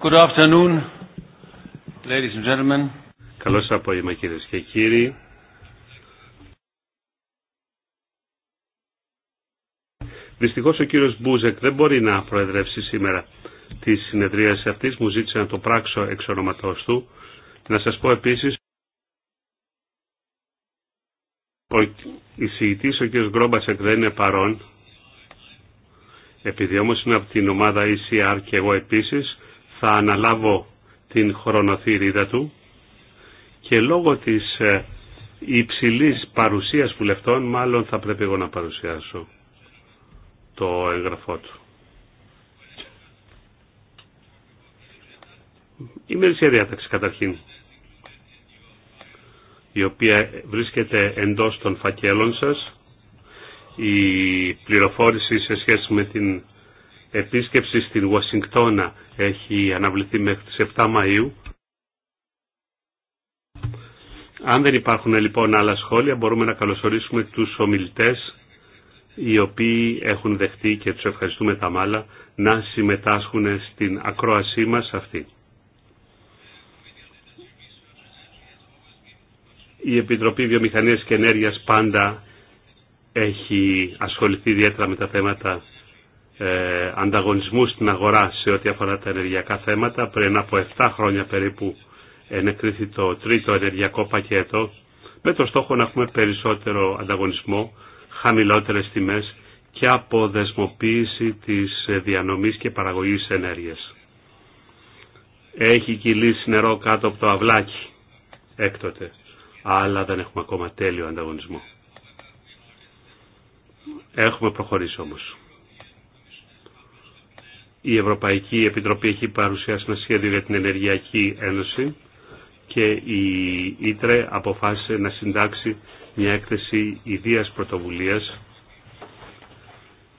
Good afternoon, ladies and gentlemen. Καλώς απόγευμα κυρίες και κύριοι. Δυστυχώς ο κύριος Μπούζεκ δεν μπορεί να προεδρεύσει σήμερα τη συνεδρίαση αυτή. Μου ζήτησε να το πράξω εξ ονοματός του. Να σας πω επίσης Ο εισηγητής ο κ. Γκρόμπασεκ δεν είναι παρόν, επειδή όμως είναι από την ομάδα ECR και εγώ επίσης, θα αναλάβω την χρονοθυρίδα του και λόγω της ε, υψηλής παρουσίας βουλευτών μάλλον θα πρέπει εγώ να παρουσιάσω το εγγραφό του. Η μερισσία διάταξη καταρχήν η οποία βρίσκεται εντός των φακέλων σας. Η πληροφόρηση σε σχέση με την επίσκεψη στην Ουασιγκτόνα έχει αναβληθεί μέχρι τις 7 Μαΐου. Αν δεν υπάρχουν λοιπόν άλλα σχόλια μπορούμε να καλωσορίσουμε τους ομιλητές οι οποίοι έχουν δεχτεί και τους ευχαριστούμε τα μάλα να συμμετάσχουν στην ακρόασή μας αυτή. Η Επιτροπή Βιομηχανίας και Ενέργειας πάντα έχει ασχοληθεί ιδιαίτερα με τα θέματα ε, ανταγωνισμού στην αγορά σε ό,τι αφορά τα ενεργειακά θέματα. Πριν από 7 χρόνια περίπου ενεκρίθη το τρίτο ενεργειακό πακέτο με το στόχο να έχουμε περισσότερο ανταγωνισμό, χαμηλότερες τιμές και αποδεσμοποίηση της διανομής και παραγωγής ενέργειας. Έχει κυλήσει νερό κάτω από το αυλάκι έκτοτε αλλά δεν έχουμε ακόμα τέλειο ανταγωνισμό. Έχουμε προχωρήσει όμως. Η Ευρωπαϊκή Επιτροπή έχει παρουσιάσει ένα σχέδιο για την Ενεργειακή Ένωση και η Ήτρε αποφάσισε να συντάξει μια έκθεση ιδίας πρωτοβουλίας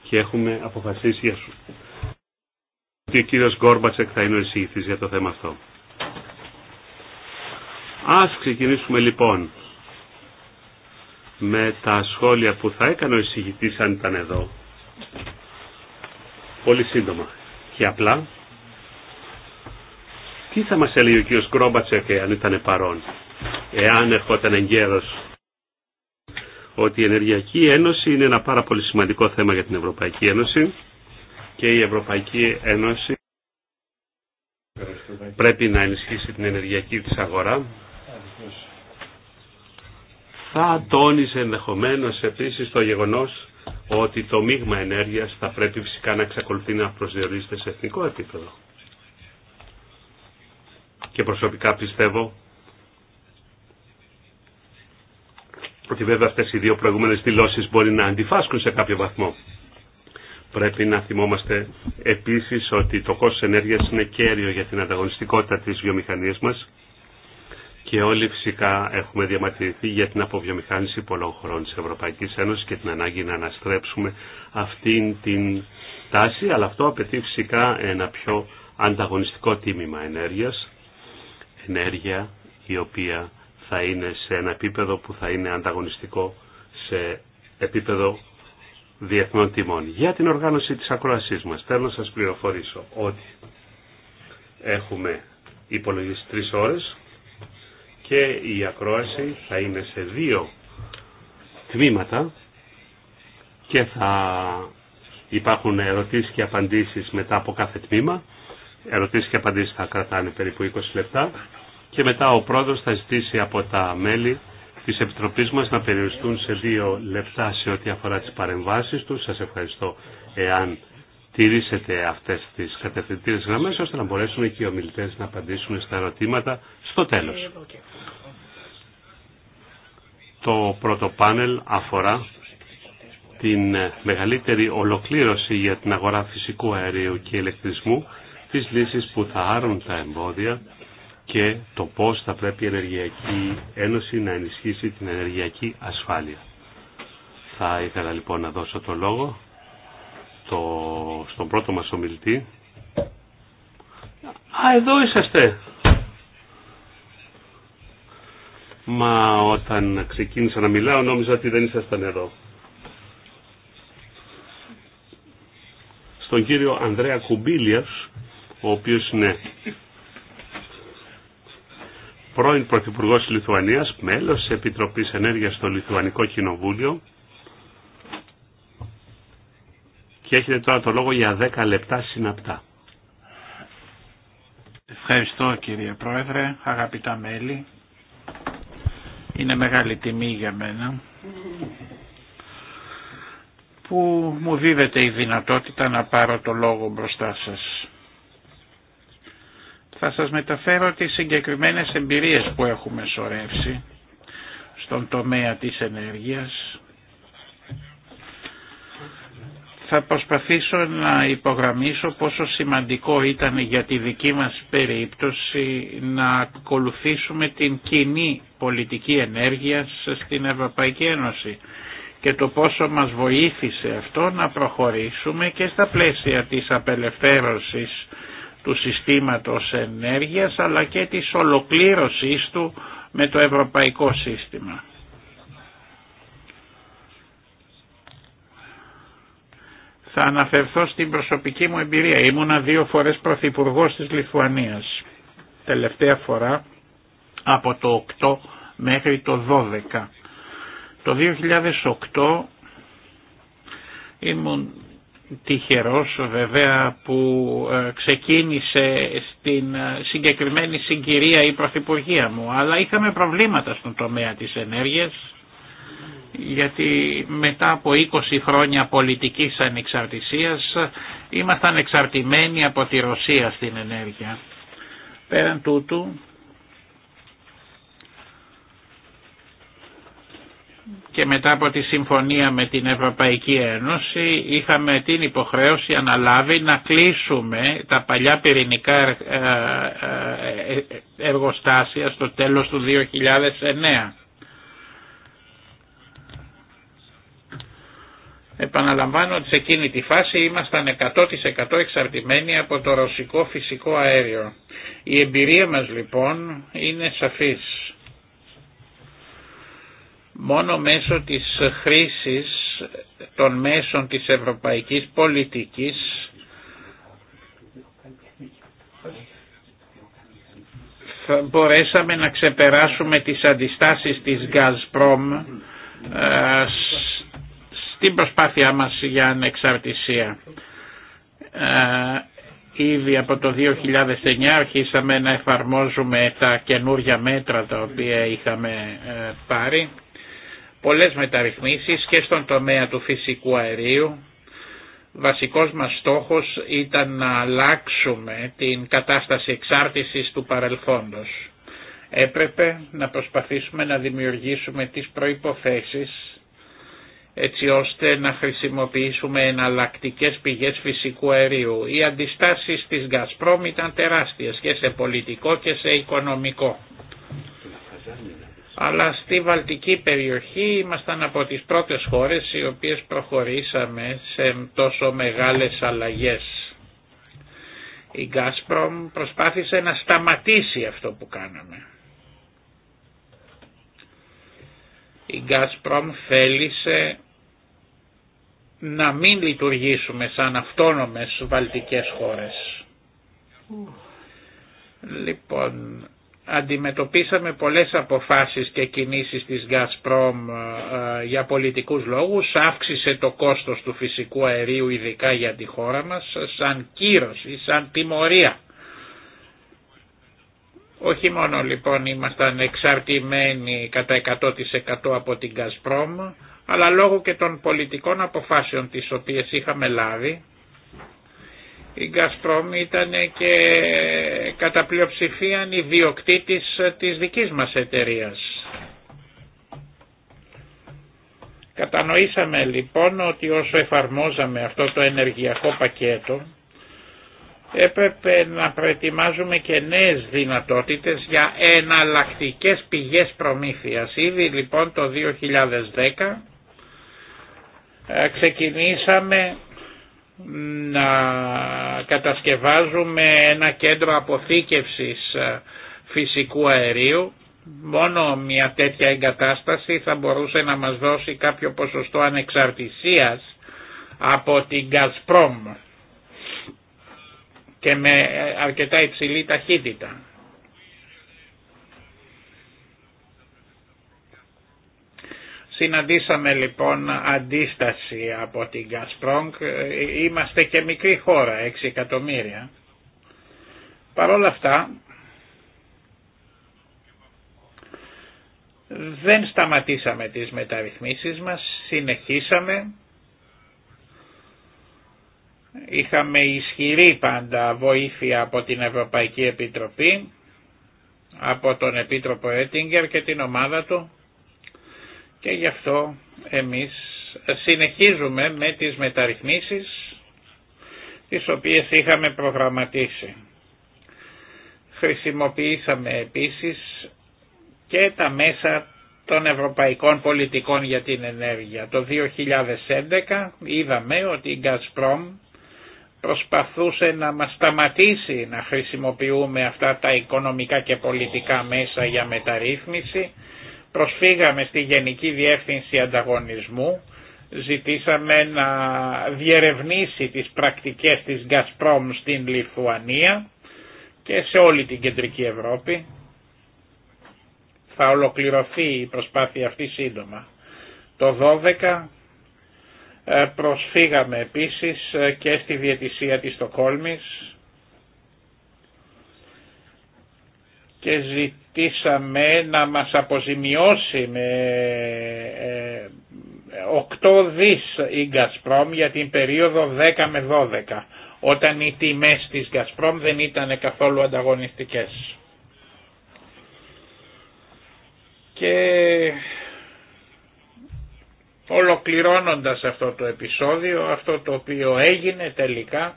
και έχουμε αποφασίσει ότι ο κύριος Γκόρμπατσεκ θα είναι ο για το θέμα αυτό. Ας ξεκινήσουμε λοιπόν με τα σχόλια που θα έκανε ο εισηγητής αν ήταν εδώ. Πολύ σύντομα και απλά. Τι θα μας έλεγε ο κ. Κρόμπατσεκ αν ήταν παρόν, εάν ερχόταν εγκαίρος ότι η Ενεργειακή Ένωση είναι ένα πάρα πολύ σημαντικό θέμα για την Ευρωπαϊκή Ένωση και η Ευρωπαϊκή Ένωση πρέπει να ενισχύσει την ενεργειακή της αγορά θα τόνιζε ενδεχομένω επίση το γεγονός ότι το μείγμα ενέργειας θα πρέπει φυσικά να εξακολουθεί να προσδιορίζεται σε εθνικό επίπεδο. Και προσωπικά πιστεύω ότι βέβαια αυτές οι δύο προηγούμενες δηλώσεις μπορεί να αντιφάσκουν σε κάποιο βαθμό. Πρέπει να θυμόμαστε επίσης ότι το κόστος ενέργειας είναι κέριο για την ανταγωνιστικότητα της βιομηχανίας μας και όλοι φυσικά έχουμε διαμαρτυρηθεί για την αποβιομηχάνηση πολλών χωρών της Ευρωπαϊκής Ένωσης και την ανάγκη να αναστρέψουμε αυτήν την τάση, αλλά αυτό απαιτεί φυσικά ένα πιο ανταγωνιστικό τίμημα ενέργειας, ενέργεια η οποία θα είναι σε ένα επίπεδο που θα είναι ανταγωνιστικό σε επίπεδο διεθνών τιμών. Για την οργάνωση της ακροασής μας θέλω να σας πληροφορήσω ότι έχουμε υπολογίσει τρεις ώρες και η ακρόαση θα είναι σε δύο τμήματα και θα υπάρχουν ερωτήσεις και απαντήσεις μετά από κάθε τμήμα. Ερωτήσεις και απαντήσεις θα κρατάνε περίπου 20 λεπτά και μετά ο πρόεδρος θα ζητήσει από τα μέλη της Επιτροπής μας να περιοριστούν σε δύο λεπτά σε ό,τι αφορά τις παρεμβάσεις τους. Σας ευχαριστώ εάν τηρήσετε αυτές τις κατευθυντήρες γραμμές ώστε να μπορέσουν και οι ομιλητές να απαντήσουν στα ερωτήματα στο τέλος. Το πρώτο πάνελ αφορά την μεγαλύτερη ολοκλήρωση για την αγορά φυσικού αερίου και ηλεκτρισμού, τις λύσεις που θα άρουν τα εμπόδια και το πώς θα πρέπει η Ενεργειακή Ένωση να ενισχύσει την ενεργειακή ασφάλεια. Θα ήθελα λοιπόν να δώσω το λόγο το, στον πρώτο μας ομιλητή. Α, εδώ είσαστε. Μα όταν ξεκίνησα να μιλάω νόμιζα ότι δεν ήσασταν εδώ. Στον κύριο Ανδρέα Κουμπίλιας, ο οποίος είναι πρώην Πρωθυπουργός της Λιθουανίας, μέλος της Επιτροπής Ενέργειας στο Λιθουανικό Κοινοβούλιο και έχετε τώρα το λόγο για 10 λεπτά συναπτά. Ευχαριστώ κύριε Πρόεδρε, αγαπητά μέλη. Είναι μεγάλη τιμή για μένα που μου δίδεται η δυνατότητα να πάρω το λόγο μπροστά σας. Θα σας μεταφέρω τις συγκεκριμένες εμπειρίες που έχουμε σωρεύσει στον τομέα της ενέργειας θα προσπαθήσω να υπογραμμίσω πόσο σημαντικό ήταν για τη δική μας περίπτωση να ακολουθήσουμε την κοινή πολιτική ενέργεια στην Ευρωπαϊκή Ένωση και το πόσο μας βοήθησε αυτό να προχωρήσουμε και στα πλαίσια της απελευθέρωσης του συστήματος ενέργειας αλλά και της ολοκλήρωσής του με το ευρωπαϊκό σύστημα. Θα αναφερθώ στην προσωπική μου εμπειρία. Ήμουνα δύο φορές πρωθυπουργός της Λιθουανίας. Τελευταία φορά από το 8 μέχρι το 12. Το 2008 ήμουν τυχερός βέβαια που ε, ξεκίνησε στην ε, συγκεκριμένη συγκυρία η πρωθυπουργία μου αλλά είχαμε προβλήματα στον τομέα της ενέργειας γιατί μετά από 20 χρόνια πολιτικής ανεξαρτησίας ήμασταν εξαρτημένοι από τη Ρωσία στην ενέργεια. Πέραν τούτου και μετά από τη συμφωνία με την Ευρωπαϊκή Ένωση είχαμε την υποχρέωση αναλάβει να κλείσουμε τα παλιά πυρηνικά ε, ε, ε, εργοστάσια στο τέλος του 2009 Επαναλαμβάνω ότι σε εκείνη τη φάση ήμασταν 100% εξαρτημένοι από το ρωσικό φυσικό αέριο. Η εμπειρία μας λοιπόν είναι σαφής. Μόνο μέσω της χρήσης των μέσων της ευρωπαϊκής πολιτικής θα μπορέσαμε να ξεπεράσουμε τις αντιστάσεις της Gazprom ε, την προσπάθειά μας για ανεξαρτησία. Ε, ήδη από το 2009 αρχίσαμε να εφαρμόζουμε τα καινούργια μέτρα τα οποία είχαμε ε, πάρει. Πολλές μεταρρυθμίσεις και στον τομέα του φυσικού αερίου. Βασικός μας στόχος ήταν να αλλάξουμε την κατάσταση εξάρτησης του παρελθόντος. Έπρεπε να προσπαθήσουμε να δημιουργήσουμε τις προϋποθέσεις έτσι ώστε να χρησιμοποιήσουμε εναλλακτικέ πηγές φυσικού αερίου. Οι αντιστάσεις της Γκασπρόμ ήταν τεράστιες και σε πολιτικό και σε οικονομικό. Αλλά στη Βαλτική περιοχή ήμασταν από τις πρώτες χώρες οι οποίες προχωρήσαμε σε τόσο μεγάλες αλλαγές. Η Γκάσπρομ προσπάθησε να σταματήσει αυτό που κάναμε. η Γκάσπρομ θέλησε να μην λειτουργήσουμε σαν αυτόνομες βαλτικές χώρες. Λοιπόν, αντιμετωπίσαμε πολλές αποφάσεις και κινήσεις της Γκάσπρομ ε, για πολιτικούς λόγους, αύξησε το κόστος του φυσικού αερίου ειδικά για τη χώρα μας σαν κύρωση, σαν τιμωρία. Όχι μόνο λοιπόν ήμασταν εξαρτημένοι κατά 100% από την Gazprom, αλλά λόγω και των πολιτικών αποφάσεων τις οποίες είχαμε λάβει, η Gazprom ήταν και κατά πλειοψηφίαν η της δικής μας εταιρείας. Κατανοήσαμε λοιπόν ότι όσο εφαρμόζαμε αυτό το ενεργειακό πακέτο, έπρεπε να προετοιμάζουμε και νέες δυνατότητες για εναλλακτικές πηγές προμήθειας. Ήδη λοιπόν το 2010 ε, ξεκινήσαμε να κατασκευάζουμε ένα κέντρο αποθήκευσης ε, φυσικού αερίου. Μόνο μια τέτοια εγκατάσταση θα μπορούσε να μας δώσει κάποιο ποσοστό ανεξαρτησίας από την Gazprom και με αρκετά υψηλή ταχύτητα. Συναντήσαμε λοιπόν αντίσταση από την Gazprom, είμαστε και μικρή χώρα, 6 εκατομμύρια. Παρ' όλα αυτά δεν σταματήσαμε τις μεταρρυθμίσεις μας, συνεχίσαμε Είχαμε ισχυρή πάντα βοήθεια από την Ευρωπαϊκή Επιτροπή, από τον Επίτροπο Έτιγκερ και την ομάδα του και γι' αυτό εμείς συνεχίζουμε με τις μεταρρυθμίσεις τις οποίες είχαμε προγραμματίσει. Χρησιμοποιήσαμε επίσης και τα μέσα των ευρωπαϊκών πολιτικών για την ενέργεια. Το 2011 είδαμε ότι η Gazprom προσπαθούσε να μας σταματήσει να χρησιμοποιούμε αυτά τα οικονομικά και πολιτικά μέσα για μεταρρύθμιση. Προσφύγαμε στη Γενική Διεύθυνση Ανταγωνισμού, ζητήσαμε να διερευνήσει τις πρακτικές της Gazprom στην Λιθουανία και σε όλη την Κεντρική Ευρώπη. Θα ολοκληρωθεί η προσπάθεια αυτή σύντομα. Το 12 ε, προσφύγαμε επίσης ε, και στη διαιτησία της Στοκόλμης και ζητήσαμε να μας αποζημιώσει με 8 ε, δις η Γκασπρόμ για την περίοδο 10 με 12 όταν οι τιμές της Γκασπρόμ δεν ήταν καθόλου ανταγωνιστικές. Και Ολοκληρώνοντας αυτό το επεισόδιο, αυτό το οποίο έγινε τελικά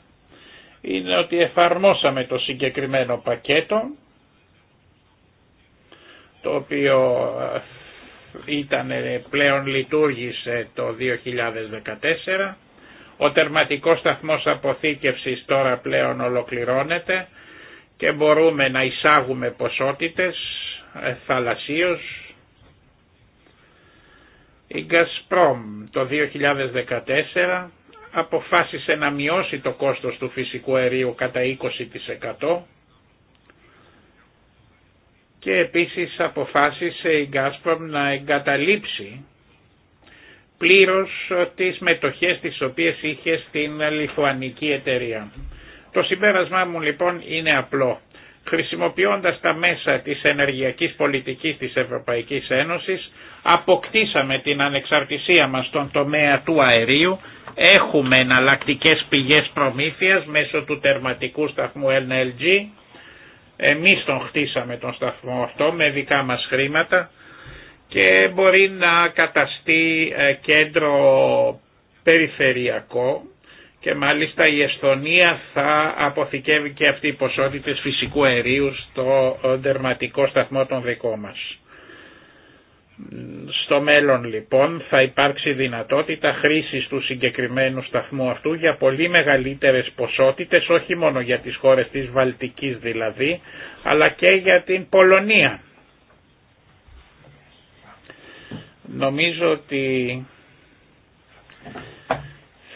είναι ότι εφαρμόσαμε το συγκεκριμένο πακέτο το οποίο ε, ήταν ε, πλέον λειτουργήσε το 2014. Ο τερματικός σταθμός αποθήκευσης τώρα πλέον ολοκληρώνεται και μπορούμε να εισάγουμε ποσότητες ε, θαλασσίως η Gazprom το 2014 αποφάσισε να μειώσει το κόστος του φυσικού αερίου κατά 20% και επίσης αποφάσισε η Gazprom να εγκαταλείψει πλήρως τις μετοχές τις οποίες είχε στην λιθουανική εταιρεία. Το συμπέρασμά μου λοιπόν είναι απλό. Χρησιμοποιώντας τα μέσα της ενεργειακής πολιτικής της Ευρωπαϊκής Ένωσης αποκτήσαμε την ανεξαρτησία μας στον τομέα του αερίου, έχουμε εναλλακτικέ πηγές προμήθειας μέσω του τερματικού σταθμού NLG, εμείς τον χτίσαμε τον σταθμό αυτό με δικά μας χρήματα και μπορεί να καταστεί ε, κέντρο περιφερειακό και μάλιστα η Εσθονία θα αποθηκεύει και αυτή η ποσότητες φυσικού αερίου στο ε, τερματικό σταθμό των δικών μας. Στο μέλλον λοιπόν θα υπάρξει δυνατότητα χρήσης του συγκεκριμένου σταθμού αυτού για πολύ μεγαλύτερες ποσότητες, όχι μόνο για τις χώρες της Βαλτικής δηλαδή, αλλά και για την Πολωνία. Νομίζω ότι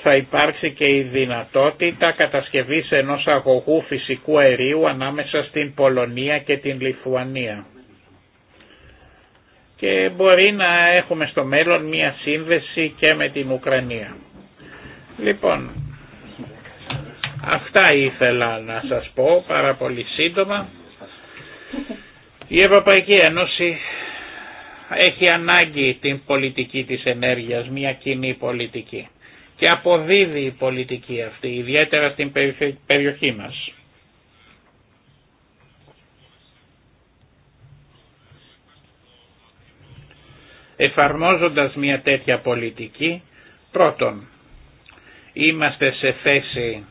θα υπάρξει και η δυνατότητα κατασκευής ενός αγωγού φυσικού αερίου ανάμεσα στην Πολωνία και την Λιθουανία και μπορεί να έχουμε στο μέλλον μία σύνδεση και με την Ουκρανία. Λοιπόν, αυτά ήθελα να σας πω πάρα πολύ σύντομα. Η Ευρωπαϊκή Ένωση έχει ανάγκη την πολιτική της ενέργειας, μια κοινή πολιτική και αποδίδει η πολιτική αυτή, ιδιαίτερα στην περιοχή μας. εφαρμόζοντας μια τέτοια πολιτική, πρώτον, είμαστε σε θέση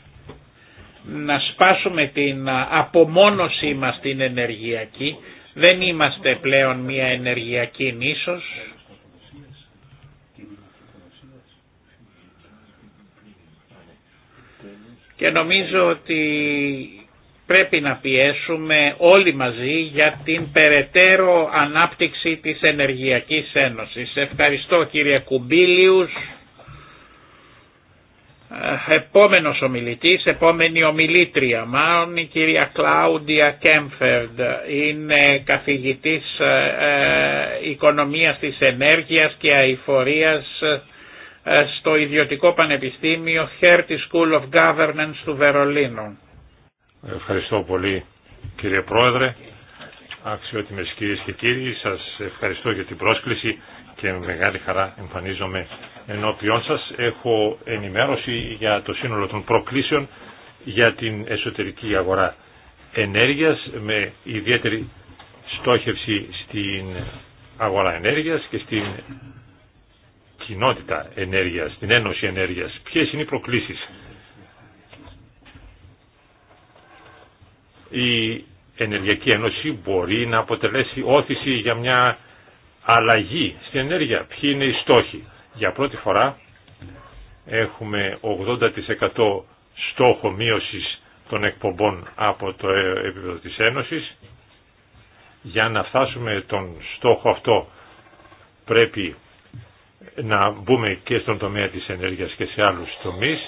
να σπάσουμε την απομόνωσή μας την ενεργειακή, δεν είμαστε πλέον μια ενεργειακή νήσος, και νομίζω ότι πρέπει να πιέσουμε όλοι μαζί για την περαιτέρω ανάπτυξη της Ενεργειακής Ένωσης. Ευχαριστώ κύριε Κουμπίλιους. Ε, επόμενος ομιλητής, επόμενη ομιλήτρια μάλλον η κυρία Κλάουντια Κέμφερντ είναι καθηγητής ε, ε, οικονομίας της ενέργειας και αηφορίας στο Ιδιωτικό Πανεπιστήμιο Hertie School of Governance του Βερολίνου. Ευχαριστώ πολύ κύριε Πρόεδρε. Αξιότιμες κυρίες και κύριοι, σας ευχαριστώ για την πρόσκληση και με μεγάλη χαρά εμφανίζομαι ενώπιόν σας. Έχω ενημέρωση για το σύνολο των προκλήσεων για την εσωτερική αγορά ενέργειας με ιδιαίτερη στόχευση στην αγορά ενέργειας και στην κοινότητα ενέργειας, την Ένωση Ενέργειας. Ποιες είναι οι προκλήσεις. η Ενεργειακή Ένωση μπορεί να αποτελέσει όθηση για μια αλλαγή στην ενέργεια. Ποιοι είναι οι στόχοι. Για πρώτη φορά έχουμε 80% στόχο μείωσης των εκπομπών από το επίπεδο της Ένωσης. Για να φτάσουμε τον στόχο αυτό πρέπει να μπούμε και στον τομέα της ενέργειας και σε άλλους τομείς.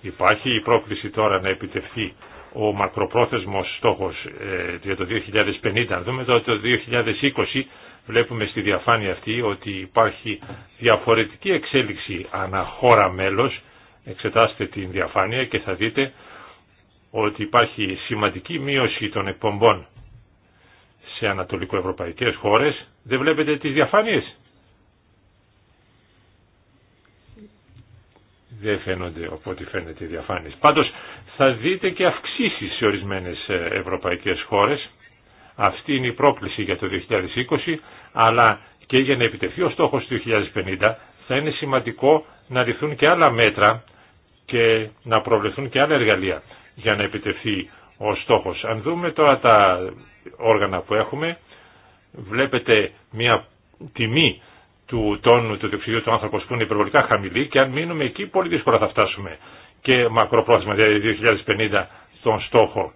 Υπάρχει η πρόκληση τώρα να επιτευχθεί ο μακροπρόθεσμος στόχος ε, για το 2050. Αν δούμε το 2020 βλέπουμε στη διαφάνεια αυτή ότι υπάρχει διαφορετική εξέλιξη ανά χώρα μέλος. Εξετάστε την διαφάνεια και θα δείτε ότι υπάρχει σημαντική μείωση των εκπομπών σε ανατολικοευρωπαϊκές χώρες. Δεν βλέπετε τις διαφάνειες. δεν φαίνονται από ό,τι φαίνεται διαφάνειες. Πάντως θα δείτε και αυξήσεις σε ορισμένες ε, ευρωπαϊκές χώρες. Αυτή είναι η πρόκληση για το 2020, αλλά και για να επιτευχθεί ο στόχος του 2050 θα είναι σημαντικό να ληφθούν και άλλα μέτρα και να προβλεφθούν και άλλα εργαλεία για να επιτευχθεί ο στόχος. Αν δούμε τώρα τα όργανα που έχουμε, βλέπετε μια τιμή του τόνου του διοξιδίου του άνθρωπος που είναι υπερβολικά χαμηλή και αν μείνουμε εκεί πολύ δύσκολα θα φτάσουμε και μακροπρόθεσμα, δηλαδή 2050, στον στόχο.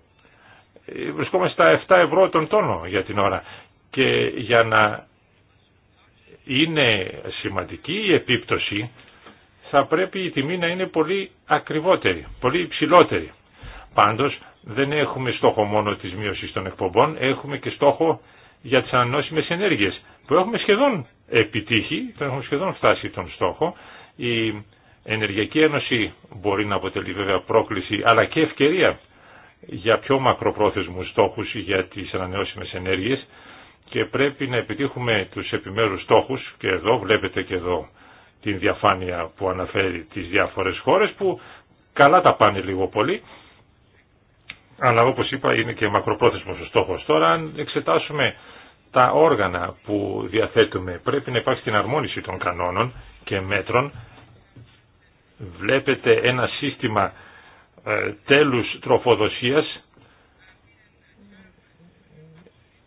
Ε, βρισκόμαστε στα 7 ευρώ τον τόνο για την ώρα και για να είναι σημαντική η επίπτωση θα πρέπει η τιμή να είναι πολύ ακριβότερη, πολύ υψηλότερη. Πάντως δεν έχουμε στόχο μόνο της μείωσης των εκπομπών, έχουμε και στόχο για τις ανανόσιμες ενέργειες που έχουμε σχεδόν επιτύχει, θα έχουμε σχεδόν φτάσει τον στόχο. Η Ενεργειακή Ένωση μπορεί να αποτελεί βέβαια πρόκληση αλλά και ευκαιρία για πιο μακροπρόθεσμους στόχους για τις ανανεώσιμες ενέργειες και πρέπει να επιτύχουμε τους επιμέρους στόχους και εδώ βλέπετε και εδώ την διαφάνεια που αναφέρει τις διάφορες χώρες που καλά τα πάνε λίγο πολύ αλλά όπως είπα είναι και μακροπρόθεσμος ο στόχος. Τώρα αν εξετάσουμε τα όργανα που διαθέτουμε. Πρέπει να υπάρχει την αρμόνιση των κανόνων και μέτρων. Βλέπετε ένα σύστημα ε, τέλους τροφοδοσίας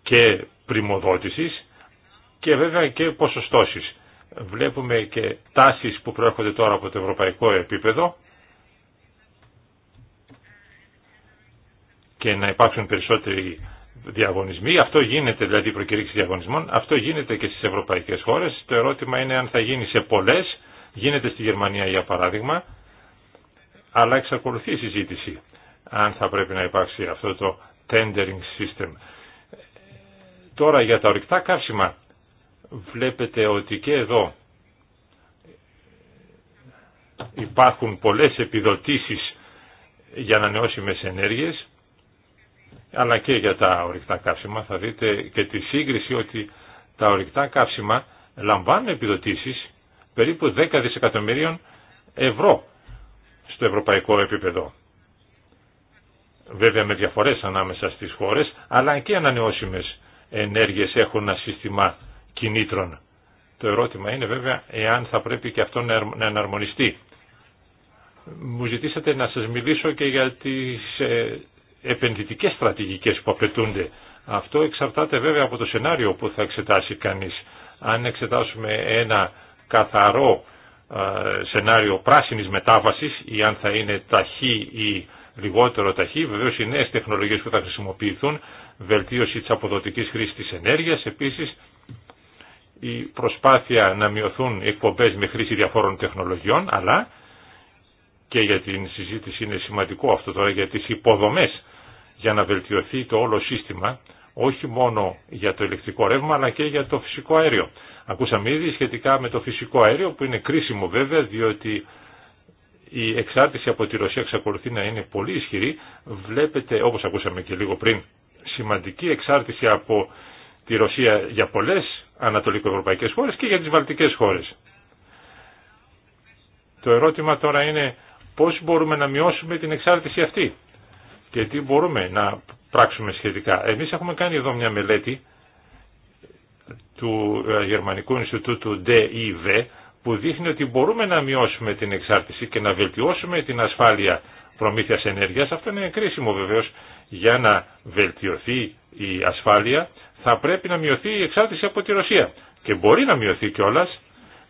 και πρημοδότησης και βέβαια και ποσοστώσεις. Βλέπουμε και τάσεις που προέρχονται τώρα από το ευρωπαϊκό επίπεδο και να υπάρξουν περισσότεροι διαγωνισμοί, αυτό γίνεται δηλαδή η προκήρυξη διαγωνισμών, αυτό γίνεται και στις ευρωπαϊκές χώρες. Το ερώτημα είναι αν θα γίνει σε πολλές, γίνεται στη Γερμανία για παράδειγμα, αλλά εξακολουθεί η συζήτηση αν θα πρέπει να υπάρξει αυτό το tendering system. Τώρα για τα ορυκτά καύσιμα βλέπετε ότι και εδώ υπάρχουν πολλές επιδοτήσεις για ανανεώσιμες ενέργειες αλλά και για τα ορυκτά καύσιμα θα δείτε και τη σύγκριση ότι τα ορυκτά καύσιμα λαμβάνουν επιδοτήσεις περίπου 10 δισεκατομμυρίων ευρώ στο ευρωπαϊκό επίπεδο. Βέβαια με διαφορές ανάμεσα στις χώρες, αλλά και ανανεώσιμες ενέργειες έχουν ένα σύστημα κινήτρων. Το ερώτημα είναι βέβαια εάν θα πρέπει και αυτό να εναρμονιστεί. Μου ζητήσατε να σας μιλήσω και για τις ε, επενδυτικές στρατηγικές που απαιτούνται. Αυτό εξαρτάται βέβαια από το σενάριο που θα εξετάσει κανείς. Αν εξετάσουμε ένα καθαρό σενάριο πράσινης μετάβασης ή αν θα είναι ταχύ ή λιγότερο ταχύ, βεβαίως οι νέες τεχνολογίες που θα χρησιμοποιηθούν, βελτίωση της αποδοτικής χρήσης της ενέργειας, επίσης η προσπάθεια να μειωθούν εκπομπές με χρήση διαφόρων τεχνολογιών, αλλά και για την συζήτηση είναι σημαντικό αυτό τώρα για τις υποδομές για να βελτιωθεί το όλο σύστημα όχι μόνο για το ηλεκτρικό ρεύμα αλλά και για το φυσικό αέριο. Ακούσαμε ήδη σχετικά με το φυσικό αέριο που είναι κρίσιμο βέβαια διότι η εξάρτηση από τη Ρωσία εξακολουθεί να είναι πολύ ισχυρή. Βλέπετε όπως ακούσαμε και λίγο πριν σημαντική εξάρτηση από τη Ρωσία για πολλές ανατολικοευρωπαϊκές χώρες και για τις βαλτικές χώρες. Το ερώτημα τώρα είναι πώς μπορούμε να μειώσουμε την εξάρτηση αυτή και τι μπορούμε να πράξουμε σχετικά. Εμείς έχουμε κάνει εδώ μια μελέτη του ε, Γερμανικού Ινστιτούτου DIV που δείχνει ότι μπορούμε να μειώσουμε την εξάρτηση και να βελτιώσουμε την ασφάλεια προμήθειας ενέργειας. Αυτό είναι κρίσιμο βεβαίως για να βελτιωθεί η ασφάλεια θα πρέπει να μειωθεί η εξάρτηση από τη Ρωσία και μπορεί να μειωθεί κιόλας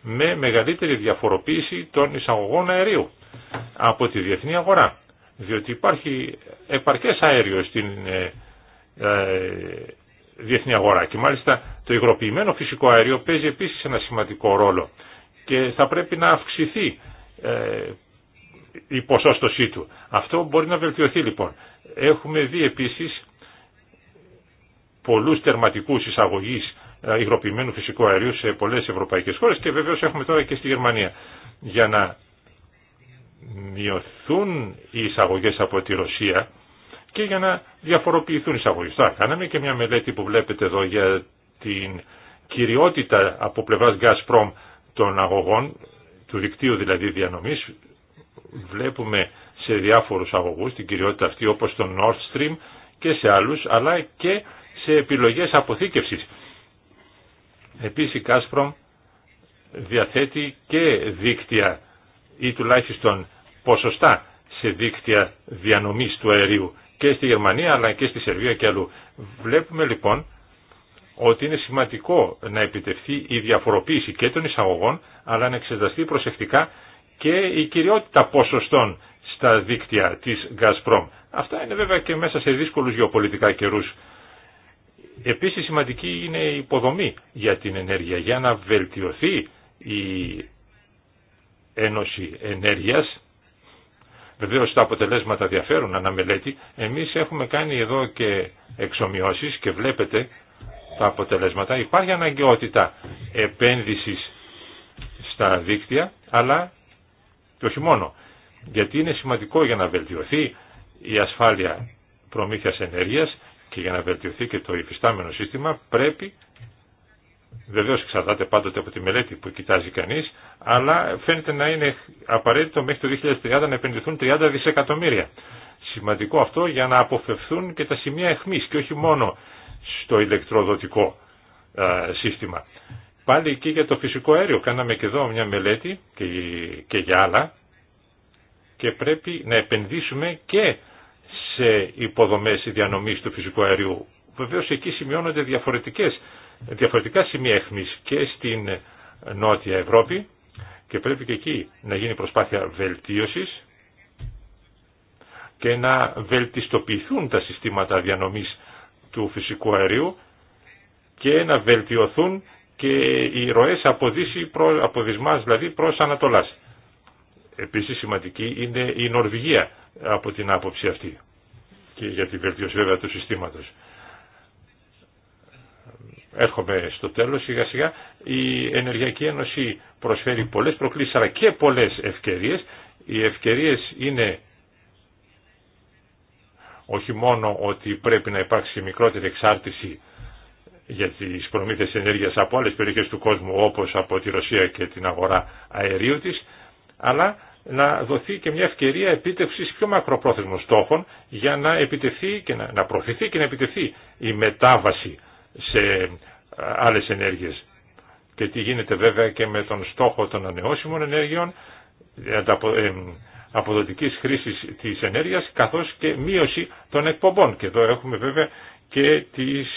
με μεγαλύτερη διαφοροποίηση των εισαγωγών αερίου από τη διεθνή αγορά. Διότι υπάρχει επαρκές αέριο στην ε, ε, διεθνή αγορά και μάλιστα το υγροποιημένο φυσικό αέριο παίζει επίσης ένα σημαντικό ρόλο και θα πρέπει να αυξηθεί ε, η ποσόστοσή του. Αυτό μπορεί να βελτιωθεί λοιπόν. Έχουμε δει επίσης πολλούς τερματικούς εισαγωγής υγροποιημένου φυσικού αερίου σε πολλές ευρωπαϊκές χώρες και βεβαίως έχουμε τώρα και στη Γερμανία. Για να μειωθούν οι εισαγωγές από τη Ρωσία και για να διαφοροποιηθούν οι εισαγωγές. Τώρα, κάναμε και μια μελέτη που βλέπετε εδώ για την κυριότητα από πλευράς Gazprom των αγωγών, του δικτύου δηλαδή διανομής, βλέπουμε σε διάφορους αγωγούς την κυριότητα αυτή όπως το Nord Stream και σε άλλους, αλλά και σε επιλογές αποθήκευσης. Επίσης η Gazprom διαθέτει και δίκτυα ή τουλάχιστον ποσοστά σε δίκτυα διανομής του αερίου και στη Γερμανία αλλά και στη Σερβία και αλλού. Βλέπουμε λοιπόν ότι είναι σημαντικό να επιτευχθεί η διαφοροποίηση και των εισαγωγών αλλά να εξεταστεί προσεκτικά και η κυριότητα ποσοστών στα δίκτυα της Gazprom. Αυτά είναι βέβαια και μέσα σε δύσκολους γεωπολιτικά καιρούς. Επίσης σημαντική είναι η υποδομή για την ενέργεια για να βελτιωθεί η Ένωση Ενέργειας. Βεβαίω τα αποτελέσματα διαφέρουν αναμελέτη. Εμείς έχουμε κάνει εδώ και εξομοιώσεις και βλέπετε τα αποτελέσματα. Υπάρχει αναγκαιότητα επένδυσης στα δίκτυα, αλλά και όχι μόνο. Γιατί είναι σημαντικό για να βελτιωθεί η ασφάλεια προμήθειας ενέργειας και για να βελτιωθεί και το υφιστάμενο σύστημα πρέπει Βεβαίω εξαρτάται πάντοτε από τη μελέτη που κοιτάζει κανεί, αλλά φαίνεται να είναι απαραίτητο μέχρι το 2030 να επενδυθούν 30 δισεκατομμύρια. Σημαντικό αυτό για να αποφευθούν και τα σημεία εχμής και όχι μόνο στο ηλεκτροδοτικό σύστημα. Πάλι και για το φυσικό αέριο κάναμε και εδώ μια μελέτη και για άλλα και πρέπει να επενδύσουμε και σε υποδομές διανομής του φυσικού αερίου. Βεβαίως εκεί σημειώνονται διαφορετικές διαφορετικά σημεία εχμής και στην Νότια Ευρώπη και πρέπει και εκεί να γίνει προσπάθεια βελτίωσης και να βελτιστοποιηθούν τα συστήματα διανομής του φυσικού αερίου και να βελτιωθούν και οι ροές αποδυσμάς δηλαδή προς Ανατολάς. Επίσης σημαντική είναι η Νορβηγία από την άποψη αυτή και για τη βελτίωση βέβαια του συστήματος έρχομαι στο τέλος σιγά σιγά, η Ενεργειακή Ένωση προσφέρει πολλές προκλήσεις αλλά και πολλές ευκαιρίες. Οι ευκαιρίες είναι όχι μόνο ότι πρέπει να υπάρξει μικρότερη εξάρτηση για τις προμήθειες ενέργειας από άλλες περιοχές του κόσμου όπως από τη Ρωσία και την αγορά αερίου της, αλλά να δοθεί και μια ευκαιρία επίτευξης πιο μακροπρόθεσμων στόχων για να επιτεθεί και να, να και να επιτεθεί η μετάβαση σε ε, άλλες ενέργειες. Και τι γίνεται βέβαια και με τον στόχο των ανανεώσιμων ενέργειων, ε, ε, αποδοτικής χρήσης της ενέργειας, καθώς και μείωση των εκπομπών. Και εδώ έχουμε βέβαια και, τις,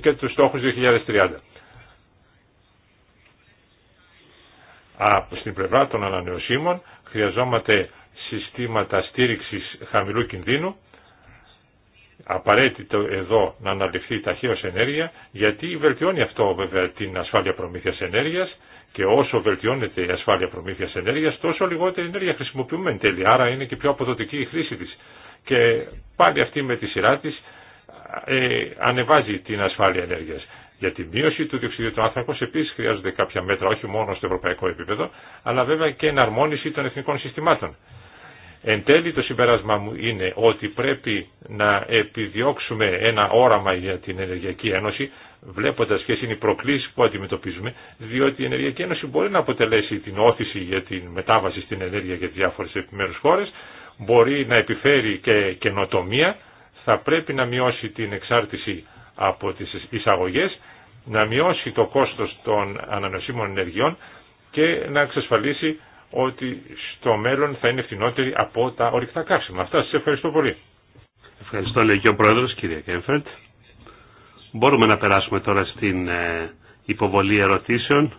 και τους στόχους 2030. Από στην πλευρά των ανανεωσίμων χρειαζόμαστε συστήματα στήριξης χαμηλού κινδύνου απαραίτητο εδώ να αναλυφθεί ταχύως ενέργεια γιατί βελτιώνει αυτό βέβαια την ασφάλεια προμήθειας ενέργειας και όσο βελτιώνεται η ασφάλεια προμήθειας ενέργειας τόσο λιγότερη ενέργεια χρησιμοποιούμε εν τέλει άρα είναι και πιο αποδοτική η χρήση της και πάλι αυτή με τη σειρά της ε, ανεβάζει την ασφάλεια ενέργειας. Για τη μείωση του διοξιδίου του άνθρακο επίση χρειάζονται κάποια μέτρα όχι μόνο στο ευρωπαϊκό επίπεδο, αλλά βέβαια και εναρμόνιση των εθνικών συστημάτων. Εν τέλει το συμπέρασμα μου είναι ότι πρέπει να επιδιώξουμε ένα όραμα για την Ενεργειακή Ένωση, βλέποντας ποιες είναι οι προκλήσεις που αντιμετωπίζουμε, διότι η Ενεργειακή Ένωση μπορεί να αποτελέσει την όθηση για την μετάβαση στην ενέργεια για διάφορες επιμέρους χώρες, μπορεί να επιφέρει και καινοτομία, θα πρέπει να μειώσει την εξάρτηση από τις εισαγωγές, να μειώσει το κόστος των ανανοσίμων ενεργειών και να εξασφαλίσει ότι στο μέλλον θα είναι φθηνότερη από τα ορυκτά καύσιμα. Αυτά σας ευχαριστώ πολύ. Ευχαριστώ λέει και ο Πρόεδρος κύριε Κέμφερτ. Μπορούμε να περάσουμε τώρα στην ε, υποβολή ερωτήσεων.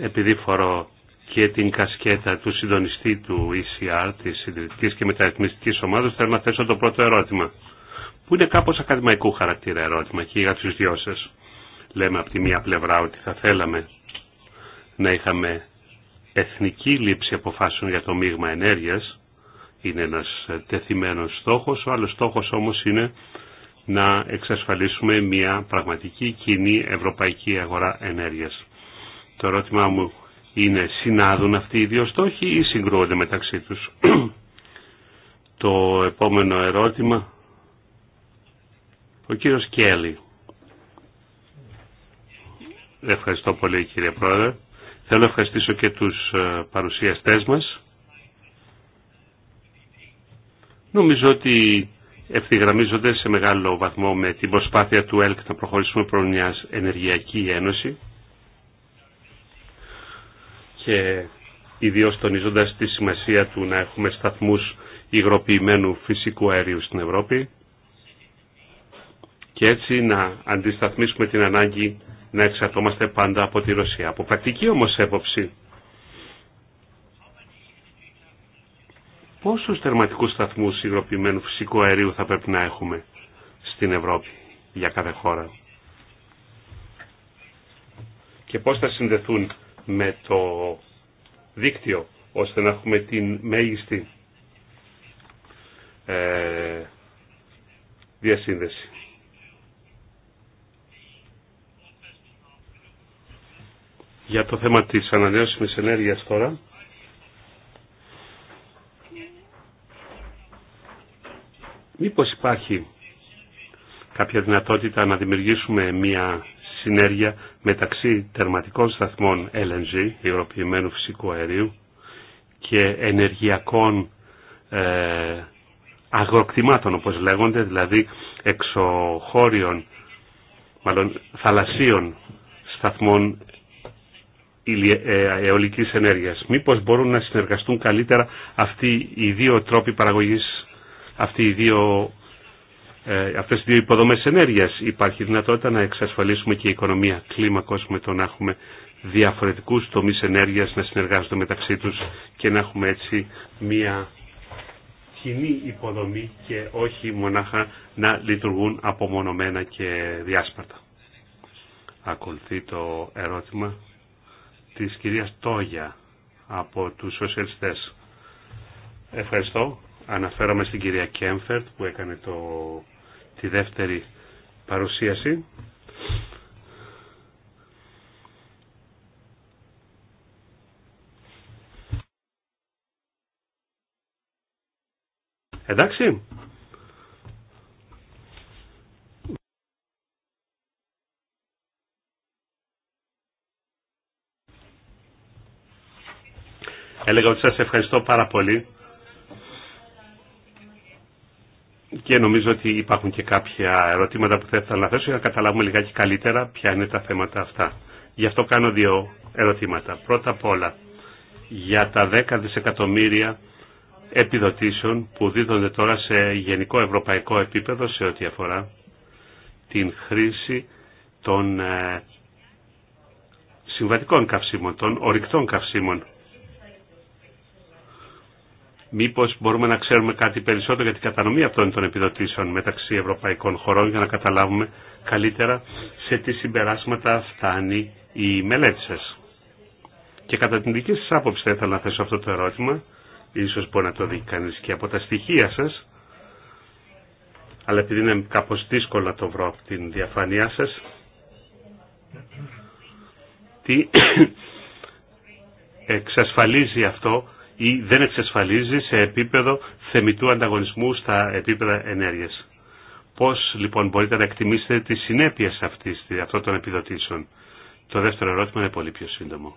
Επειδή φορώ και την κασκέτα του συντονιστή του ECR, της συντηρητικής και μεταρρυθμιστικής ομάδας, θέλω να θέσω το πρώτο ερώτημα, που είναι κάπως ακαδημαϊκού χαρακτήρα ερώτημα και για τους δυο Λέμε από τη μία πλευρά ότι θα θέλαμε να είχαμε εθνική λήψη αποφάσεων για το μείγμα ενέργειας. Είναι ένας τεθειμένος στόχος. Ο άλλος στόχος όμως είναι να εξασφαλίσουμε μια πραγματική κοινή ευρωπαϊκή αγορά ενέργειας. Το ερώτημά μου είναι συνάδουν αυτοί οι δύο στόχοι ή συγκρούονται μεταξύ τους. Το επόμενο ερώτημα, ο κύριος Κέλλη. Ευχαριστώ πολύ κύριε Πρόεδρε. Θέλω να ευχαριστήσω και τους ε, παρουσιαστές μας. Νομίζω ότι ευθυγραμμίζονται σε μεγάλο βαθμό με την προσπάθεια του ΕΛΚ να προχωρήσουμε προ μια ενεργειακή ένωση και ιδίως τονίζοντας τη σημασία του να έχουμε σταθμούς υγροποιημένου φυσικού αερίου στην Ευρώπη και έτσι να αντισταθμίσουμε την ανάγκη να εξαρτώμαστε πάντα από τη Ρωσία. Από πρακτική όμως έποψη, πόσους θερματικούς σταθμούς υγροποιημένου φυσικού αερίου θα πρέπει να έχουμε στην Ευρώπη για κάθε χώρα και πώς θα συνδεθούν με το δίκτυο ώστε να έχουμε την μέγιστη ε, διασύνδεση. Για το θέμα της ανανεώσιμης ενέργειας τώρα. Μήπως υπάρχει κάποια δυνατότητα να δημιουργήσουμε μια συνέργεια μεταξύ τερματικών σταθμών LNG, υγροποιημένου φυσικού αερίου, και ενεργειακών ε, αγροκτημάτων όπως λέγονται, δηλαδή εξωχώριων, μάλλον θαλασσίων σταθμών ε, αιωλικής ενέργειας. Μήπως μπορούν να συνεργαστούν καλύτερα αυτοί οι δύο τρόποι παραγωγής, αυτοί οι δύο, ε, αυτές οι δύο υποδομές ενέργειας. Υπάρχει δυνατότητα να εξασφαλίσουμε και η οικονομία κλίμακος με το να έχουμε διαφορετικούς τομείς ενέργειας να συνεργάζονται μεταξύ τους και να έχουμε έτσι μία κοινή υποδομή και όχι μονάχα να λειτουργούν απομονωμένα και διάσπαρτα. Ακολουθεί το ερώτημα της κυρίας Τόγια από τους σοσιαλιστές. Ευχαριστώ. Αναφέρομαι στην κυρία Κέμφερτ που έκανε το, τη δεύτερη παρουσίαση. Εντάξει. Έλεγα ότι σας ευχαριστώ πάρα πολύ και νομίζω ότι υπάρχουν και κάποια ερωτήματα που θα ήθελα να θέσω για να καταλάβουμε λιγάκι καλύτερα ποια είναι τα θέματα αυτά. Γι' αυτό κάνω δύο ερωτήματα. Πρώτα απ' όλα, για τα 10 δισεκατομμύρια επιδοτήσεων που δίδονται τώρα σε γενικό ευρωπαϊκό επίπεδο σε ό,τι αφορά την χρήση των ε, συμβατικών καυσίμων, των ορυκτών καυσίμων. Μήπως μπορούμε να ξέρουμε κάτι περισσότερο για την κατανομή αυτών των επιδοτήσεων μεταξύ ευρωπαϊκών χωρών για να καταλάβουμε καλύτερα σε τι συμπεράσματα φτάνει η μελέτη σας. Και κατά την δική σας άποψη θα ήθελα να θέσω αυτό το ερώτημα, ίσως μπορεί να το δει κανεί και από τα στοιχεία σας, αλλά επειδή είναι κάπως δύσκολο να το βρω από την διαφάνειά σας, τι εξασφαλίζει αυτό ή δεν εξασφαλίζει σε επίπεδο θεμητού ανταγωνισμού στα επίπεδα ενέργειας. Πώς λοιπόν μπορείτε να εκτιμήσετε τις συνέπειες αυτής, αυτών των επιδοτήσεων. Το δεύτερο ερώτημα είναι πολύ πιο σύντομο.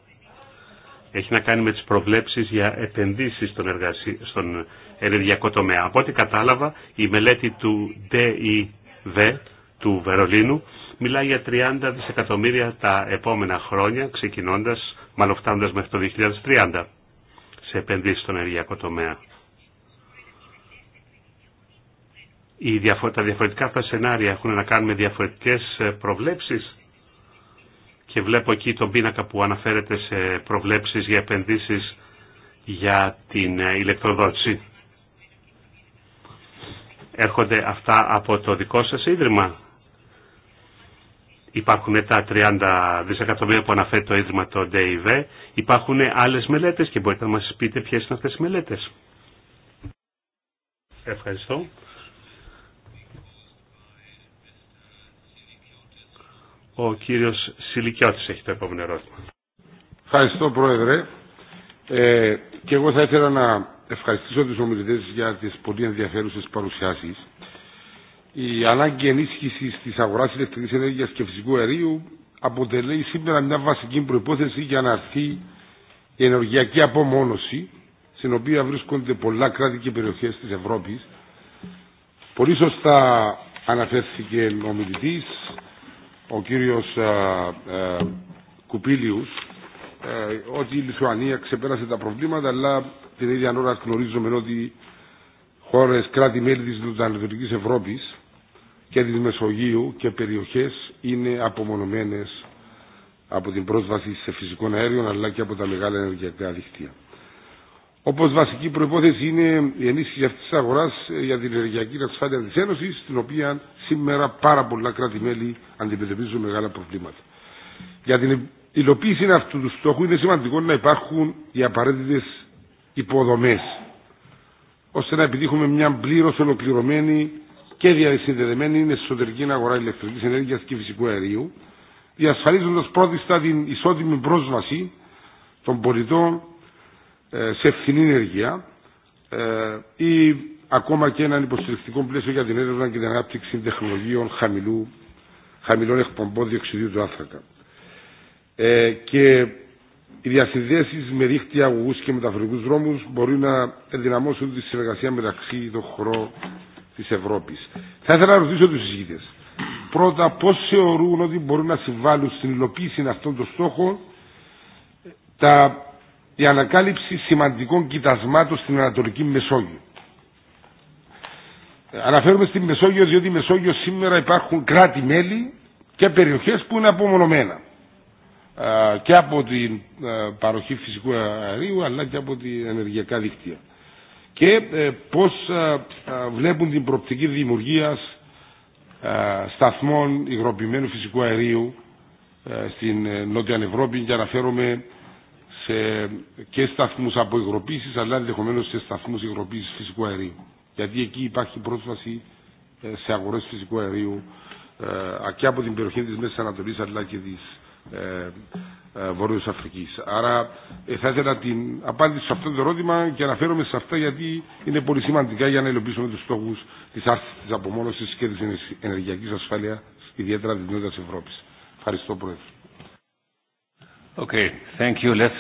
Έχει να κάνει με τις προβλέψεις για επενδύσεις στον, εργασί, στον ενεργειακό τομέα. Από ό,τι κατάλαβα, η μελέτη του DIV e του Βερολίνου μιλάει για 30 δισεκατομμύρια τα επόμενα χρόνια, ξεκινώντας, μάλλον φτάνοντας μέχρι το 2030 σε επενδύσεις στον ενεργειακό τομέα. Οι τα διαφορετικά αυτά σενάρια έχουν να κάνουν με διαφορετικές ε, προβλέψεις και βλέπω εκεί τον πίνακα που αναφέρεται σε προβλέψεις για επενδύσεις για την ε, ηλεκτροδότηση. Έρχονται αυτά από το δικό σας ίδρυμα Υπάρχουν τα 30 δισεκατομμύρια που αναφέρει το Ίδρυμα το ΔΕΙΒΕ. Υπάρχουν άλλες μελέτες και μπορείτε να μας πείτε ποιες είναι αυτές οι μελέτες. Ευχαριστώ. Ο κύριος Σιλικιώτης έχει το επόμενο ερώτημα. Ευχαριστώ Πρόεδρε. Ε, και εγώ θα ήθελα να ευχαριστήσω τους ομιλητές για τις πολύ ενδιαφέρουσες παρουσιάσεις. Η ανάγκη ενίσχυση τη αγορά ηλεκτρική ενέργεια και φυσικού αερίου αποτελεί σήμερα μια βασική προπόθεση για να έρθει η ενεργειακή απομόνωση, στην οποία βρίσκονται πολλά κράτη και περιοχέ τη Ευρώπη. Πολύ σωστά αναφέρθηκε ο μιλητή, ο κύριο ε, ε, Κουπίλιου, ε, ότι η Λιθουανία ξεπέρασε τα προβλήματα, αλλά την ίδια ώρα γνωρίζουμε ότι χώρε, κράτη-μέλη τη Ανατολική Ευρώπη και της Μεσογείου και περιοχές είναι απομονωμένες από την πρόσβαση σε φυσικό αέριο αλλά και από τα μεγάλα ενεργειακά δίκτυα. Όπω βασική προπόθεση είναι η ενίσχυση αυτή τη αγορά ε, για την ενεργειακή ασφάλεια τη Ένωση, στην οποία σήμερα πάρα πολλά κράτη-μέλη αντιμετωπίζουν μεγάλα προβλήματα. Για την υλοποίηση αυτού του στόχου είναι σημαντικό να υπάρχουν οι απαραίτητε υποδομέ, ώστε να επιτύχουμε μια πλήρω ολοκληρωμένη και διασυνδεδεμένη είναι στην εσωτερική αγορά ηλεκτρική ενέργεια και φυσικού αερίου, διασφαλίζοντα πρώτιστα την ισότιμη πρόσβαση των πολιτών ε, σε ευθυνή ενέργεια ε, ή ακόμα και έναν υποστηρικτικό πλαίσιο για την έρευνα και την ανάπτυξη τεχνολογίων χαμηλού, χαμηλών εκπομπών διοξιδίου του άνθρακα. Ε, και οι διασυνδέσει με ρίχτη αγωγού και μεταφορικού δρόμου μπορεί να ενδυναμώσουν τη συνεργασία μεταξύ των χωρών της Ευρώπης. Θα ήθελα να ρωτήσω τους συζήτητες. Πρώτα, πώς θεωρούν ότι μπορούν να συμβάλλουν στην υλοποίηση αυτών των στόχων τα, η ανακάλυψη σημαντικών κοιτασμάτων στην Ανατολική Μεσόγειο. Αναφέρουμε στη Μεσόγειο διότι η Μεσόγειο σήμερα υπάρχουν κράτη-μέλη και περιοχές που είναι απομονωμένα και από την ε, παροχή φυσικού αερίου αλλά και από την ενεργειακά δίκτυα και ε, πώς ε, βλέπουν την προοπτική δημιουργίας ε, σταθμών υγροποιημένου φυσικού αερίου στην Νότια Ευρώπη και αναφέρομαι σε και σταθμούς από υγροποίησης αλλά ενδεχομένω σε σταθμούς υγροποίησης φυσικού αερίου. Γιατί εκεί υπάρχει πρόσβαση σε αγορές φυσικού αερίου και από την περιοχή της Μέσης Ανατολής αλλά και της ε, ε, Βόρειος Αφρικής. Άρα ε, θα ήθελα την απάντηση σε αυτό το ερώτημα και αναφέρομαι σε αυτά γιατί είναι πολύ σημαντικά για να υλοποιήσουμε του στόχου τη άρση τη απομόνωσης και τη ενεργειακή ασφάλεια ιδιαίτερα τη Νότια Ευρώπη. Ευχαριστώ Πρόεδρε. Okay,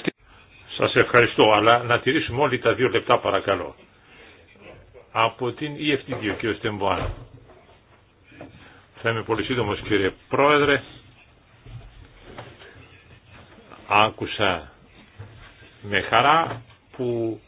Σας ευχαριστώ, αλλά να τηρήσουμε όλοι τα δύο λεπτά παρακαλώ. Από την EFTD, ο κ. Θα είμαι πολύ σύντομο, κύριε Πρόεδρε. Άκουσα με χαρά που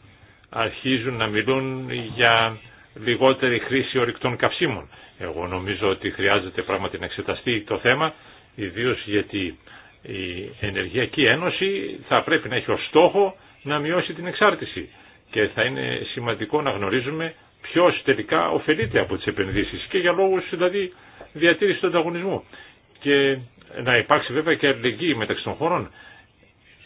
αρχίζουν να μιλούν για λιγότερη χρήση ορυκτών καυσίμων. Εγώ νομίζω ότι χρειάζεται πράγματι να εξεταστεί το θέμα, ιδίως γιατί η Ενεργειακή Ένωση θα πρέπει να έχει ως στόχο να μειώσει την εξάρτηση και θα είναι σημαντικό να γνωρίζουμε ποιος τελικά ωφελείται από τις επενδύσεις και για λόγους δηλαδή διατήρηση του ανταγωνισμού. Και να υπάρξει βέβαια και αλληλεγγύη μεταξύ των χωρών.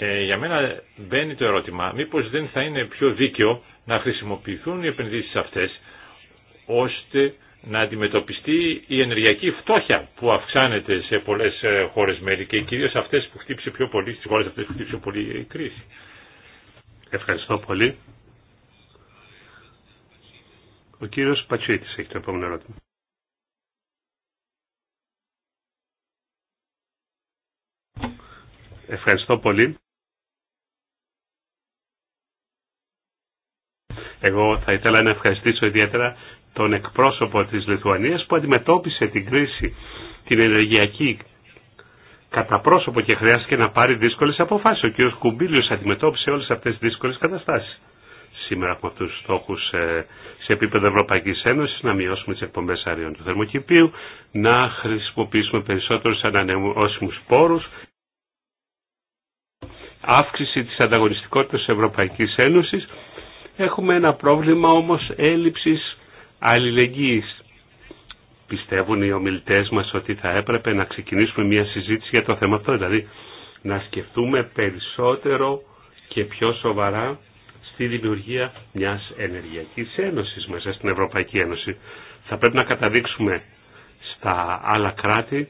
Ε, για μένα μπαίνει το ερώτημα μήπως δεν θα είναι πιο δίκαιο να χρησιμοποιηθούν οι επενδύσεις αυτές ώστε να αντιμετωπιστεί η ενεργειακή φτώχεια που αυξάνεται σε πολλές ε, χώρες μέλη και κυρίως αυτές που χτύπησε πιο πολύ, στις χώρες αυτές που χτύπησε πιο πολύ η κρίση. Ευχαριστώ πολύ. Ο κύριος Πατσίτης έχει το επόμενο ερώτημα. Ευχαριστώ πολύ. Εγώ θα ήθελα να ευχαριστήσω ιδιαίτερα τον εκπρόσωπο της Λιθουανίας που αντιμετώπισε την κρίση, την ενεργειακή κατά πρόσωπο και χρειάστηκε να πάρει δύσκολες αποφάσεις. Ο κ. Κουμπίλιος αντιμετώπισε όλες αυτές τις δύσκολες καταστάσεις. Σήμερα έχουμε αυτού τους στόχους ε, σε επίπεδο Ευρωπαϊκής Ένωσης, να μειώσουμε τις εκπομπές αριών του θερμοκηπίου, να χρησιμοποιήσουμε περισσότερους ανανεώσιμους πόρους, αύξηση της ανταγωνιστικότητας της Ευρωπαϊκής Ένωσης Έχουμε ένα πρόβλημα όμως έλλειψης αλληλεγγύης. Πιστεύουν οι ομιλητές μας ότι θα έπρεπε να ξεκινήσουμε μια συζήτηση για το θέμα αυτό, δηλαδή να σκεφτούμε περισσότερο και πιο σοβαρά στη δημιουργία μιας ενεργειακής ένωσης μέσα στην Ευρωπαϊκή Ένωση. Θα πρέπει να καταδείξουμε στα άλλα κράτη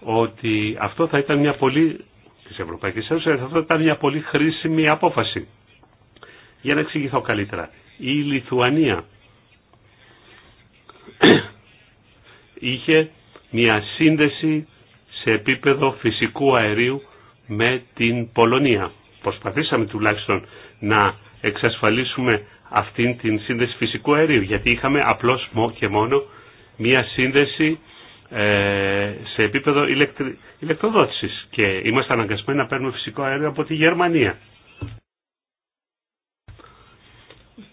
ότι αυτό θα ήταν μια πολύ της Ευρωπαϊκής Ένωσης, αυτό θα ήταν μια πολύ χρήσιμη απόφαση. Για να εξηγηθώ καλύτερα. Η Λιθουανία είχε μια σύνδεση σε επίπεδο φυσικού αερίου με την Πολωνία. Προσπαθήσαμε τουλάχιστον να εξασφαλίσουμε αυτήν την σύνδεση φυσικού αερίου, γιατί είχαμε απλώς και μόνο μία σύνδεση ε, σε επίπεδο ηλεκτροδότησης και είμαστε αναγκασμένοι να παίρνουμε φυσικό αέριο από τη Γερμανία.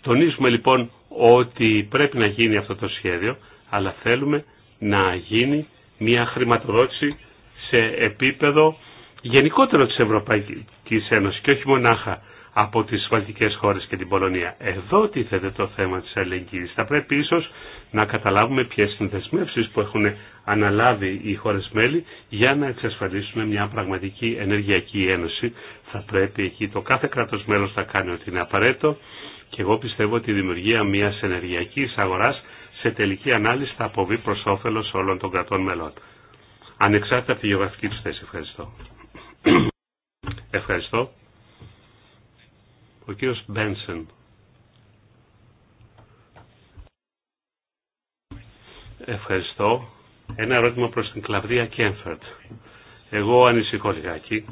Τονίζουμε λοιπόν ότι πρέπει να γίνει αυτό το σχέδιο, αλλά θέλουμε να γίνει μια χρηματοδότηση σε επίπεδο γενικότερο της Ευρωπαϊκής Ένωσης και όχι μονάχα από τις βαλτικές χώρες και την Πολωνία. Εδώ τίθεται το θέμα της αλληλεγγύης. Θα πρέπει ίσως να καταλάβουμε ποιες είναι που έχουν αναλάβει οι χώρες μέλη για να εξασφαλίσουν μια πραγματική ενεργειακή ένωση. Θα πρέπει εκεί το κάθε κράτος μέλος να κάνει ό,τι είναι απαραίτητο και εγώ πιστεύω ότι η δημιουργία μιας ενεργειακής αγοράς σε τελική ανάλυση θα αποβεί προς όφελος όλων των κρατών μελών. Ανεξάρτητα από τη γεωγραφική του θέση. Ευχαριστώ. Ευχαριστώ. Ο κύριος Μπένσεν. Ευχαριστώ. Ένα ερώτημα προς την Κλαβδία Κέμφερτ. Εγώ ανησυχώ λιγάκι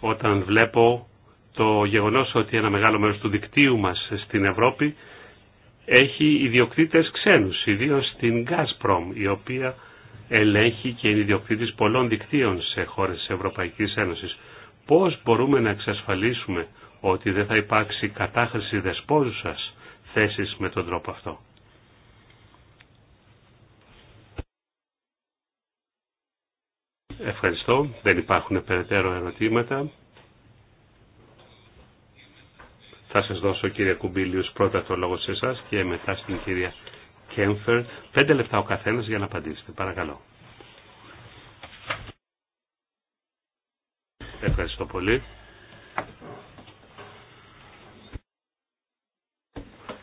όταν βλέπω το γεγονός ότι ένα μεγάλο μέρος του δικτύου μας στην Ευρώπη έχει ιδιοκτήτες ξένους, ιδίως την Gazprom, η οποία ελέγχει και είναι ιδιοκτήτης πολλών δικτύων σε χώρες της Ευρωπαϊκής Ένωσης. Πώς μπορούμε να εξασφαλίσουμε ότι δεν θα υπάρξει κατάχρηση δεσπόζουσας θέσης με τον τρόπο αυτό. Ευχαριστώ. Δεν υπάρχουν περαιτέρω ερωτήματα. Θα σας δώσω κύριε Κουμπίλιους πρώτα το λόγο σε εσά και μετά στην κυρία Κέμφερ. Πέντε λεπτά ο καθένας για να απαντήσετε. Παρακαλώ. Ευχαριστώ πολύ.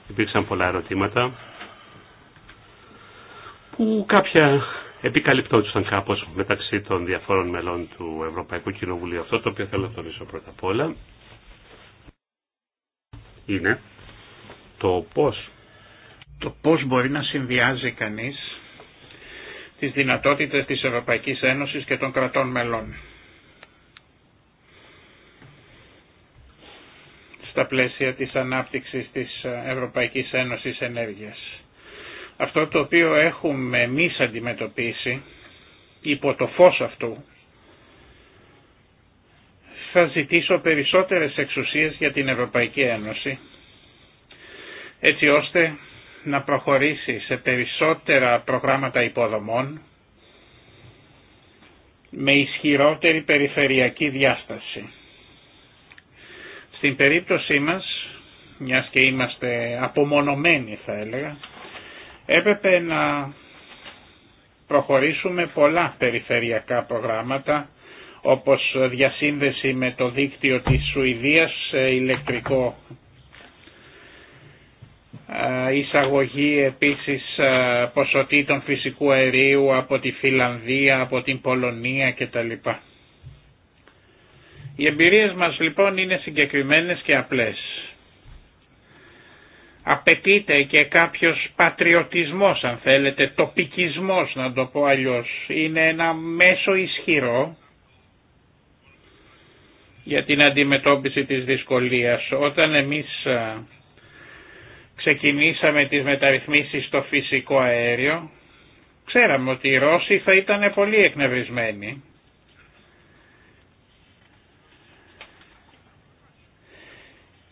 Υπήρξαν πολλά ερωτήματα που κάποια επικαλυπτόντουσαν κάπως μεταξύ των διαφόρων μελών του Ευρωπαϊκού Κοινοβουλίου. Αυτό το οποίο θέλω να τονίσω πρώτα απ' όλα είναι το πώς, το πώς μπορεί να συνδυάζει κανείς τις δυνατότητες της Ευρωπαϊκής Ένωσης και των κρατών μελών. στα πλαίσια της ανάπτυξης της Ευρωπαϊκής Ένωσης Ενέργειας. Αυτό το οποίο έχουμε εμεί αντιμετωπίσει υπό το φως αυτού θα ζητήσω περισσότερες εξουσίες για την Ευρωπαϊκή Ένωση έτσι ώστε να προχωρήσει σε περισσότερα προγράμματα υποδομών με ισχυρότερη περιφερειακή διάσταση. Στην περίπτωσή μας, μιας και είμαστε απομονωμένοι θα έλεγα, έπρεπε να προχωρήσουμε πολλά περιφερειακά προγράμματα όπως διασύνδεση με το δίκτυο της Σουηδίας ε, ηλεκτρικό ε, εισαγωγή επίσης ε, ποσοτήτων φυσικού αερίου από τη Φιλανδία, από την Πολωνία κτλ. Οι εμπειρίες μας λοιπόν είναι συγκεκριμένες και απλές. Απαιτείται και κάποιος πατριωτισμός αν θέλετε, τοπικισμός να το πω αλλιώς. Είναι ένα μέσο ισχυρό για την αντιμετώπιση της δυσκολίας. Όταν εμείς ξεκινήσαμε τις μεταρρυθμίσεις στο φυσικό αέριο, ξέραμε ότι οι Ρώσοι θα ήταν πολύ εκνευρισμένοι.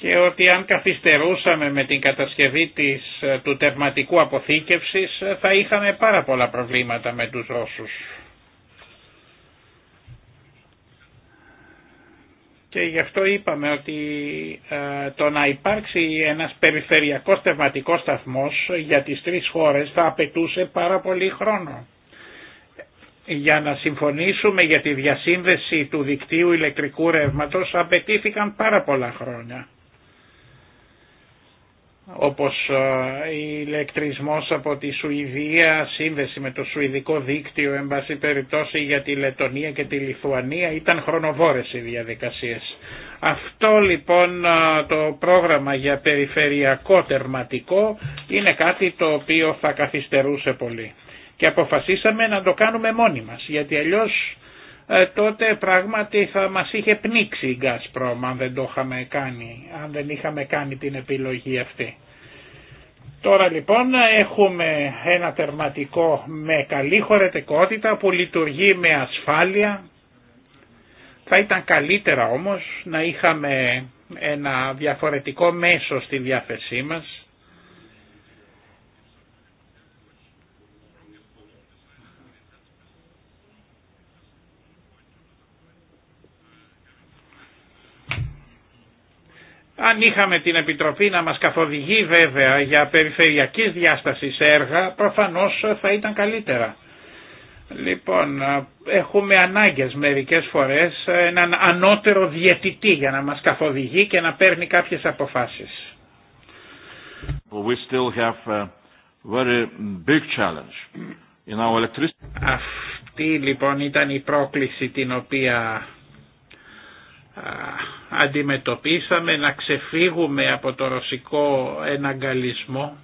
και ότι αν καθυστερούσαμε με την κατασκευή της, του τερματικού αποθήκευσης θα είχαμε πάρα πολλά προβλήματα με τους Ρώσους. Και γι' αυτό είπαμε ότι ε, το να υπάρξει ένας περιφερειακός θεματικός σταθμός για τις τρεις χώρες θα απαιτούσε πάρα πολύ χρόνο. Για να συμφωνήσουμε για τη διασύνδεση του δικτύου ηλεκτρικού ρεύματος απαιτήθηκαν πάρα πολλά χρόνια όπως ε, ηλεκτρισμός από τη Σουηδία, σύνδεση με το Σουηδικό δίκτυο, εν πάση περιπτώσει για τη Λετωνία και τη Λιθουανία, ήταν χρονοβόρες οι διαδικασίες. Αυτό λοιπόν ε, το πρόγραμμα για περιφερειακό τερματικό είναι κάτι το οποίο θα καθυστερούσε πολύ. Και αποφασίσαμε να το κάνουμε μόνοι μας, γιατί αλλιώς ε, τότε πράγματι θα μας είχε πνίξει η Gazprom αν δεν το είχαμε κάνει, αν δεν είχαμε κάνει την επιλογή αυτή. Τώρα λοιπόν έχουμε ένα τερματικό με καλή χωρετικότητα που λειτουργεί με ασφάλεια. Θα ήταν καλύτερα όμως να είχαμε ένα διαφορετικό μέσο στη διάθεσή μας Αν είχαμε την Επιτροπή να μας καθοδηγεί βέβαια για περιφερειακής διάστασης έργα, προφανώς θα ήταν καλύτερα. Λοιπόν, έχουμε ανάγκες μερικές φορές έναν ανώτερο διαιτητή για να μας καθοδηγεί και να παίρνει κάποιες αποφάσεις. Αυτή λοιπόν ήταν η πρόκληση την οποία αντιμετωπίσαμε να ξεφύγουμε από το ρωσικό εναγκαλισμό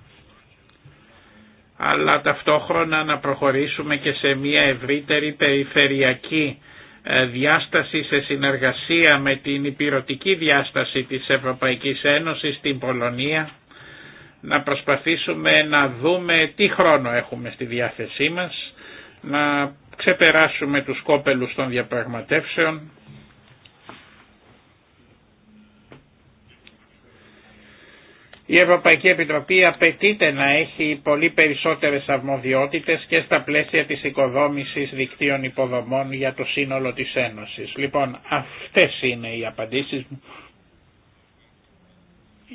αλλά ταυτόχρονα να προχωρήσουμε και σε μια ευρύτερη περιφερειακή ε, διάσταση σε συνεργασία με την υπηρετική διάσταση της Ευρωπαϊκής Ένωσης στην Πολωνία να προσπαθήσουμε να δούμε τι χρόνο έχουμε στη διάθεσή μας, να ξεπεράσουμε τους κόπελους των διαπραγματεύσεων Η Ευρωπαϊκή Επιτροπή απαιτείται να έχει πολύ περισσότερες αρμοδιότητες και στα πλαίσια της οικοδόμησης δικτύων υποδομών για το σύνολο της Ένωσης. Λοιπόν, αυτές είναι οι απαντήσεις μου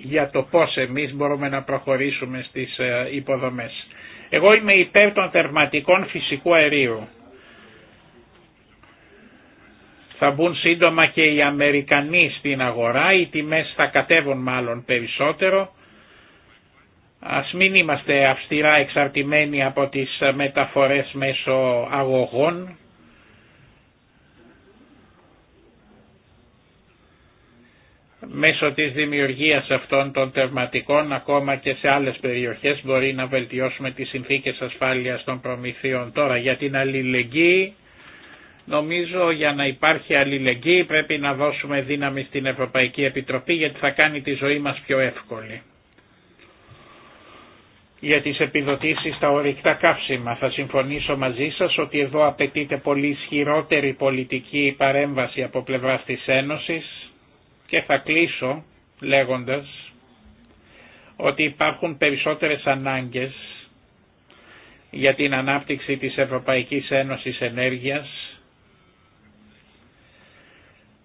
για το πώς εμείς μπορούμε να προχωρήσουμε στις ε, υποδομές. Εγώ είμαι υπέρ των θερματικών φυσικού αερίου. Θα μπουν σύντομα και οι Αμερικανοί στην αγορά, οι τιμές θα κατέβουν μάλλον περισσότερο Ας μην είμαστε αυστηρά εξαρτημένοι από τις μεταφορές μέσω αγωγών. Μέσω της δημιουργίας αυτών των τερματικών ακόμα και σε άλλες περιοχές μπορεί να βελτιώσουμε τις συνθήκες ασφάλειας των προμηθείων. Τώρα για την αλληλεγγύη Νομίζω για να υπάρχει αλληλεγγύη πρέπει να δώσουμε δύναμη στην Ευρωπαϊκή Επιτροπή γιατί θα κάνει τη ζωή μας πιο εύκολη για τις επιδοτήσεις στα ορυκτά καύσιμα. Θα συμφωνήσω μαζί σας ότι εδώ απαιτείται πολύ ισχυρότερη πολιτική παρέμβαση από πλευράς της Ένωσης και θα κλείσω λέγοντας ότι υπάρχουν περισσότερες ανάγκες για την ανάπτυξη της Ευρωπαϊκής Ένωσης Ενέργειας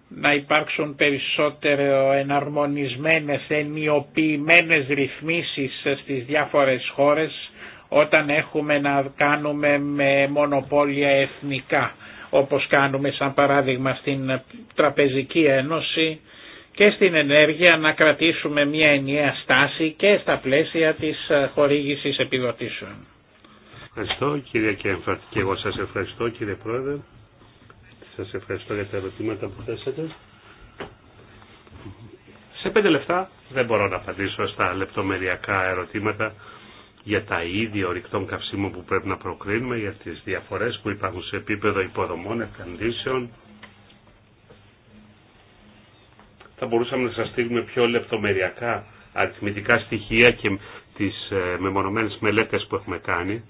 να υπάρξουν περισσότερο εναρμονισμένες, ενιοποιημένες ρυθμίσεις στις διάφορες χώρες όταν έχουμε να κάνουμε με μονοπόλια εθνικά όπως κάνουμε σαν παράδειγμα στην Τραπεζική Ένωση και στην ενέργεια να κρατήσουμε μια ενιαία στάση και στα πλαίσια της χορήγησης επιδοτήσεων. Ευχαριστώ κύριε Κέμφαρτ και εγώ σας ευχαριστώ κύριε Πρόεδρε. Σας ευχαριστώ για τα ερωτήματα που θέσατε. Σε πέντε λεπτά δεν μπορώ να απαντήσω στα λεπτομεριακά ερωτήματα για τα ίδια ορυκτών καυσίμων που πρέπει να προκρίνουμε, για τις διαφορές που υπάρχουν σε επίπεδο υποδομών, επενδύσεων. Θα μπορούσαμε να σας στείλουμε πιο λεπτομεριακά αριθμητικά στοιχεία και τις ε, μεμονωμένες μελέτες που έχουμε κάνει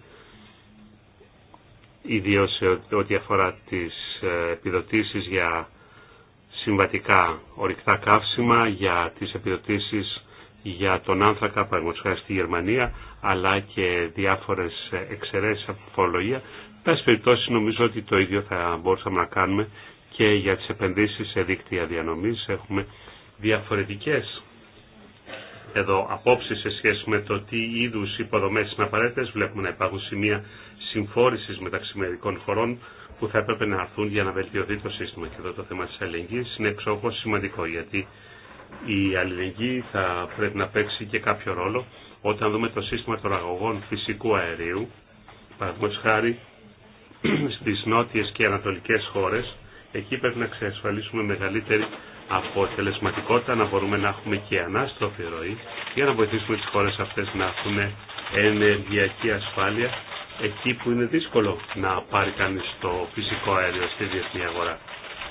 ιδίως σε ό,τι αφορά τις ε, επιδοτήσεις για συμβατικά ορυκτά καύσιμα, για τις επιδοτήσεις για τον άνθρακα, παραγωγικά στη Γερμανία, αλλά και διάφορες εξαιρέσεις από φορολογία. Πες περιπτώσει νομίζω ότι το ίδιο θα μπορούσαμε να κάνουμε και για τις επενδύσεις σε δίκτυα διανομής. Έχουμε διαφορετικές εδώ απόψεις σε σχέση με το τι είδους υποδομές είναι απαραίτητες. Βλέπουμε να υπάρχουν σημεία συμφόρηση μεταξύ μερικών χωρών που θα έπρεπε να αρθούν για να βελτιωθεί το σύστημα. Και εδώ το θέμα τη αλληλεγγύη. είναι εξόχω σημαντικό γιατί η αλληλεγγύη θα πρέπει να παίξει και κάποιο ρόλο όταν δούμε το σύστημα των αγωγών φυσικού αερίου, παραδείγματο χάρη στι νότιε και ανατολικέ χώρε, εκεί πρέπει να εξασφαλίσουμε μεγαλύτερη αποτελεσματικότητα, να μπορούμε να έχουμε και ανάστροφη ροή για να βοηθήσουμε τι χώρε αυτέ να έχουν ενεργειακή ασφάλεια εκεί που είναι δύσκολο να πάρει κάνει το φυσικό αέριο στη διεθνή αγορά.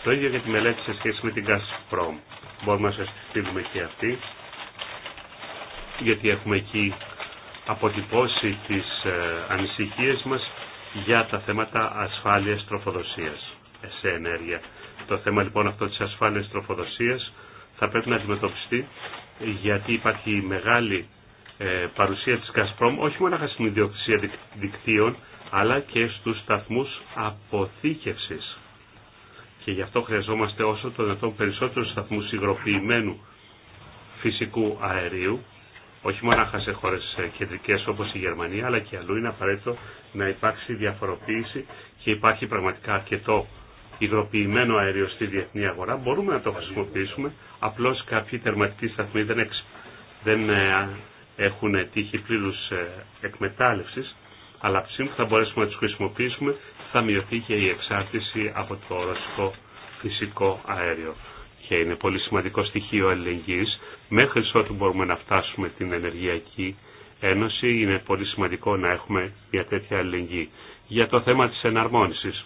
Το ίδιο για τη μελέτη σε σχέση με την Gazprom. Μπορούμε να σα στείλουμε και αυτή, γιατί έχουμε εκεί αποτυπώσει τις ε, ανησυχίες μας για τα θέματα ασφάλειας τροφοδοσίας ε, σε ενέργεια. Το θέμα λοιπόν αυτό της ασφάλεια τροφοδοσίας θα πρέπει να αντιμετωπιστεί γιατί υπάρχει μεγάλη ε, παρουσία της Gazprom όχι μόνο στην ιδιοκτησία δικτύων αλλά και στους σταθμούς αποθήκευσης. Και γι' αυτό χρειαζόμαστε όσο το δυνατόν περισσότερους σταθμούς υγροποιημένου φυσικού αερίου όχι μόνο σε χώρες ε, κεντρικές όπως η Γερμανία αλλά και αλλού είναι απαραίτητο να υπάρξει διαφοροποίηση και υπάρχει πραγματικά αρκετό υγροποιημένο αέριο στη διεθνή αγορά, μπορούμε να το χρησιμοποιήσουμε. Απλώς κάποιοι τερματικοί σταθμοί δεν, δεν ε, έχουν τύχει πλήρους ε, εκμετάλλευσης, αλλά από τη στιγμή που θα μπορέσουμε να του χρησιμοποιήσουμε θα μειωθεί και η εξάρτηση από το ρωσικό φυσικό αέριο. Και είναι πολύ σημαντικό στοιχείο αλληλεγγύης. Μέχρι ότου μπορούμε να φτάσουμε την Ενεργειακή Ένωση είναι πολύ σημαντικό να έχουμε μια τέτοια αλληλεγγύη. Για το θέμα της εναρμόνισης,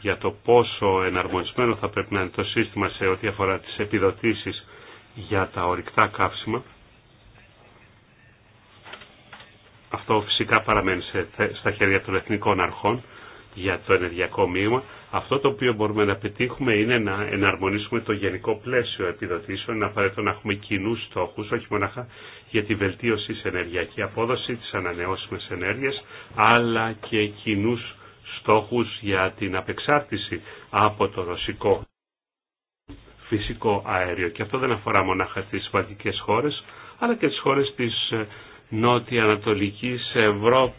για το πόσο εναρμονισμένο θα πρέπει να είναι το σύστημα σε ό,τι αφορά τις επιδοτήσεις για τα ορυκτά καύσιμα, Αυτό φυσικά παραμένει στα χέρια των εθνικών αρχών για το ενεργειακό μείγμα. Αυτό το οποίο μπορούμε να πετύχουμε είναι να εναρμονίσουμε το γενικό πλαίσιο επιδοτήσεων, να απαραίτητο να έχουμε κοινού στόχου, όχι μονάχα για τη βελτίωση τη ενεργειακή απόδοση, τι ανανεώσιμε ενέργειε, αλλά και κοινού στόχου για την απεξάρτηση από το ρωσικό φυσικό αέριο. Και αυτό δεν αφορά μονάχα τι βαλτικέ χώρε, αλλά και τι χώρε τη ε, νότια-ανατολικής Ευρώπη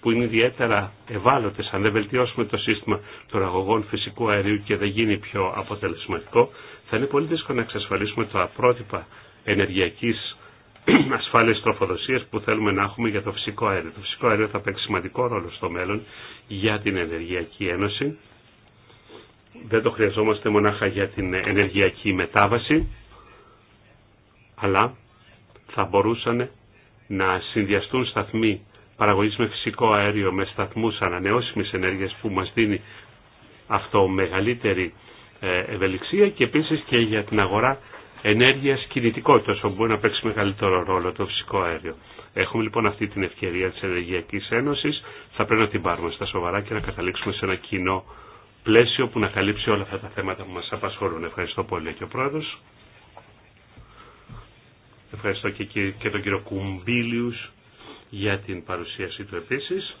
που είναι ιδιαίτερα ευάλωτες αν δεν βελτιώσουμε το σύστημα των αγωγών φυσικού αερίου και δεν γίνει πιο αποτελεσματικό θα είναι πολύ δύσκολο να εξασφαλίσουμε τα πρότυπα ενεργειακής ασφάλειας τροφοδοσίας που θέλουμε να έχουμε για το φυσικό αέριο. Το φυσικό αέριο θα παίξει σημαντικό ρόλο στο μέλλον για την Ενεργειακή Ένωση. Δεν το χρειαζόμαστε μονάχα για την ενεργειακή μετάβαση αλλά θα μπορούσαν να συνδυαστούν σταθμοί παραγωγής με φυσικό αέριο με σταθμούς ανανεώσιμης ενέργειας που μας δίνει αυτό μεγαλύτερη ε, ευελιξία και επίσης και για την αγορά ενέργειας κινητικότητας όπου μπορεί να παίξει μεγαλύτερο ρόλο το φυσικό αέριο. Έχουμε λοιπόν αυτή την ευκαιρία της Ενεργειακής Ένωσης, θα πρέπει να την πάρουμε στα σοβαρά και να καταλήξουμε σε ένα κοινό πλαίσιο που να καλύψει όλα αυτά τα θέματα που μας απασχολούν. Ευχαριστώ πολύ και ο Πρόεδρος. Ευχαριστώ και, τον κύριο Κουμπίλιους για την παρουσίασή του επίσης.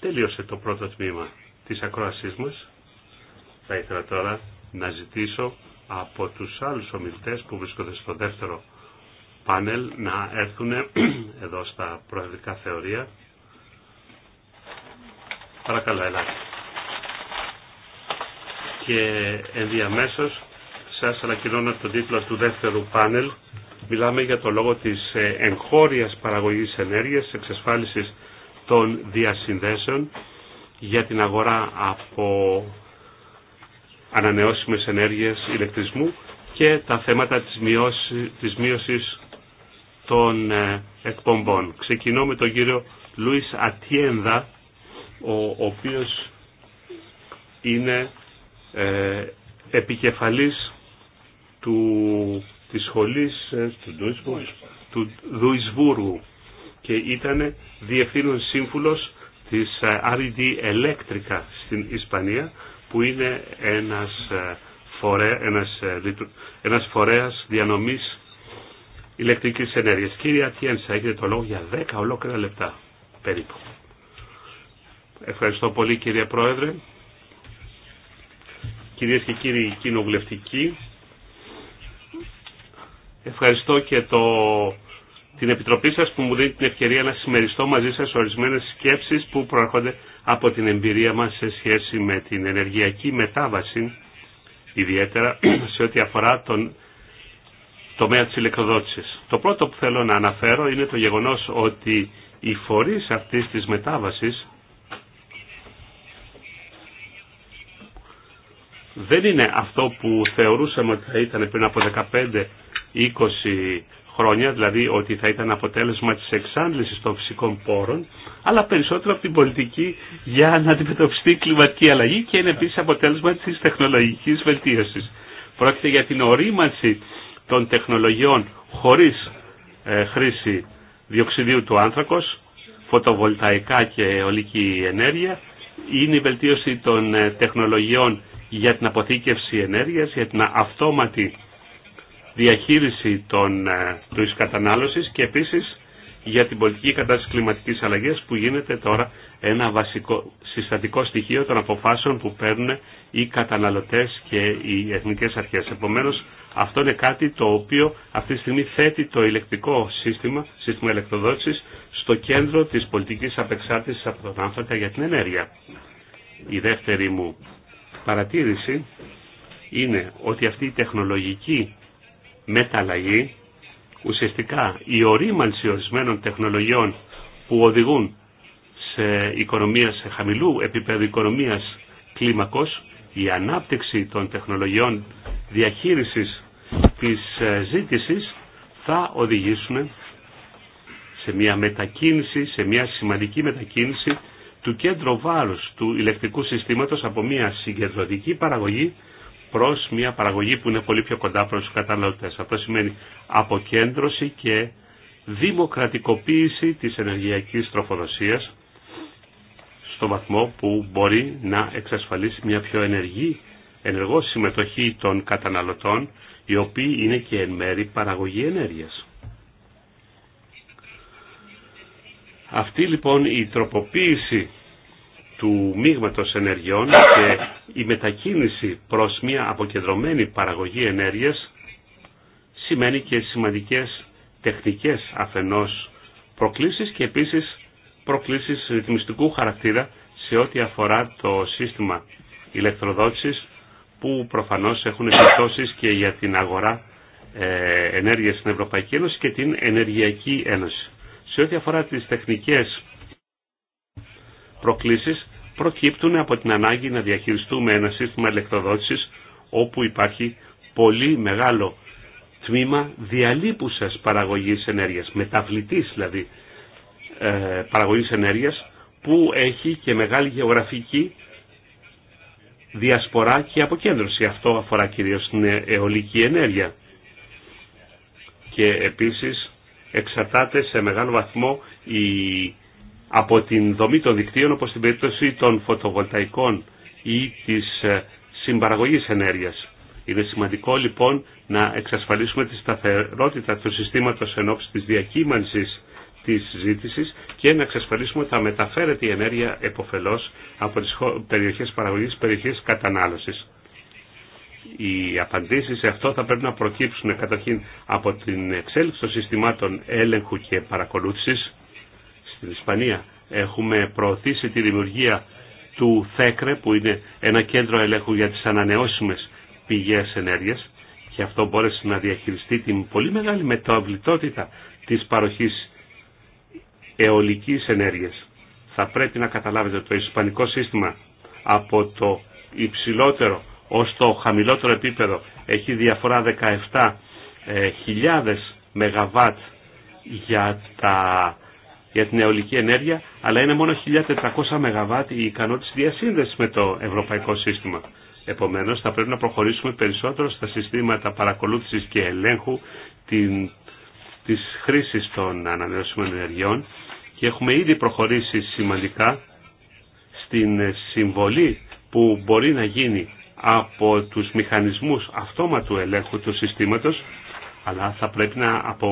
Τελείωσε το πρώτο τμήμα της ακρόασής μας. Θα ήθελα τώρα να ζητήσω από τους άλλους ομιλητές που βρίσκονται στο δεύτερο πάνελ να έρθουν εδώ στα προεδρικά θεωρία. Παρακαλώ, ελάτε. Και ενδιαμέσως σας ανακοινώνω τον τίτλο του δεύτερου πάνελ. Μιλάμε για το λόγο της ε, εγχώριας παραγωγής ενέργειας, εξασφάλισης των διασυνδέσεων για την αγορά από ανανεώσιμες ενέργειες ηλεκτρισμού και τα θέματα της, μειώση, της μείωσης των ε, εκπομπών. Ξεκινώ με τον κύριο Λούις Ατιένδα, ο οποίος είναι ε, επικεφαλής του, της σχολής ε, του, Duisburg, και ήταν διευθύνων σύμβουλος της ε, RD e Electrica στην Ισπανία που είναι ένας, ε, φορέ, ένας, ένας φορέας διανομής ηλεκτρικής ενέργειας. Κύριε Ατιένσα, έχετε το λόγο για 10 ολόκληρα λεπτά περίπου. Ευχαριστώ πολύ κύριε Πρόεδρε. Κυρίες και κύριοι κοινοβουλευτικοί, Ευχαριστώ και το, την Επιτροπή σας που μου δίνει την ευκαιρία να συμμεριστώ μαζί σας ορισμένες σκέψεις που προέρχονται από την εμπειρία μας σε σχέση με την ενεργειακή μετάβαση, ιδιαίτερα σε ό,τι αφορά τον τομέα της ηλεκτροδότησης. Το πρώτο που θέλω να αναφέρω είναι το γεγονός ότι οι φορείς αυτής της μετάβασης δεν είναι αυτό που θεωρούσαμε ότι θα ήταν πριν από 15 20 χρόνια, δηλαδή ότι θα ήταν αποτέλεσμα της εξάντλησης των φυσικών πόρων, αλλά περισσότερο από την πολιτική για να αντιμετωπιστεί η κλιματική αλλαγή και είναι επίσης αποτέλεσμα της τεχνολογικής βελτίωσης. Πρόκειται για την ορίμανση των τεχνολογιών χωρίς ε, χρήση διοξιδίου του άνθρακος, φωτοβολταϊκά και ολική ενέργεια, είναι η βελτίωση των ε, τεχνολογιών για την αποθήκευση ενέργειας, για την αυτόματη διαχείριση των, ε, της κατανάλωσης και επίσης για την πολιτική κατάσταση κλιματικής αλλαγής που γίνεται τώρα ένα βασικό συστατικό στοιχείο των αποφάσεων που παίρνουν οι καταναλωτές και οι εθνικές αρχές. Επομένως αυτό είναι κάτι το οποίο αυτή τη στιγμή θέτει το ηλεκτρικό σύστημα, σύστημα ηλεκτροδότησης, στο κέντρο της πολιτικής απεξάρτησης από τον άνθρωπο για την ενέργεια. Η δεύτερη μου παρατήρηση είναι ότι αυτή η τεχνολογική μεταλλαγή, ουσιαστικά η ορίμανση ορισμένων τεχνολογιών που οδηγούν σε οικονομία, σε χαμηλού επίπεδου οικονομίας κλίμακος, η ανάπτυξη των τεχνολογιών διαχείρισης της ε, ζήτησης θα οδηγήσουν σε μια μετακίνηση, σε μια σημαντική μετακίνηση του κέντρου βάρους του ηλεκτρικού συστήματος από μια συγκεντρωτική παραγωγή προ μια παραγωγή που είναι πολύ πιο κοντά προ του καταναλωτέ. Αυτό σημαίνει αποκέντρωση και δημοκρατικοποίηση της ενεργειακή τροφοδοσίας στο βαθμό που μπορεί να εξασφαλίσει μια πιο ενεργή, ενεργό συμμετοχή των καταναλωτών οι οποίοι είναι και εν μέρη παραγωγή ενέργειας. Αυτή λοιπόν η τροποποίηση του μείγματος ενεργειών και η μετακίνηση προς μια αποκεντρωμένη παραγωγή ενέργειας σημαίνει και σημαντικές τεχνικές αφενός προκλήσεις και επίσης προκλήσεις ρυθμιστικού χαρακτήρα σε ό,τι αφορά το σύστημα ηλεκτροδότησης που προφανώς έχουν επιπτώσεις και για την αγορά ε, ενέργειας στην Ευρωπαϊκή Ένωση και την Ενεργειακή Ένωση. Σε ό,τι αφορά τις τεχνικές προκλήσεις προκύπτουν από την ανάγκη να διαχειριστούμε ένα σύστημα ηλεκτροδότησης όπου υπάρχει πολύ μεγάλο τμήμα διαλύπουσας παραγωγής ενέργειας, μεταβλητής δηλαδή ε, παραγωγής ενέργειας που έχει και μεγάλη γεωγραφική διασπορά και αποκέντρωση. Αυτό αφορά κυρίως την αιωλική ενέργεια. Και επίσης εξαρτάται σε μεγάλο βαθμό η από την δομή των δικτύων όπως στην περίπτωση των φωτοβολταϊκών ή της ε, συμπαραγωγής ενέργειας. Είναι σημαντικό λοιπόν να εξασφαλίσουμε τη σταθερότητα του συστήματος εν ώψη της διακύμανσης της ζήτησης και να εξασφαλίσουμε ότι θα μεταφέρεται η ενέργεια εποφελώς από τις περιοχές παραγωγής, περιοχές κατανάλωσης. Οι απαντήσεις σε αυτό θα πρέπει να προκύψουν καταρχήν από την εξέλιξη των συστημάτων έλεγχου και παρακολούθησης στην Ισπανία έχουμε προωθήσει τη δημιουργία του ΘΕΚΡΕ που είναι ένα κέντρο ελέγχου για τις ανανεώσιμες πηγές ενέργειας και αυτό μπόρεσε να διαχειριστεί την πολύ μεγάλη μεταβλητότητα της παροχής αιωλικής ενέργειας. Θα πρέπει να καταλάβετε το ισπανικό σύστημα από το υψηλότερο ως το χαμηλότερο επίπεδο έχει διαφορά 17.000 ε, ΜΒ για τα για την αιωλική ενέργεια, αλλά είναι μόνο 1.400 ΜΒ η ικανότητα διασύνδεση με το ευρωπαϊκό σύστημα. Επομένω, θα πρέπει να προχωρήσουμε περισσότερο στα συστήματα παρακολούθησης και ελέγχου τη χρήση των ανανεώσιμων ενεργειών και έχουμε ήδη προχωρήσει σημαντικά στην συμβολή που μπορεί να γίνει από τους μηχανισμούς αυτόματου ελέγχου του συστήματος αλλά θα πρέπει να, απο,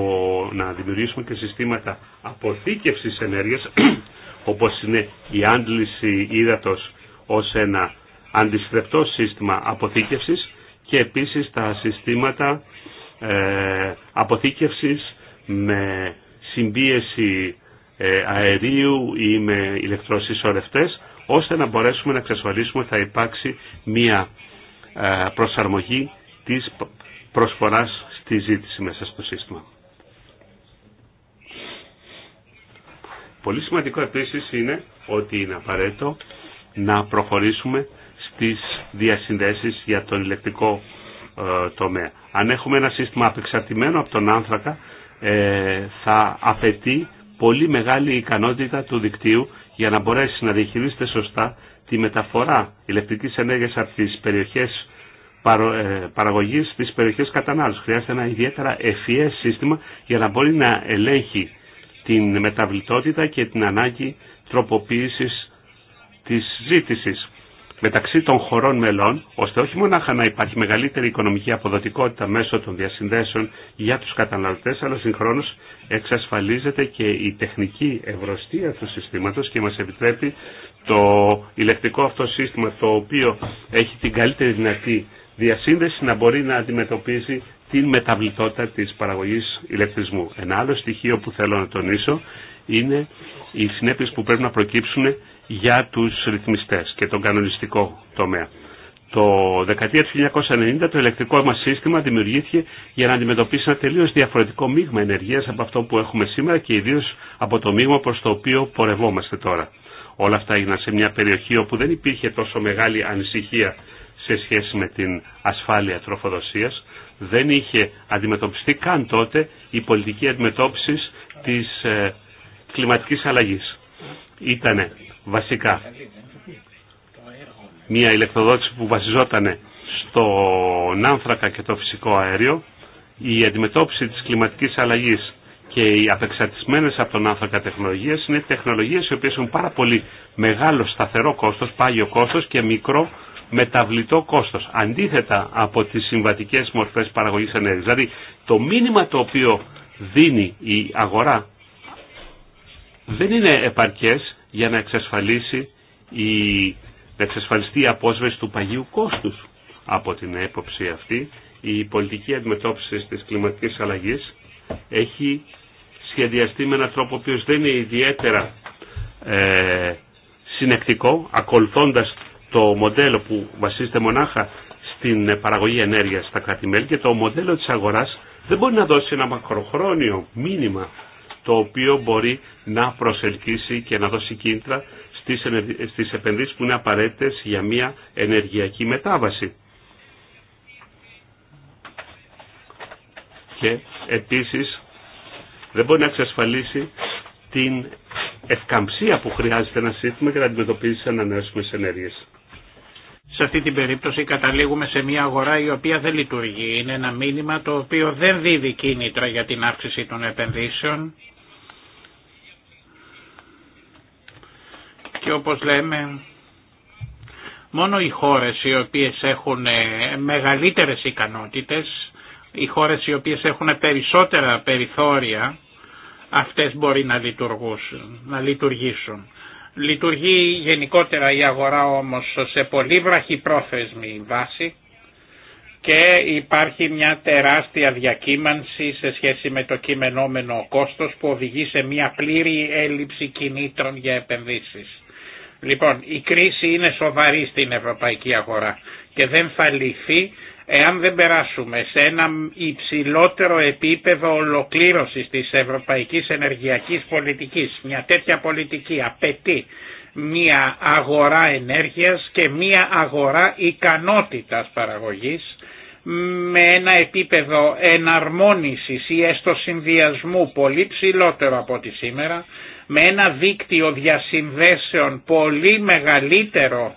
να δημιουργήσουμε και συστήματα αποθήκευσης ενέργειας, όπως είναι η άντληση ύδατος ως ένα αντιστρεπτό σύστημα αποθήκευσης και επίσης τα συστήματα ε, αποθήκευσης με συμπίεση ε, αερίου ή με ηλεκτροσυσσωρευτές, ώστε να μπορέσουμε να εξασφαλίσουμε θα υπάρξει μία ε, προσαρμογή της προσφοράς τη ζήτηση μέσα στο σύστημα. Πολύ σημαντικό επίσης είναι ότι είναι απαραίτητο να προχωρήσουμε στις διασυνδέσεις για τον ηλεκτρικό ε, τομέα. Αν έχουμε ένα σύστημα απεξαρτημένο από τον άνθρακα ε, θα απαιτεί πολύ μεγάλη ικανότητα του δικτύου για να μπορέσει να διαχειρίζεται σωστά τη μεταφορά ηλεκτρικής ενέργειας από τις περιοχές ε, Παραγωγή στι περιοχές κατανάλωση. Χρειάζεται ένα ιδιαίτερα ευφυές σύστημα για να μπορεί να ελέγχει την μεταβλητότητα και την ανάγκη τροποποίηση τη ζήτηση μεταξύ των χωρών μελών, ώστε όχι μονάχα να υπάρχει μεγαλύτερη οικονομική αποδοτικότητα μέσω των διασυνδέσεων για τους καταναλωτές, αλλά συγχρόνως εξασφαλίζεται και η τεχνική ευρωστία του συστήματος και μας επιτρέπει το ηλεκτρικό αυτό σύστημα, το οποίο έχει την καλύτερη δυνατή διασύνδεση να μπορεί να αντιμετωπίζει την μεταβλητότητα της παραγωγής ηλεκτρισμού. Ένα άλλο στοιχείο που θέλω να τονίσω είναι οι συνέπειες που πρέπει να προκύψουν για τους ρυθμιστές και τον κανονιστικό τομέα. Το δεκαετία του 1990 το ηλεκτρικό μας σύστημα δημιουργήθηκε για να αντιμετωπίσει ένα τελείως διαφορετικό μείγμα ενεργείας από αυτό που έχουμε σήμερα και ιδίως από το μείγμα προς το οποίο πορευόμαστε τώρα. Όλα αυτά έγιναν σε μια περιοχή όπου δεν υπήρχε τόσο μεγάλη ανησυχία σε σχέση με την ασφάλεια τροφοδοσίας. Δεν είχε αντιμετωπιστεί καν τότε η πολιτική αντιμετώπιση της ε, κλιματικής αλλαγής. Ήταν βασικά μια ηλεκτροδότηση που βασιζόταν στον άνθρακα και το φυσικό αέριο, η αντιμετώπιση της κλιματικής αλλαγής και οι απεξαρτησμένες από τον άνθρακα τεχνολογίες είναι τεχνολογίες οι οποίες έχουν πάρα πολύ μεγάλο σταθερό κόστος, πάγιο κόστος και μικρό μεταβλητό κόστος, αντίθετα από τις συμβατικές μορφές παραγωγής ενέργειας. Δηλαδή το μήνυμα το οποίο δίνει η αγορά δεν είναι επαρκές για να εξασφαλίσει η, να εξασφαλιστεί η απόσβεση του παγίου κόστους. Από την έποψη αυτή, η πολιτική αντιμετώπιση της κλιματικής αλλαγής έχει σχεδιαστεί με έναν τρόπο ο οποίος δεν είναι ιδιαίτερα ε, συνεκτικό, ακολουθώντας το μοντέλο που βασίζεται μονάχα στην ε, παραγωγή ενέργειας στα κράτη-μέλη και το μοντέλο της αγοράς δεν μπορεί να δώσει ένα μακροχρόνιο μήνυμα το οποίο μπορεί να προσελκύσει και να δώσει κίνητρα στις, στις επενδύσεις που είναι απαραίτητες για μια ενεργειακή μετάβαση. Και επίσης δεν μπορεί να εξασφαλίσει την ευκαμψία που χρειάζεται ένα σύστημα για να αντιμετωπίσει ανανεώσιμες ενέργειες. Σε αυτή την περίπτωση καταλήγουμε σε μια αγορά η οποία δεν λειτουργεί. Είναι ένα μήνυμα το οποίο δεν δίδει κίνητρα για την αύξηση των επενδύσεων. Και όπως λέμε, μόνο οι χώρες οι οποίες έχουν ε, μεγαλύτερες ικανότητες, οι χώρες οι οποίες έχουν περισσότερα περιθώρια, αυτές μπορεί να λειτουργήσουν. Να λειτουργήσουν. Λειτουργεί γενικότερα η αγορά όμως σε πολύ βραχυπρόθεσμη βάση και υπάρχει μια τεράστια διακύμανση σε σχέση με το κειμενόμενο κόστος που οδηγεί σε μια πλήρη έλλειψη κινήτρων για επενδύσεις. Λοιπόν, η κρίση είναι σοβαρή στην ευρωπαϊκή αγορά και δεν θα λυθεί Εάν δεν περάσουμε σε ένα υψηλότερο επίπεδο ολοκλήρωσης της ευρωπαϊκής ενεργειακής πολιτικής, μια τέτοια πολιτική απαιτεί μια αγορά ενέργειας και μια αγορά ικανότητας παραγωγής με ένα επίπεδο εναρμόνισης ή έστω συνδυασμού πολύ ψηλότερο από τη σήμερα, με ένα δίκτυο διασυνδέσεων πολύ μεγαλύτερο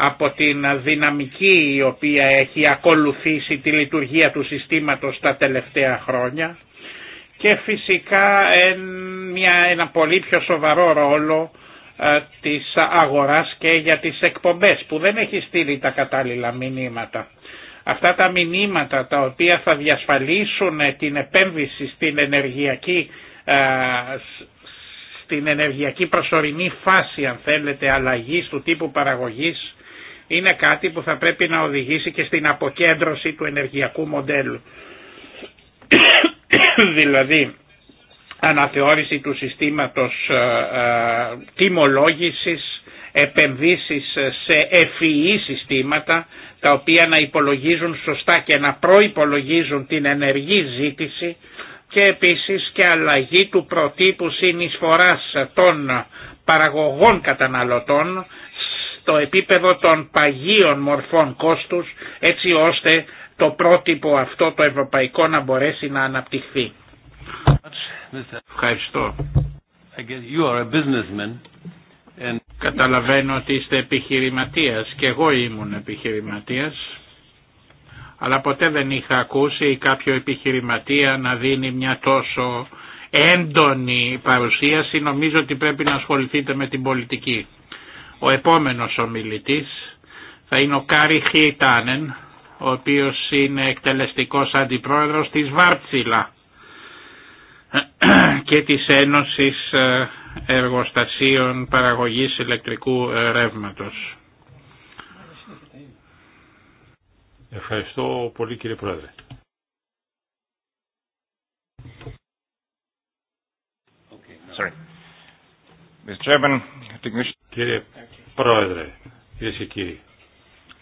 από την δυναμική η οποία έχει ακολουθήσει τη λειτουργία του συστήματος τα τελευταία χρόνια και φυσικά ένα πολύ πιο σοβαρό ρόλο ε, της αγοράς και για τις εκπομπές που δεν έχει στείλει τα κατάλληλα μηνύματα. Αυτά τα μηνύματα τα οποία θα διασφαλίσουν την επένδυση στην ενεργειακή, ε, στην ενεργειακή προσωρινή φάση αν θέλετε αλλαγής του τύπου παραγωγής είναι κάτι που θα πρέπει να οδηγήσει και στην αποκέντρωση του ενεργειακού μοντέλου. δηλαδή αναθεώρηση του συστήματος ε, ε, τιμολόγησης, επενδύσεις σε ευφυή e e συστήματα τα οποία να υπολογίζουν σωστά και να προϋπολογίζουν την ενεργή ζήτηση και επίσης και αλλαγή του προτύπου συνεισφοράς των παραγωγών καταναλωτών το επίπεδο των παγίων μορφών κόστους έτσι ώστε το πρότυπο αυτό το ευρωπαϊκό να μπορέσει να αναπτυχθεί. Ευχαριστώ. Καταλαβαίνω ότι είστε επιχειρηματίας και εγώ ήμουν επιχειρηματίας αλλά ποτέ δεν είχα ακούσει κάποιο επιχειρηματία να δίνει μια τόσο έντονη παρουσίαση νομίζω ότι πρέπει να ασχοληθείτε με την πολιτική. Ο επόμενος ομιλητής θα είναι ο Κάρι Χιτάνεν, ο οποίος είναι εκτελεστικός αντιπρόεδρος της Βάρτσιλα και της Ένωσης ε, Εργοστασίων Παραγωγής Ηλεκτρικού Ρεύματος. Ευχαριστώ πολύ κύριε Πρόεδρε. Okay, no. Sorry. Mr. Κύριε Πρόεδρε, κυρίε και κύριοι,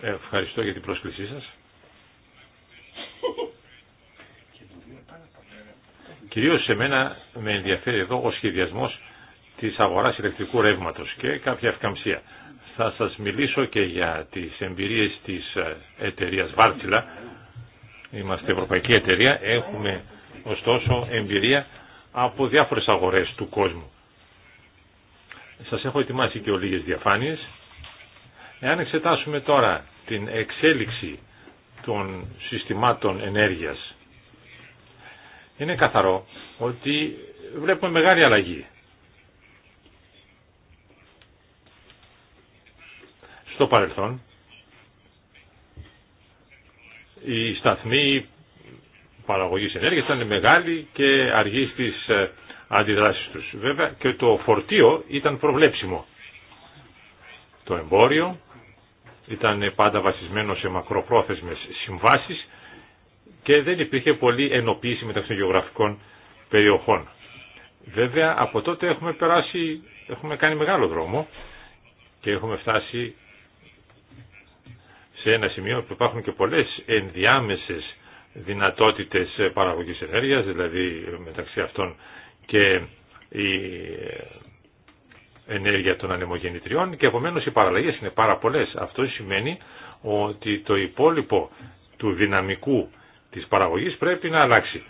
ευχαριστώ για την πρόσκλησή σας. Κυρίως σε μένα με ενδιαφέρει εδώ ο σχεδιασμός της αγοράς ηλεκτρικού ρεύματος και κάποια ευκαμψία. Θα σας μιλήσω και για τις εμπειρίες της εταιρείας Βάρτσιλα. Είμαστε ευρωπαϊκή εταιρεία, έχουμε ωστόσο εμπειρία από διάφορες αγορές του κόσμου. Σας έχω ετοιμάσει και ολίγες διαφάνειες. Εάν εξετάσουμε τώρα την εξέλιξη των συστημάτων ενέργειας, είναι καθαρό ότι βλέπουμε μεγάλη αλλαγή. Στο παρελθόν, η σταθμοί παραγωγής ενέργειας ήταν μεγάλοι και αργή στις ε, αντιδράσεις τους. Βέβαια και το φορτίο ήταν προβλέψιμο. Το εμπόριο ήταν πάντα βασισμένο σε μακροπρόθεσμες συμβάσεις και δεν υπήρχε πολλή ενοποίηση μεταξύ των γεωγραφικών περιοχών. Βέβαια από τότε έχουμε περάσει, έχουμε κάνει μεγάλο δρόμο και έχουμε φτάσει σε ένα σημείο που υπάρχουν και πολλές ενδιάμεσες δυνατότητες παραγωγής ενέργειας, δηλαδή μεταξύ αυτών και η ενέργεια των ανεμογεννητριών και επομένως οι παραλλαγές είναι πάρα πολλές. Αυτό σημαίνει ότι το υπόλοιπο του δυναμικού της παραγωγής πρέπει να αλλάξει.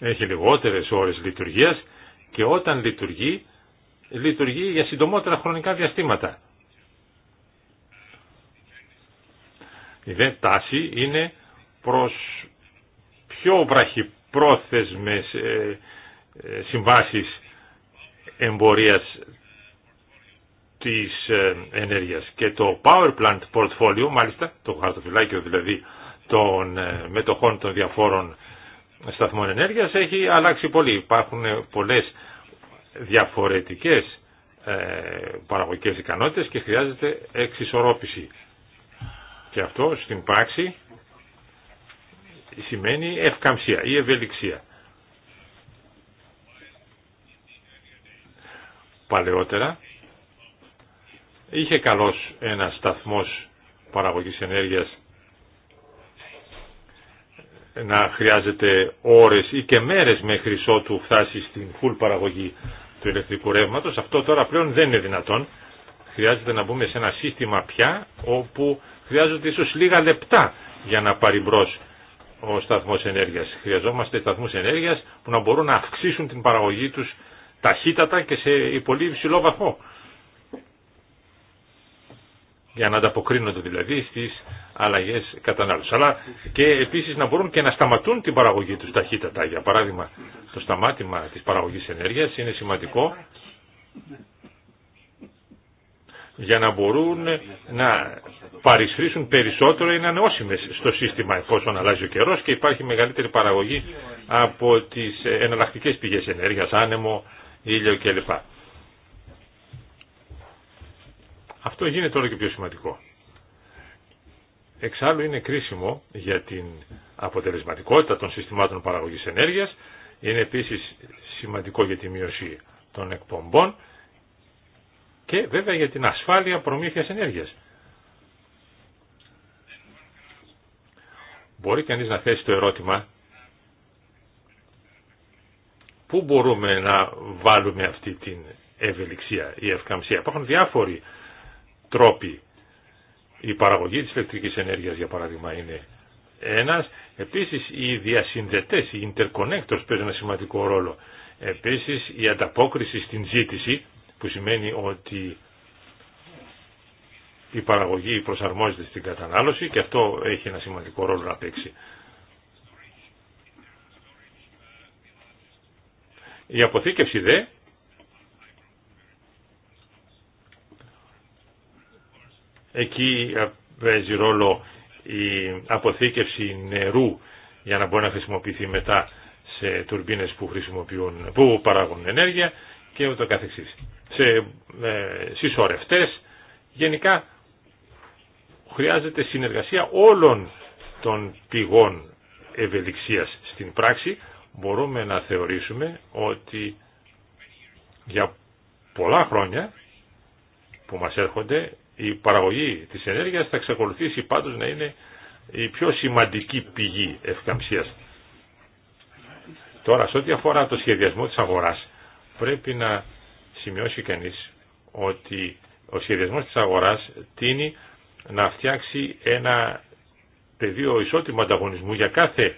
Έχει λιγότερες ώρες λειτουργίας και όταν λειτουργεί, λειτουργεί για συντομότερα χρονικά διαστήματα. Η δε τάση είναι προς πιο βραχυπρόθεσμες ε, ε, συμβάσεις εμπορίας της ε, ενέργειας. Και το Power Plant Portfolio, μάλιστα, το χαρτοφυλάκιο δηλαδή των μετοχών των διαφόρων σταθμών ενέργειας, έχει αλλάξει πολύ. Υπάρχουν πολλές διαφορετικές παραγωγικές ικανότητες και χρειάζεται εξισορρόπηση. Και αυτό στην πράξη σημαίνει ευκαμψία ή ευελιξία. Παλαιότερα είχε καλός ένα σταθμός παραγωγής ενέργειας να χρειάζεται ώρες ή και μέρες μέχρι ότου φτάσει στην φουλ παραγωγή του ηλεκτρικού ρεύματος. Αυτό τώρα πλέον δεν είναι δυνατόν. Χρειάζεται να μπούμε σε ένα σύστημα πια όπου χρειάζονται ίσως λίγα λεπτά για να πάρει μπρος ο σταθμός ενέργειας. Χρειαζόμαστε σταθμού ενέργειας που να μπορούν να αυξήσουν την παραγωγή τους ταχύτατα και σε πολύ υψηλό βαθμό. Για να ανταποκρίνονται δηλαδή στις αλλαγέ κατανάλωση. Αλλά και επίσης να μπορούν και να σταματούν την παραγωγή τους ταχύτατα. Για παράδειγμα, το σταμάτημα της παραγωγής ενέργεια είναι σημαντικό για να μπορούν να παρισχρήσουν περισσότερο είναι όσιμες στο σύστημα εφόσον αλλάζει ο καιρός και υπάρχει μεγαλύτερη παραγωγή από τις εναλλακτικές πηγές ενέργειας, άνεμο, ήλιο κλπ. Αυτό γίνεται όλο και πιο σημαντικό. Εξάλλου είναι κρίσιμο για την αποτελεσματικότητα των συστημάτων παραγωγής ενέργειας, είναι επίσης σημαντικό για τη μείωση των εκπομπών και βέβαια για την ασφάλεια προμήθειας ενέργειας. Μπορεί κανείς να θέσει το ερώτημα πού μπορούμε να βάλουμε αυτή την ευελιξία ή ευκαμψία. Υπάρχουν διάφοροι τρόποι. Η παραγωγή της ηλεκτρικής ενέργειας για παράδειγμα είναι ένας. Επίσης οι διασυνδετές, οι interconnectors παίζουν ένα σημαντικό ρόλο. Επίσης η ανταπόκριση στην ζήτηση που σημαίνει ότι η παραγωγή προσαρμόζεται στην κατανάλωση και αυτό έχει ένα σημαντικό ρόλο να παίξει. Η αποθήκευση δε εκεί παίζει ρόλο η αποθήκευση νερού για να μπορεί να χρησιμοποιηθεί μετά σε τουρμπίνες που, χρησιμοποιούν, που παράγουν ενέργεια και ούτω καθεξής σε ε, συσσωρευτές. Γενικά χρειάζεται συνεργασία όλων των πηγών ευελιξίας στην πράξη. Μπορούμε να θεωρήσουμε ότι για πολλά χρόνια που μας έρχονται η παραγωγή της ενέργειας θα εξακολουθήσει πάντως να είναι η πιο σημαντική πηγή ευκαμψίας. Τώρα, σε ό,τι αφορά το σχεδιασμό της αγοράς, πρέπει να σημειώσει κανείς ότι ο σχεδιασμός της αγοράς τίνει να φτιάξει ένα πεδίο ισότιμου ανταγωνισμού για κάθε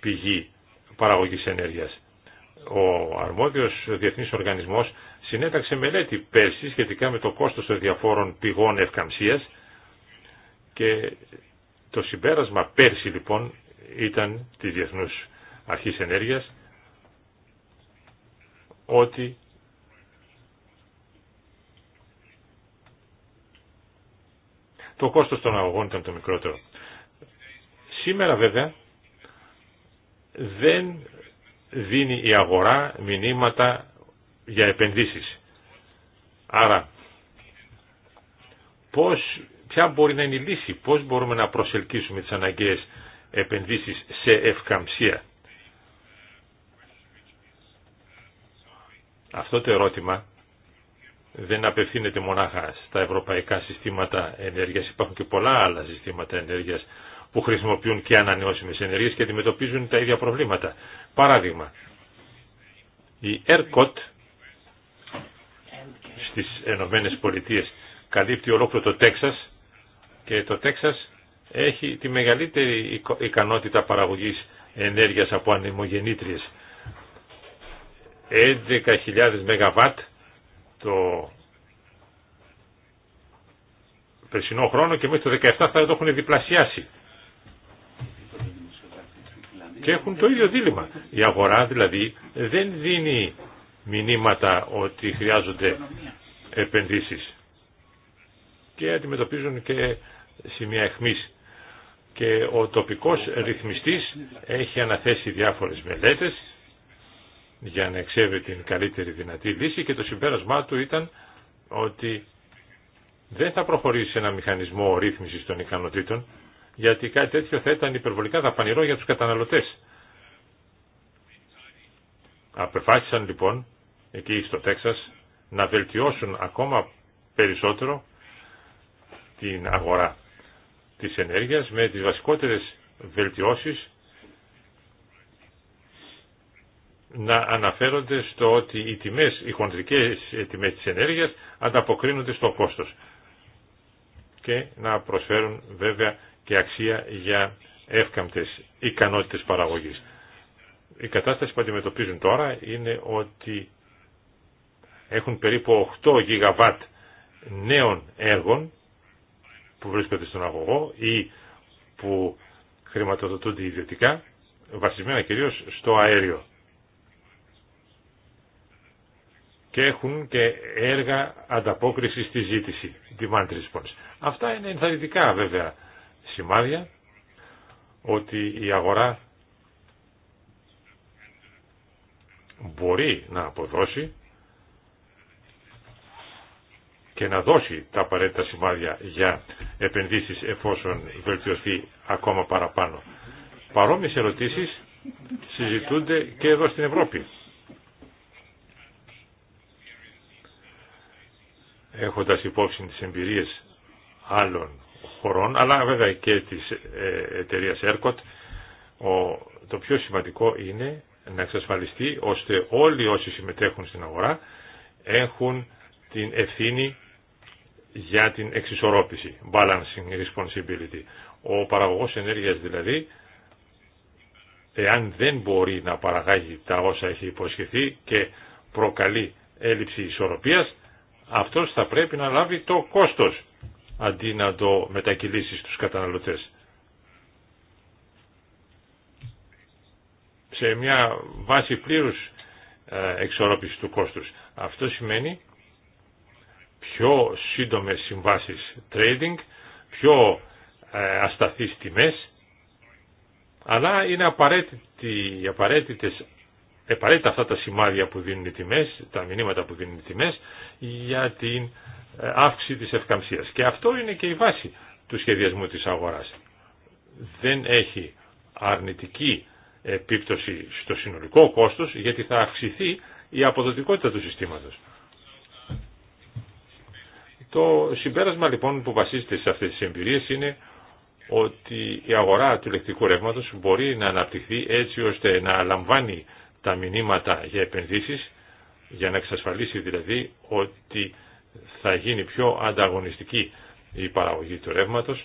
πηγή παραγωγής ενέργειας. Ο αρμόδιος διεθνής οργανισμός συνέταξε μελέτη πέρσι σχετικά με το κόστος των διαφόρων πηγών ευκαμψίας και το συμπέρασμα πέρσι λοιπόν ήταν τη Διεθνούς Αρχής Ενέργειας ότι το κόστος των αγωγών ήταν το μικρότερο. Σήμερα βέβαια δεν δίνει η αγορά μηνύματα για επενδύσεις. Άρα, πώς, ποια μπορεί να είναι η λύση, πώς μπορούμε να προσελκύσουμε τις αναγκαίες επενδύσεις σε ευκαμψία. Αυτό το ερώτημα δεν απευθύνεται μονάχα στα ευρωπαϊκά συστήματα ενέργειας. Υπάρχουν και πολλά άλλα συστήματα ενέργειας που χρησιμοποιούν και ανανεώσιμες ενέργειες και αντιμετωπίζουν τα ίδια προβλήματα. Παράδειγμα, η ERCOT στις Ενωμένες Πολιτείες καλύπτει ολόκληρο το Τέξας και το Τέξας έχει τη μεγαλύτερη ικανότητα παραγωγής ενέργειας από ανεμογεννήτριες. 11.000 ΜΒ το περσινό χρόνο και μέχρι το 17 θα το έχουν διπλασιάσει. Και έχουν το ίδιο δίλημα. Η αγορά δηλαδή δεν δίνει μηνύματα ότι χρειάζονται επενδύσεις. Και αντιμετωπίζουν και σημεία εχμής. Και ο τοπικός ρυθμιστής έχει αναθέσει διάφορες μελέτες για να εξέβει την καλύτερη δυνατή λύση και το συμπέρασμά του ήταν ότι δεν θα προχωρήσει σε ένα μηχανισμό ρύθμισης των ικανοτήτων γιατί κάτι τέτοιο θα ήταν υπερβολικά δαπανηρό για τους καταναλωτές. Απεφάσισαν λοιπόν εκεί στο Τέξας να βελτιώσουν ακόμα περισσότερο την αγορά της ενέργειας με τις βασικότερες βελτιώσεις να αναφέρονται στο ότι οι τιμές, οι χοντρικές τιμές της ενέργειας ανταποκρίνονται στο κόστος και να προσφέρουν βέβαια και αξία για εύκαμπτες ικανότητες παραγωγής. Η κατάσταση που αντιμετωπίζουν τώρα είναι ότι έχουν περίπου 8 γιγαβάτ νέων έργων που βρίσκονται στον αγωγό ή που χρηματοδοτούνται ιδιωτικά, βασισμένα κυρίως στο αέριο. και έχουν και έργα ανταπόκριση στη ζήτηση, demand response. Αυτά είναι ενθαρρυντικά βέβαια σημάδια ότι η αγορά μπορεί να αποδώσει και να δώσει τα απαραίτητα σημάδια για επενδύσεις εφόσον βελτιωθεί ακόμα παραπάνω. Παρόμοιες ερωτήσεις συζητούνται και εδώ στην Ευρώπη. έχοντας υπόψη τις εμπειρίες άλλων χωρών, αλλά βέβαια και της ε, εταιρεία ERCOT, το πιο σημαντικό είναι να εξασφαλιστεί ώστε όλοι όσοι συμμετέχουν στην αγορά έχουν την ευθύνη για την εξισορρόπηση, balancing responsibility. Ο παραγωγός ενέργειας δηλαδή, εάν δεν μπορεί να παραγάγει τα όσα έχει υποσχεθεί και προκαλεί έλλειψη ισορροπίας, αυτός θα πρέπει να λάβει το κόστος αντί να το μετακυλήσει στους καταναλωτές. Σε μια βάση πλήρους ε, εξορρόπησης του κόστους. Αυτό σημαίνει πιο σύντομες συμβάσεις trading, πιο ε, ασταθείς τιμές, αλλά είναι απαραίτητη, απαραίτητες επαραίτητα αυτά τα σημάδια που δίνουν οι τιμές, τα μηνύματα που δίνουν οι τιμές για την ε, αύξηση της ευκαμψίας. Και αυτό είναι και η βάση του σχεδιασμού της αγοράς. Δεν έχει αρνητική επίπτωση στο συνολικό κόστος γιατί θα αυξηθεί η αποδοτικότητα του συστήματος. Το συμπέρασμα λοιπόν που βασίζεται σε αυτές τις εμπειρίες είναι ότι η αγορά του ηλεκτρικού ρεύματος μπορεί να αναπτυχθεί έτσι ώστε να λαμβάνει τα μηνύματα για επενδύσεις, για να εξασφαλίσει δηλαδή ότι θα γίνει πιο ανταγωνιστική η παραγωγή του ρεύματο,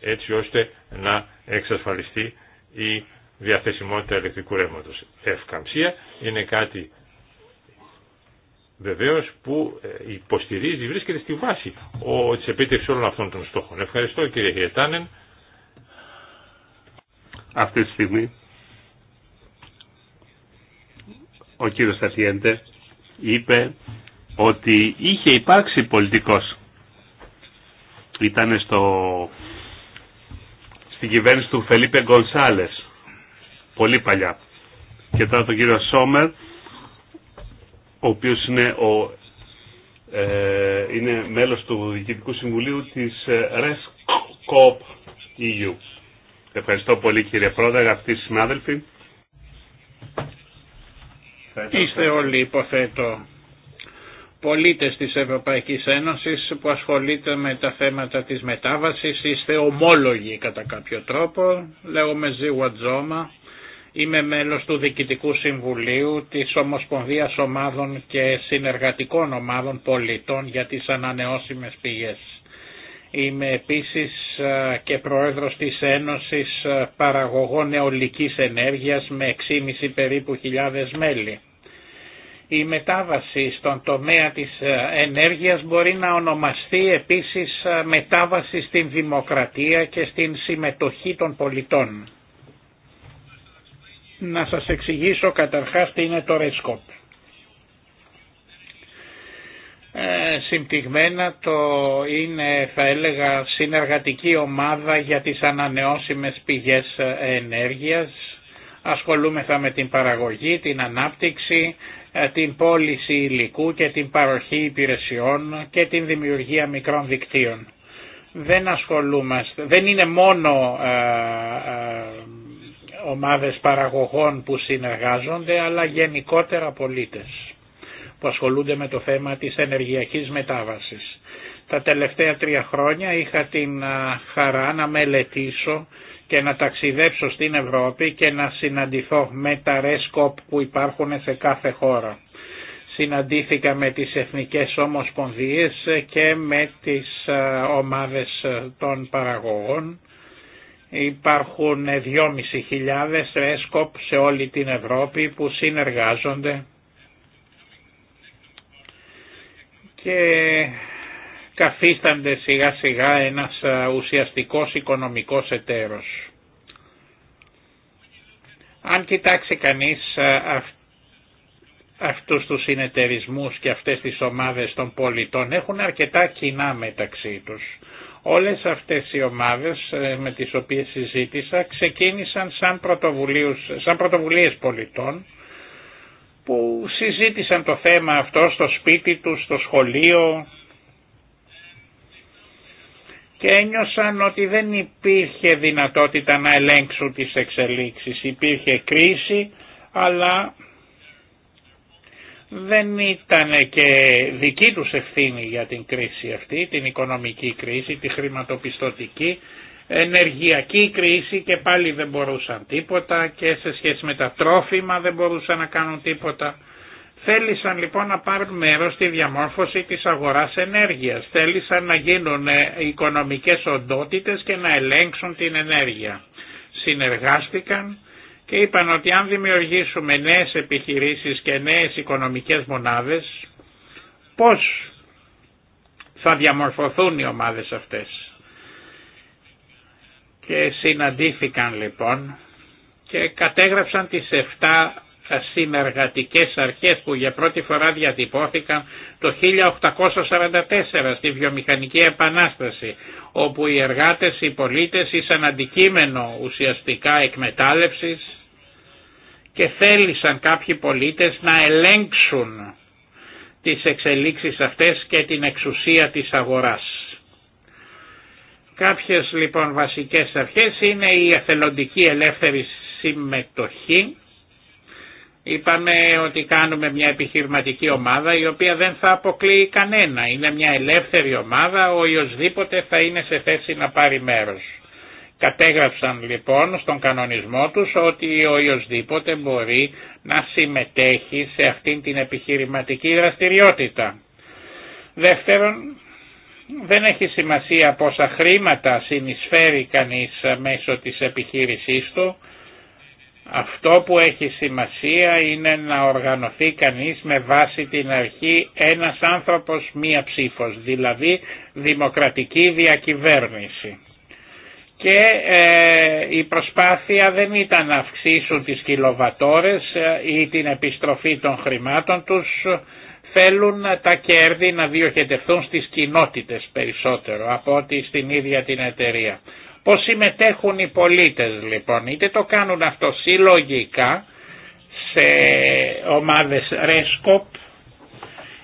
έτσι ώστε να εξασφαλιστεί η διαθεσιμότητα ηλεκτρικού ρεύματο. Ευκαμψία είναι κάτι βεβαίω που ε, υποστηρίζει, βρίσκεται στη βάση τη επίτευξη όλων αυτών των στόχων. Ευχαριστώ κύριε Γιετάνεν. Αυτή τη ο κύριος Στατιέντε είπε ότι είχε υπάρξει πολιτικός. Ήταν στο... στην κυβέρνηση του Φελίπε Γκονσάλες, πολύ παλιά. Και τώρα τον κύριο Σόμερ, ο οποίος είναι, ο, ε, είναι μέλος του Διοικητικού Συμβουλίου της ε, RESCOP EU. Ευχαριστώ πολύ κύριε Πρόεδρε, αγαπητοί συνάδελφοι. Είστε όλοι υποθέτω πολίτες της Ευρωπαϊκής Ένωσης που ασχολείται με τα θέματα της μετάβασης, είστε ομόλογοι κατά κάποιο τρόπο, λέγομαι Ζήγουα Τζόμα, είμαι μέλος του Διοικητικού Συμβουλίου της Ομοσπονδίας Ομάδων και Συνεργατικών Ομάδων Πολιτών για τις Ανανεώσιμες Πηγές. Είμαι επίσης ε, και πρόεδρος της Ένωσης ε, Παραγωγών Νεολικής Ενέργειας με 6,5 περίπου χιλιάδες μέλη. Η μετάβαση στον τομέα της ε, ενέργειας μπορεί να ονομαστεί επίσης μετάβαση στην δημοκρατία και στην συμμετοχή των πολιτών. Να σας εξηγήσω καταρχάς τι είναι το Ρεσκόπ. Ε, συμπτυγμένα το είναι θα έλεγα συνεργατική ομάδα για τις ανανεώσιμες πηγές ενέργειας. Ασχολούμεθα με την παραγωγή, την ανάπτυξη, ε, την πώληση υλικού και την παροχή υπηρεσιών και την δημιουργία μικρών δικτύων. Δεν ασχολούμαστε, δεν είναι μόνο ε, ομάδες παραγωγών που συνεργάζονται αλλά γενικότερα πολίτες που ασχολούνται με το θέμα της ενεργειακής μετάβασης. Τα τελευταία τρία χρόνια είχα την χαρά να μελετήσω και να ταξιδέψω στην Ευρώπη και να συναντηθώ με τα ρέσκοπ που υπάρχουν σε κάθε χώρα. Συναντήθηκα με τις εθνικές ομοσπονδίες και με τις ομάδες των παραγωγών. Υπάρχουν 2.500 ρέσκοπ σε όλη την Ευρώπη που συνεργάζονται και καθίστανται σιγά σιγά ένας ουσιαστικός οικονομικός εταίρος. Αν κοιτάξει κανείς αυτούς τους συνεταιρισμούς και αυτές τις ομάδες των πολιτών έχουν αρκετά κοινά μεταξύ τους. Όλες αυτές οι ομάδες ε, με τις οποίες συζήτησα ξεκίνησαν σαν, σαν πρωτοβουλίες πολιτών που συζήτησαν το θέμα αυτό στο σπίτι τους, στο σχολείο και ένιωσαν ότι δεν υπήρχε δυνατότητα να ελέγξουν τις εξελίξεις. Υπήρχε κρίση αλλά δεν ήταν και δική τους ευθύνη για την κρίση αυτή, την οικονομική κρίση, τη χρηματοπιστωτική ενεργειακή κρίση και πάλι δεν μπορούσαν τίποτα και σε σχέση με τα τρόφιμα δεν μπορούσαν να κάνουν τίποτα. Θέλησαν λοιπόν να πάρουν μέρος στη διαμόρφωση της αγοράς ενέργειας. Θέλησαν να γίνουν ε, οικονομικές οντότητες και να ελέγξουν την ενέργεια. Συνεργάστηκαν και είπαν ότι αν δημιουργήσουμε νέες επιχειρήσεις και νέες οικονομικές μονάδες, πώς θα διαμορφωθούν οι ομάδες αυτές. Και συναντήθηκαν λοιπόν και κατέγραψαν τις 7 συνεργατικές αρχές που για πρώτη φορά διατυπώθηκαν το 1844 στη βιομηχανική επανάσταση όπου οι εργάτες, οι πολίτες ήσαν αντικείμενο ουσιαστικά εκμετάλλευσης και θέλησαν κάποιοι πολίτες να ελέγξουν τις εξελίξεις αυτές και την εξουσία της αγοράς. Κάποιες λοιπόν βασικές αρχές είναι η εθελοντική ελεύθερη συμμετοχή. Είπαμε ότι κάνουμε μια επιχειρηματική ομάδα η οποία δεν θα αποκλείει κανένα. Είναι μια ελεύθερη ομάδα, ο οποιοδήποτε θα είναι σε θέση να πάρει μέρος. Κατέγραψαν λοιπόν στον κανονισμό τους ότι ο οποιοδήποτε μπορεί να συμμετέχει σε αυτήν την επιχειρηματική δραστηριότητα. Δεύτερον, δεν έχει σημασία πόσα χρήματα συνεισφέρει κανείς μέσω της επιχείρησής του. Αυτό που έχει σημασία είναι να οργανωθεί κανείς με βάση την αρχή ένας άνθρωπος μία ψήφος, δηλαδή δημοκρατική διακυβέρνηση. Και ε, η προσπάθεια δεν ήταν να αυξήσουν τις κιλοβατόρες ε, ή την επιστροφή των χρημάτων τους, θέλουν τα κέρδη να διοχετευτούν στις κοινότητες περισσότερο από ότι στην ίδια την εταιρεία. Πώς συμμετέχουν οι πολίτες λοιπόν, είτε το κάνουν αυτό συλλογικά σε ομάδες ρέσκοπ,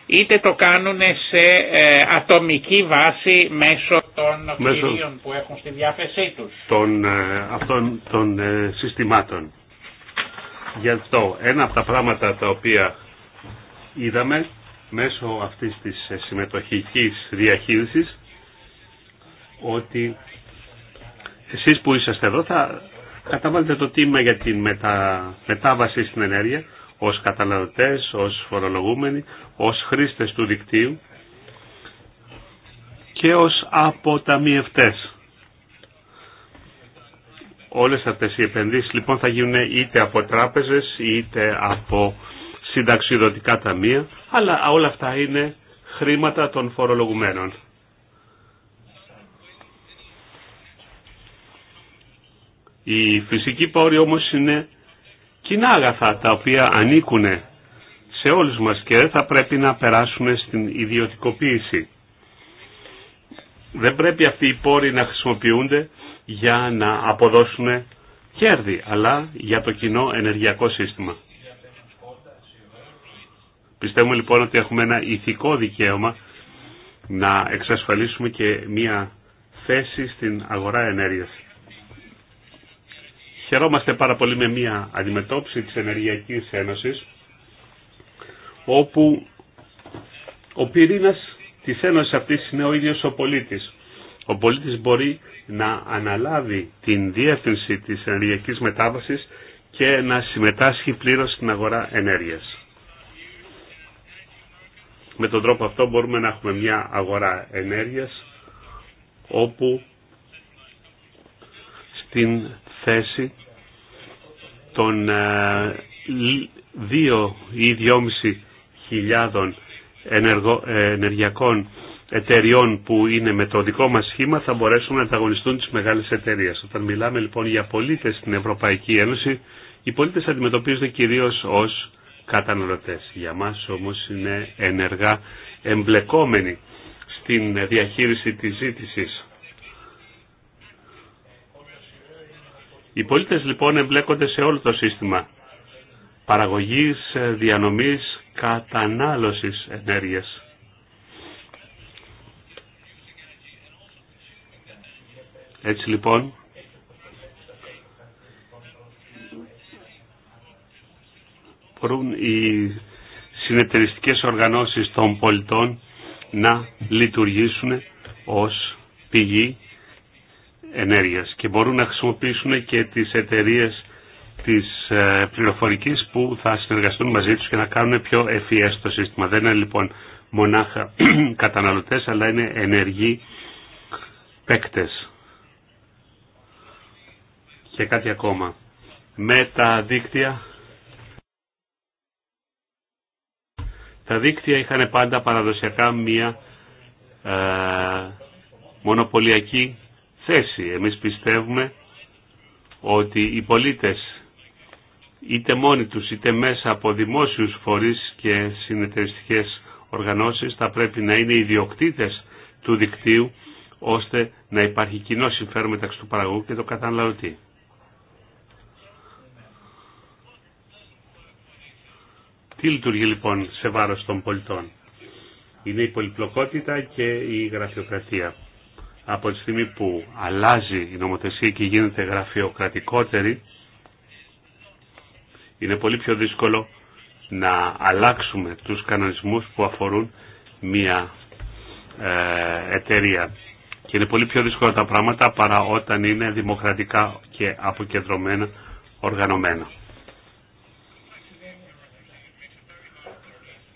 είτε το κάνουν σε ε, ατομική βάση μέσω των μέσω που έχουν στη διάθεσή τους. Των, ε, αυτών των ε, συστημάτων. Γι' αυτό ένα από τα πράγματα τα οποία είδαμε μέσω αυτής της ε, συμμετοχικής διαχείρισης ότι εσείς που είσαστε εδώ θα καταβάλλετε το τίμημα για την μετα... μετάβαση στην ενέργεια ως καταναλωτές, ως φορολογούμενοι, ως χρήστες του δικτύου και ως αποταμιευτές. Όλες αυτές οι επενδύσεις λοιπόν θα γίνουν είτε από τράπεζες είτε από συνταξιδοτικά ταμεία, αλλά όλα αυτά είναι χρήματα των φορολογουμένων. Η φυσική πόροι όμως είναι κοινά αγαθά τα οποία ανήκουν σε όλους μας και θα πρέπει να περάσουμε στην ιδιωτικοποίηση. Δεν πρέπει αυτοί οι πόροι να χρησιμοποιούνται για να αποδώσουν κέρδη, αλλά για το κοινό ενεργειακό σύστημα. Πιστεύουμε λοιπόν ότι έχουμε ένα ηθικό δικαίωμα να εξασφαλίσουμε και μία θέση στην αγορά ενέργειας. Χαιρόμαστε πάρα πολύ με μία αντιμετώπιση της Ενεργειακής Ένωσης όπου ο πυρήνας της Ένωσης αυτής είναι ο ίδιος ο πολίτης. Ο πολίτης μπορεί να αναλάβει την διεύθυνση της ενεργειακής μετάβασης και να συμμετάσχει πλήρως στην αγορά ενέργειας. Με τον τρόπο αυτό μπορούμε να έχουμε μια αγορά ενέργειας όπου στην θέση των ε, δύο ή 2,5 χιλιάδων ε, ενεργειακών εταιριών που είναι με το δικό μας σχήμα θα μπορέσουν να ανταγωνιστούν τις μεγάλες εταιρείες. Όταν μιλάμε λοιπόν για πολίτες στην Ευρωπαϊκή Ένωση, οι πολίτες αντιμετωπίζονται κυρίως ως καταναλωτές. Για μας όμως είναι ενεργά εμπλεκόμενοι στην διαχείριση της ζήτησης. Οι πολίτες λοιπόν εμπλέκονται σε όλο το σύστημα παραγωγής, διανομής, κατανάλωσης ενέργειας. Έτσι λοιπόν, μπορούν οι συνεταιριστικές οργανώσεις των πολιτών να λειτουργήσουν ως πηγή ενέργειας και μπορούν να χρησιμοποιήσουν και τις εταιρείε της ε, πληροφορικής που θα συνεργαστούν μαζί τους και να κάνουν πιο ευφυές το σύστημα. Δεν είναι λοιπόν μονάχα καταναλωτές αλλά είναι ενεργοί παίκτες. Και κάτι ακόμα. Με τα δίκτυα Τα δίκτυα είχαν πάντα παραδοσιακά μία ε, μονοπωλιακή θέση. Εμείς πιστεύουμε ότι οι πολίτες είτε μόνοι τους είτε μέσα από δημόσιους φορείς και συνεταιριστικές οργανώσεις θα πρέπει να είναι ιδιοκτήτες του δικτύου ώστε να υπάρχει κοινό συμφέρον μεταξύ του παραγωγού και του καταναλωτή. Τι λειτουργεί λοιπόν σε βάρος των πολιτών. Είναι η πολυπλοκότητα και η γραφειοκρατία. Από τη στιγμή που αλλάζει η νομοθεσία και γίνεται γραφειοκρατικότερη, είναι πολύ πιο δύσκολο να αλλάξουμε τους κανονισμούς που αφορούν μία ε, εταιρεία. Και είναι πολύ πιο δύσκολα τα πράγματα παρά όταν είναι δημοκρατικά και αποκεντρωμένα οργανωμένα.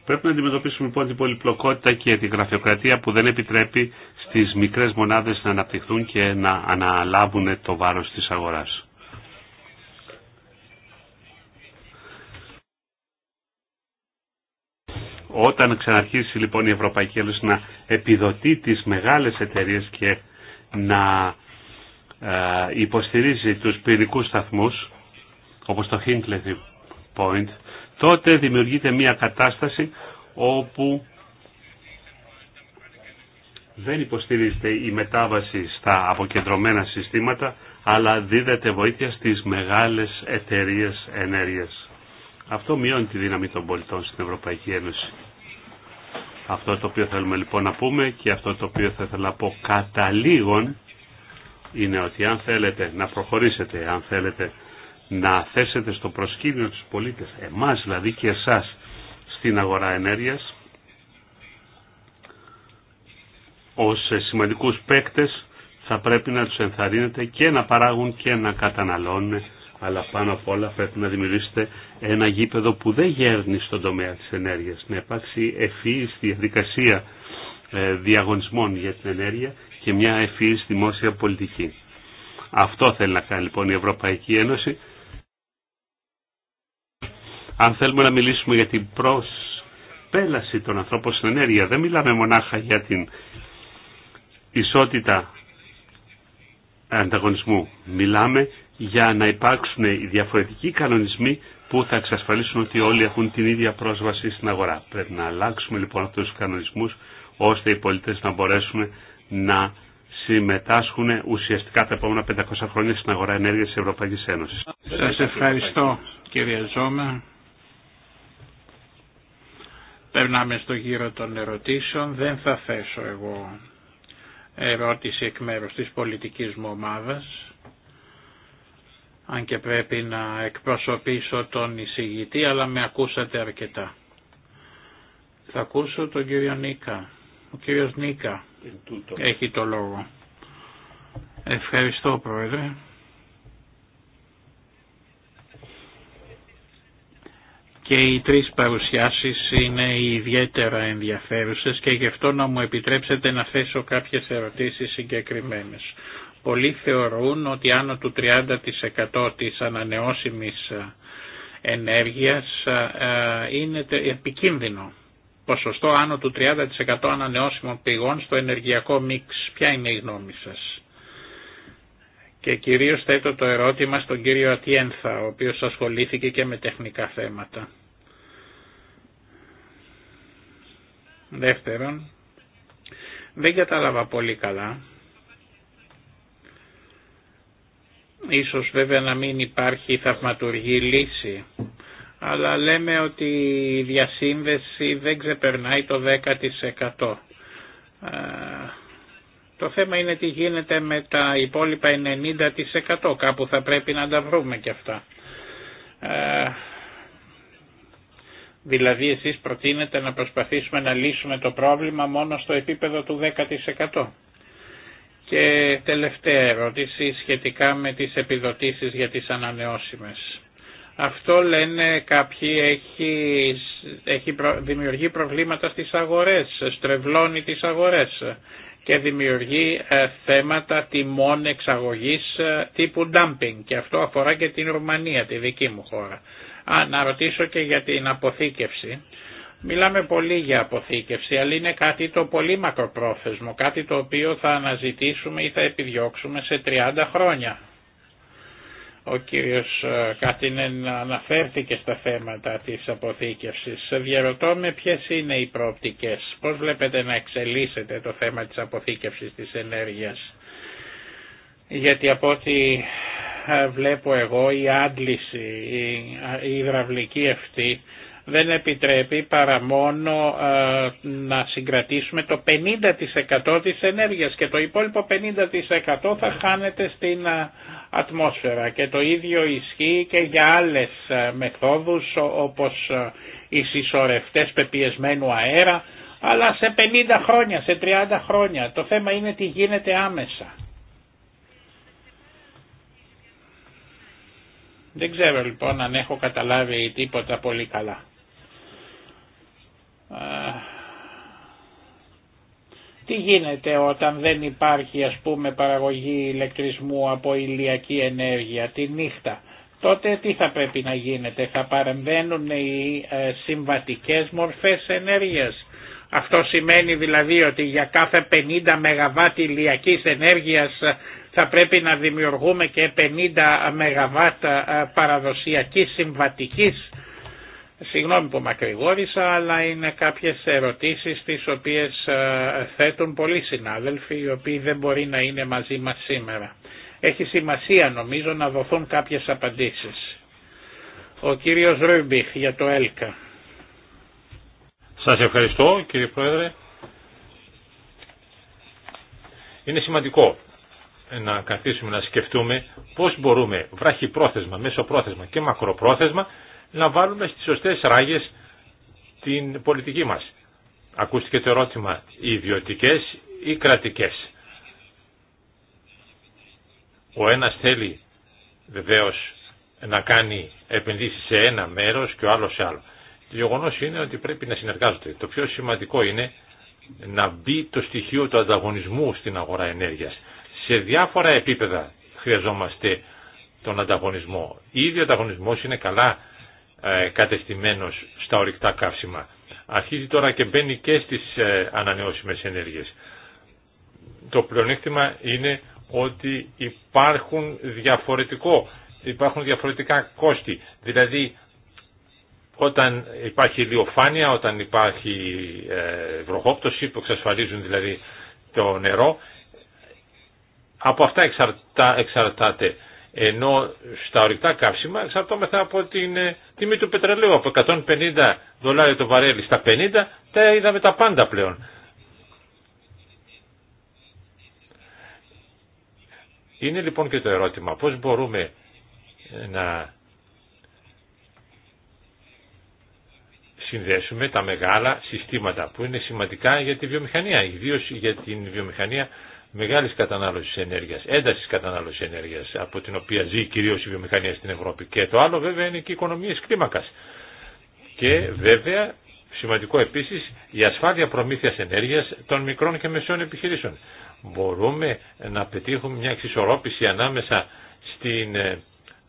Πρέπει να αντιμετωπίσουμε λοιπόν την πολυπλοκότητα και την γραφειοκρατία που δεν επιτρέπει στις μικρές μονάδες να αναπτυχθούν και να αναλάβουν το βάρος της αγοράς. Όταν ξαναρχίσει λοιπόν η Ευρωπαϊκή Ένωση να επιδοτεί τις μεγάλες εταιρείες και να ε, υποστηρίζει τους πυρηνικούς σταθμούς, όπως το Hinkley Point, τότε δημιουργείται μια κατάσταση όπου δεν υποστηρίζεται η μετάβαση στα αποκεντρωμένα συστήματα, αλλά δίδεται βοήθεια στις μεγάλες εταιρείες ενέργειας. Αυτό μειώνει τη δύναμη των πολιτών στην Ευρωπαϊκή Ένωση. Αυτό το οποίο θέλουμε λοιπόν να πούμε και αυτό το οποίο θα ήθελα να πω κατά λίγον είναι ότι αν θέλετε να προχωρήσετε, αν θέλετε να θέσετε στο προσκήνιο τους πολίτες, εμάς δηλαδή και εσάς, στην αγορά ενέργειας, ως σημαντικούς παίκτες θα πρέπει να τους ενθαρρύνετε και να παράγουν και να καταναλώνουν, αλλά πάνω απ' όλα πρέπει να δημιουργήσετε ένα γήπεδο που δεν γέρνει στον τομέα της ενέργειας, να υπάρξει στη διαδικασία ε, διαγωνισμών για την ενέργεια και μια στη δημόσια πολιτική. Αυτό θέλει να κάνει λοιπόν η Ευρωπαϊκή Ένωση αν θέλουμε να μιλήσουμε για την προσπέλαση των ανθρώπων στην ενέργεια, δεν μιλάμε μονάχα για την ισότητα ανταγωνισμού. Μιλάμε για να υπάρξουν οι διαφορετικοί κανονισμοί που θα εξασφαλίσουν ότι όλοι έχουν την ίδια πρόσβαση στην αγορά. Πρέπει να αλλάξουμε λοιπόν αυτούς τους κανονισμούς ώστε οι πολίτες να μπορέσουν να συμμετάσχουν ουσιαστικά τα επόμενα 500 χρόνια στην αγορά ενέργειας της Ευρωπαϊκής Ένωσης. Σας ευχαριστώ κύριε Ζώμα. Περνάμε στο γύρο των ερωτήσεων. Δεν θα θέσω εγώ ερώτηση εκ μέρους της πολιτικής μου ομάδας αν και πρέπει να εκπροσωπήσω τον εισηγητή, αλλά με ακούσατε αρκετά. Θα ακούσω τον κύριο Νίκα. Ο κύριος Νίκα έχει το λόγο. Ευχαριστώ πρόεδρε. και οι τρεις παρουσιάσεις είναι ιδιαίτερα ενδιαφέρουσες και γι' αυτό να μου επιτρέψετε να θέσω κάποιες ερωτήσεις συγκεκριμένες. Πολλοί θεωρούν ότι άνω του 30% της ανανεώσιμης ε, ενέργειας ε, ε, είναι επικίνδυνο. Ποσοστό άνω του 30% ανανεώσιμων πηγών στο ενεργειακό μίξ. Ποια είναι η γνώμη σας και κυρίως θέτω το ερώτημα στον κύριο Ατιένθα, ο οποίος ασχολήθηκε και με τεχνικά θέματα. Δεύτερον, δεν κατάλαβα πολύ καλά. Ίσως βέβαια να μην υπάρχει θαυματουργή λύση, αλλά λέμε ότι η διασύνδεση δεν ξεπερνάει το 10%. Το θέμα είναι τι γίνεται με τα υπόλοιπα 90% κάπου θα πρέπει να τα βρούμε και αυτά. Ε, δηλαδή εσείς προτείνετε να προσπαθήσουμε να λύσουμε το πρόβλημα μόνο στο επίπεδο του 10%. Και τελευταία ερώτηση σχετικά με τις επιδοτήσεις για τις ανανεώσιμες. Αυτό λένε κάποιοι έχει, έχει δημιουργεί προβλήματα στις αγορές, στρεβλώνει τις αγορές και δημιουργεί ε, θέματα τιμών εξαγωγής ε, τύπου dumping και αυτό αφορά και την Ρουμανία, τη δική μου χώρα. Α, να ρωτήσω και για την αποθήκευση. Μιλάμε πολύ για αποθήκευση, αλλά είναι κάτι το πολύ μακροπρόθεσμο, κάτι το οποίο θα αναζητήσουμε ή θα επιδιώξουμε σε 30 χρόνια. Ο κύριος ε, Κατίνεν αναφέρθηκε στα θέματα της αποθήκευσης. Διαρωτώ με ποιες είναι οι πρόπτικες, πώς βλέπετε να εξελίσσεται το θέμα της αποθήκευσης της ενέργειας. Γιατί από ό,τι ε, βλέπω εγώ η άντληση, η υδραυλική αυτή δεν επιτρέπει παρά μόνο ε, να συγκρατήσουμε το 50% της ενέργειας και το υπόλοιπο 50% θα χάνεται στην ε, ατμόσφαιρα και το ίδιο ισχύει και για άλλες ε, μεθόδους όπως οι συσσωρευτές πεπιεσμένου αέρα αλλά σε 50 χρόνια, σε 30 χρόνια. Το θέμα είναι τι γίνεται άμεσα. Δεν ξέρω λοιπόν αν έχω καταλάβει τίποτα πολύ καλά. Ε, τι γίνεται όταν δεν υπάρχει ας πούμε παραγωγή ηλεκτρισμού από ηλιακή ενέργεια τη νύχτα. Τότε τι θα πρέπει να γίνεται, θα παρεμβαίνουν οι ε, συμβατικές μορφές ενέργειας. Αυτό σημαίνει δηλαδή ότι για κάθε 50 ΜΒ ηλιακής ενέργειας ε, θα πρέπει να δημιουργούμε και 50 ΜΒ παραδοσιακής συμβατικής Συγγνώμη που μακρηγόρησα, αλλά είναι κάποιες ερωτήσεις τις οποίες ε, θέτουν πολλοί συνάδελφοι, οι οποίοι δεν μπορεί να είναι μαζί μας σήμερα. Έχει σημασία νομίζω να δοθούν κάποιες απαντήσεις. Ο κύριος Ρούμπιχ για το ΕΛΚΑ. Σας ευχαριστώ κύριε Πρόεδρε. Είναι σημαντικό να καθίσουμε να σκεφτούμε πώς μπορούμε βράχυπρόθεσμα, μέσοπρόθεσμα και μακροπρόθεσμα να βάλουμε στις σωστές ράγες την πολιτική μας. Ακούστηκε το ερώτημα ιδιωτικές ή κρατικές. Ο ένας θέλει βεβαίως να κάνει επενδύσεις σε ένα μέρος και ο άλλος σε άλλο. Το γεγονό είναι ότι πρέπει να συνεργάζονται. Το πιο σημαντικό είναι να μπει το στοιχείο του ανταγωνισμού στην αγορά ενέργειας. Σε διάφορα επίπεδα χρειαζόμαστε τον ανταγωνισμό. Ήδη ο ανταγωνισμός είναι καλά ε, κατεστημένος στα ορυκτά καύσιμα. Αρχίζει τώρα και μπαίνει και στις ε, ανανεώσιμες ενέργειες. Το πλεονέκτημα είναι ότι υπάρχουν, διαφορετικό, υπάρχουν διαφορετικά κόστη. Δηλαδή όταν υπάρχει ηλιοφάνεια, όταν υπάρχει ε, βροχόπτωση που εξασφαλίζουν δηλαδή το νερό, από αυτά εξαρτάται ενώ στα ορυκτά καύσιμα εξαρτώμεθα από την ε, τιμή του πετρελαίου, από 150 δολάρια το βαρέλι στα 50, τα είδαμε τα πάντα πλέον. Είναι λοιπόν και το ερώτημα πώς μπορούμε ε, να συνδέσουμε τα μεγάλα συστήματα που είναι σημαντικά για τη βιομηχανία, ιδίω για την βιομηχανία Μεγάλη κατανάλωση ενέργεια, ένταση κατανάλωση ενέργεια, από την οποία ζει κυρίω η βιομηχανία στην Ευρώπη. Και το άλλο βέβαια είναι και οι οικονομίε κλίμακα. Και βέβαια, σημαντικό επίση, η ασφάλεια προμήθεια ενέργεια των μικρών και μεσαίων επιχειρήσεων. Μπορούμε να πετύχουμε μια εξισορρόπηση ανάμεσα στην ε,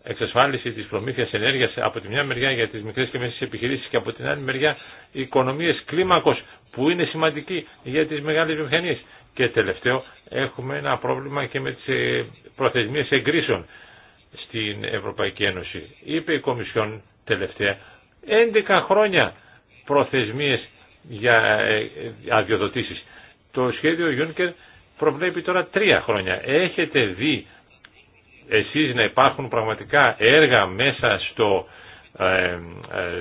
εξασφάλιση της προμήθειας ενέργειας από τη μια μεριά για τις μικρές και μέσες επιχειρήσεις και από την άλλη μεριά οικονομίε οικονομίες που είναι σημαντική για τις μεγάλες βιομηχανίες. Και τελευταίο, έχουμε ένα πρόβλημα και με τις ε, προθεσμίες εγκρίσεων στην Ευρωπαϊκή Ένωση. Είπε η Κομισιόν τελευταία, 11 χρόνια προθεσμίες για ε, ε, αδειοδοτήσεις. Το σχέδιο Juncker προβλέπει τώρα 3 χρόνια. Έχετε δει εσείς να υπάρχουν πραγματικά έργα μέσα στο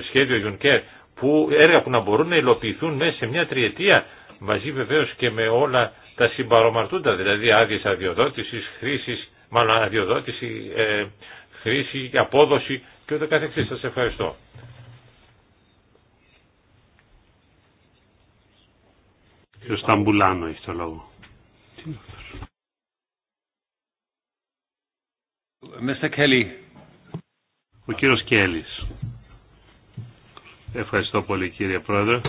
σχέδιο Juncker που έργα που να μπορούν να υλοποιηθούν μέσα σε μια τριετία μαζί βεβαίως και με όλα τα συμπαρομαρτούντα, δηλαδή άδειε αδειοδότηση, χρήση, μάλλον αδειοδότηση, ε, χρήση, απόδοση και ούτω καθεξή. σα ευχαριστώ. Κύριο Σταμπουλάνο έχει το λόγο. Mr. Kelly. Ο κύριος Κέλλης. Ευχαριστώ πολύ κύριε Πρόεδρε.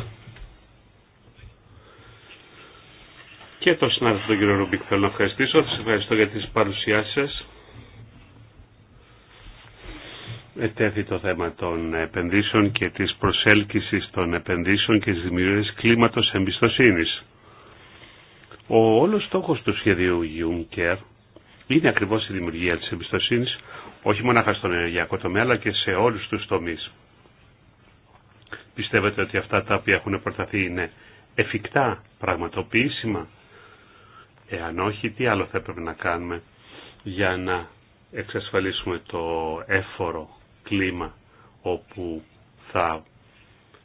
και τον συνάδελφο τον κύριο Ρουμπίκ θέλω να ευχαριστήσω. Σας ευχαριστώ για τις παρουσιάσεις σα. Ετέθη το θέμα των επενδύσεων και της προσέλκυσης των επενδύσεων και της δημιουργίας κλίματος εμπιστοσύνης. Ο όλος στόχος του σχεδίου Juncker είναι ακριβώς η δημιουργία της εμπιστοσύνης, όχι μόνο στον ενεργειακό τομέα, αλλά και σε όλους τους τομείς. Πιστεύετε ότι αυτά τα οποία έχουν προταθεί είναι εφικτά, πραγματοποιήσιμα Εάν όχι, τι άλλο θα έπρεπε να κάνουμε για να εξασφαλίσουμε το έφορο κλίμα όπου θα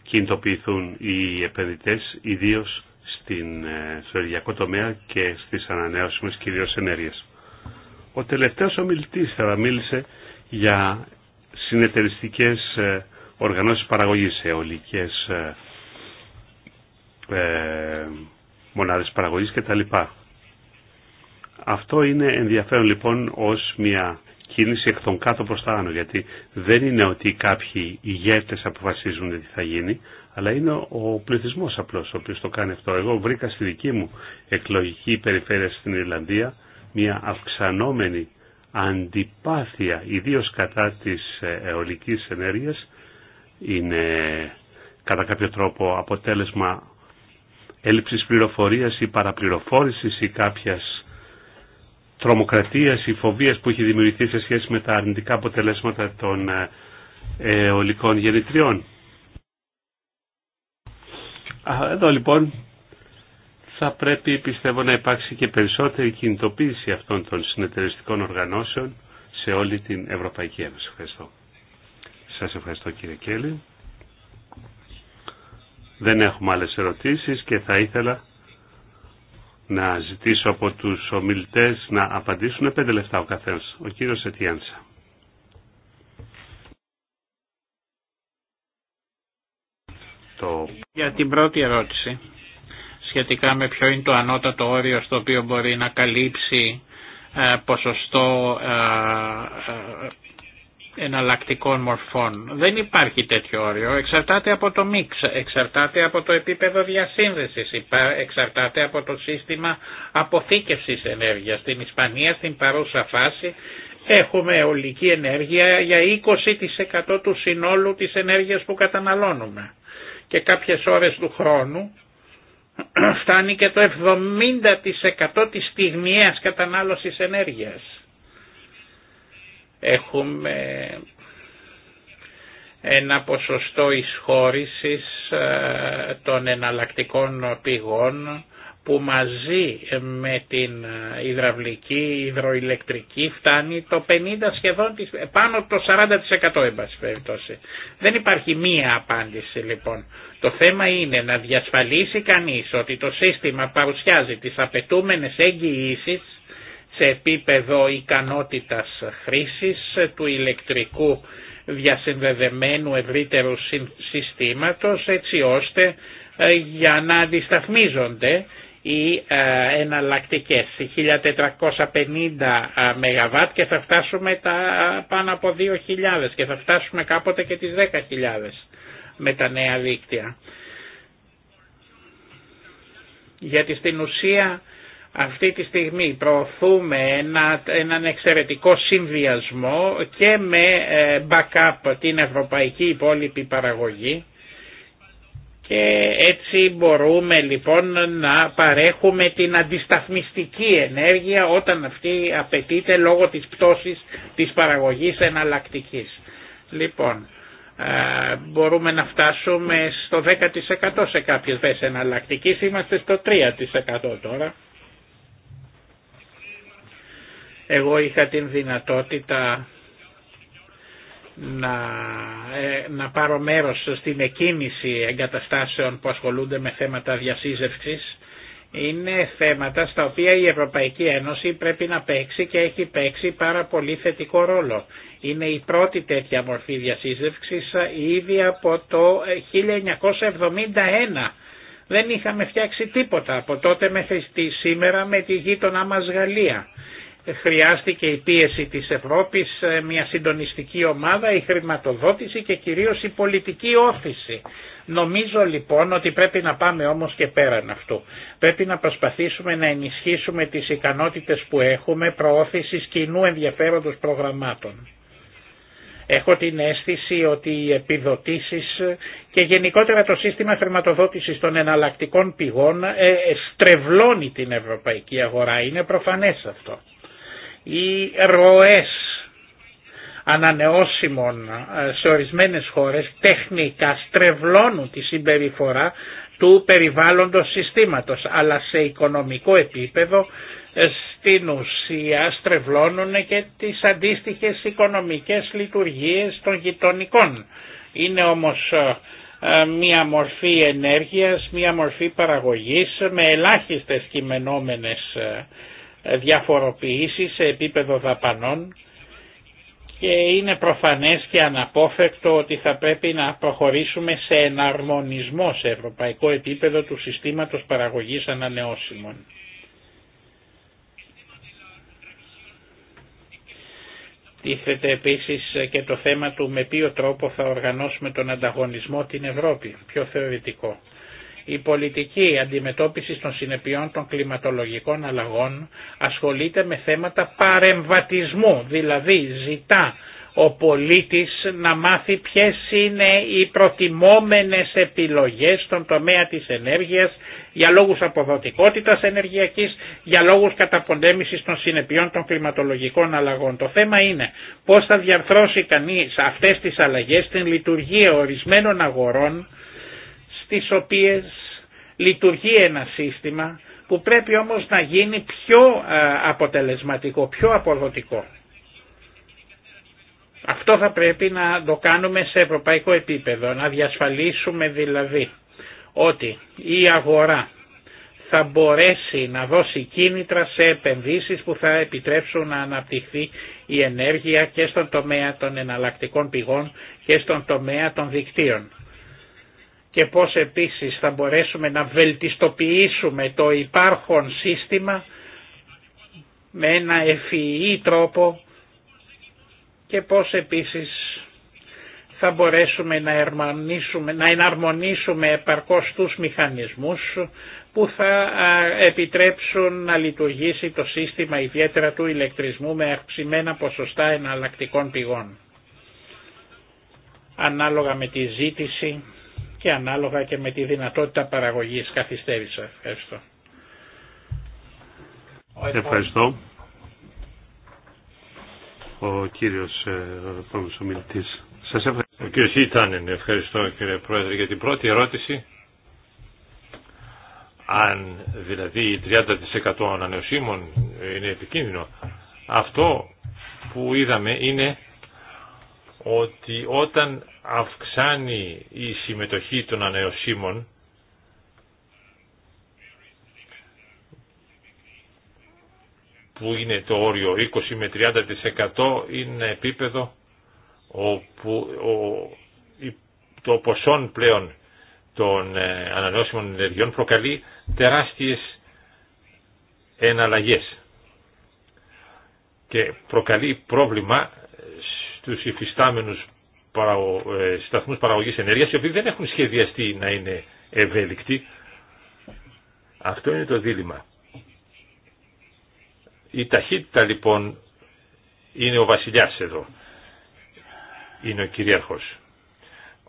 κινητοποιηθούν οι επενδυτές, ιδίως στην, ε, στο ενεργειακό τομέα και στις ανανεώσιμες κυρίως ενέργειες. Ο τελευταίος ομιλητής θα μίλησε για συνεταιριστικές ε, οργανώσεις παραγωγής, αιωλικές ε, ε μονάδες παραγωγής κτλ. Αυτό είναι ενδιαφέρον λοιπόν ως μια κίνηση εκ των κάτω προς τα άνω, γιατί δεν είναι ότι κάποιοι ηγέτες αποφασίζουν τι θα γίνει, αλλά είναι ο πληθυσμός απλώς ο οποίος το κάνει αυτό. Εγώ βρήκα στη δική μου εκλογική περιφέρεια στην Ιρλανδία μια αυξανόμενη αντιπάθεια, ιδίως κατά της ε, αιωλικής ενέργειας, είναι κατά κάποιο τρόπο αποτέλεσμα έλλειψης πληροφορίας ή παραπληροφόρησης ή κάποιας τρομοκρατίας ή φοβίας που έχει δημιουργηθεί σε σχέση με τα αρνητικά αποτελέσματα των ολικών ε, γεννητριών. Εδώ λοιπόν θα πρέπει πιστεύω να υπάρξει και περισσότερη κινητοποίηση αυτών των συνεταιριστικών οργανώσεων σε όλη την Ευρωπαϊκή Ένωση. Ευχαριστώ. Σας ευχαριστώ κύριε Κέλλη. Δεν έχουμε άλλες ερωτήσεις και θα ήθελα να ζητήσω από τους ομιλητές να απαντήσουν πέντε λεφτά ο καθένας. Ο κύριος Ετιάνσα. Για την πρώτη ερώτηση, σχετικά με ποιο είναι το ανώτατο όριο στο οποίο μπορεί να καλύψει ε, ποσοστό ε, ε, εναλλακτικών μορφών. Δεν υπάρχει τέτοιο όριο. Εξαρτάται από το μίξ, εξαρτάται από το επίπεδο διασύνδεσης, εξαρτάται από το σύστημα αποθήκευσης ενέργειας. Στην Ισπανία, στην παρούσα φάση, έχουμε ολική ενέργεια για 20% του συνόλου της ενέργειας που καταναλώνουμε. Και κάποιες ώρες του χρόνου φτάνει και το 70% της στιγμιαίας κατανάλωσης ενέργειας. Έχουμε ένα ποσοστό εισχώρησης ε, των εναλλακτικών πηγών που μαζί με την ε, υδραυλική, υδροηλεκτρική φτάνει το 50 σχεδόν, πάνω το 40% εν Δεν υπάρχει μία απάντηση λοιπόν. Το θέμα είναι να διασφαλίσει κανείς ότι το σύστημα παρουσιάζει τις απαιτούμενες εγγυήσεις σε επίπεδο ικανότητας χρήσης του ηλεκτρικού διασυνδεδεμένου ευρύτερου συστήματος έτσι ώστε ε, για να αντισταθμίζονται οι ε, εναλλακτικές. 1450 ε, ΜΒ και θα φτάσουμε τα πάνω από 2.000 και θα φτάσουμε κάποτε και τις 10.000 με τα νέα δίκτυα. Γιατί στην ουσία αυτή τη στιγμή προωθούμε ένα, έναν εξαιρετικό συνδυασμό και με ε, backup την ευρωπαϊκή υπόλοιπη παραγωγή και έτσι μπορούμε λοιπόν να παρέχουμε την αντισταθμιστική ενέργεια όταν αυτή απαιτείται λόγω της πτώσης της παραγωγής εναλλακτικής. Λοιπόν, ε, μπορούμε να φτάσουμε στο 10% σε κάποιες βέσεις εναλλακτικής, είμαστε στο 3% τώρα. Εγώ είχα την δυνατότητα να, ε, να πάρω μέρος στην εκκίνηση εγκαταστάσεων που ασχολούνται με θέματα διασύζευξης είναι θέματα στα οποία η Ευρωπαϊκή Ένωση πρέπει να παίξει και έχει παίξει πάρα πολύ θετικό ρόλο. Είναι η πρώτη τέτοια μορφή διασύζευξης ε, ήδη από το 1971. Δεν είχαμε φτιάξει τίποτα από τότε μέχρι σήμερα με τη γείτονά μας Γαλλία χρειάστηκε η πίεση της Ευρώπης, ε, μια συντονιστική ομάδα, η χρηματοδότηση και κυρίως η πολιτική όθηση. Νομίζω λοιπόν ότι πρέπει να πάμε όμως και πέραν αυτού. Πρέπει να προσπαθήσουμε να ενισχύσουμε τις ικανότητες που έχουμε προώθησης κοινού ενδιαφέροντος προγραμμάτων. Έχω την αίσθηση ότι οι επιδοτήσεις και γενικότερα το σύστημα χρηματοδότησης των εναλλακτικών πηγών ε, ε, στρεβλώνει την ευρωπαϊκή αγορά. Είναι προφανές αυτό οι ροές ανανεώσιμων ε, σε ορισμένες χώρες τεχνικά στρεβλώνουν τη συμπεριφορά του περιβάλλοντος συστήματος, αλλά σε οικονομικό επίπεδο ε, στην ουσία στρεβλώνουν και τις αντίστοιχες οικονομικές λειτουργίες των γειτονικών. Είναι όμως ε, μία μορφή ενέργειας, μία μορφή παραγωγής με ελάχιστες κειμενόμενες διαφοροποιήσει σε επίπεδο δαπανών και είναι προφανές και αναπόφευκτο ότι θα πρέπει να προχωρήσουμε σε εναρμονισμό σε ευρωπαϊκό επίπεδο του συστήματος παραγωγής ανανεώσιμων. Τίθεται επίσης και το θέμα του με ποιο τρόπο θα οργανώσουμε τον ανταγωνισμό την Ευρώπη, πιο θεωρητικό. Η πολιτική αντιμετώπιση των συνεπειών των κλιματολογικών αλλαγών ασχολείται με θέματα παρεμβατισμού, δηλαδή ζητά ο πολίτης να μάθει ποιες είναι οι προτιμόμενες επιλογές στον τομέα της ενέργειας για λόγους αποδοτικότητας ενεργειακής, για λόγους καταποντέμησης των συνεπειών των κλιματολογικών αλλαγών. Το θέμα είναι πώς θα διαρθρώσει κανείς αυτές τις αλλαγές στην λειτουργία ορισμένων αγορών τις οποίες λειτουργεί ένα σύστημα που πρέπει όμως να γίνει πιο ε, αποτελεσματικό, πιο αποδοτικό. Αυτό θα πρέπει να το κάνουμε σε ευρωπαϊκό επίπεδο, να διασφαλίσουμε δηλαδή ότι η αγορά θα μπορέσει να δώσει κίνητρα σε επενδύσεις που θα επιτρέψουν να αναπτυχθεί η ενέργεια και στον τομέα των εναλλακτικών πηγών και στον τομέα των δικτύων και πώς επίσης θα μπορέσουμε να βελτιστοποιήσουμε το υπάρχον σύστημα με ένα ευφυή τρόπο και πώς επίσης θα μπορέσουμε να, να εναρμονίσουμε επαρκώς τους μηχανισμούς που θα επιτρέψουν να λειτουργήσει το σύστημα ιδιαίτερα του ηλεκτρισμού με αυξημένα ποσοστά εναλλακτικών πηγών. Ανάλογα με τη ζήτηση και ανάλογα και με τη δυνατότητα παραγωγής καθυστέρησα. Ευχαριστώ. Ευχαριστώ. Ο κύριος ε, επόμενος Σας ευχαριστώ. Ο κύριος ευχαριστώ κύριε Πρόεδρε για την πρώτη ερώτηση. Αν δηλαδή 30% ανανεωσίμων είναι επικίνδυνο, αυτό που είδαμε είναι ότι όταν αυξάνει η συμμετοχή των ανανεωσίμων που είναι το όριο 20 με 30% είναι επίπεδο όπου το ποσόν πλέον των ε, ανανεώσιμων ενεργειών προκαλεί τεράστιες εναλλαγές και προκαλεί πρόβλημα στους υφιστάμενους παραγω... Ε, σταθμούς παραγωγής ενέργειας οι οποίοι δεν έχουν σχεδιαστεί να είναι ευέλικτοι. Αυτό είναι το δίλημα. Η ταχύτητα λοιπόν είναι ο βασιλιάς εδώ. Είναι ο κυρίαρχος.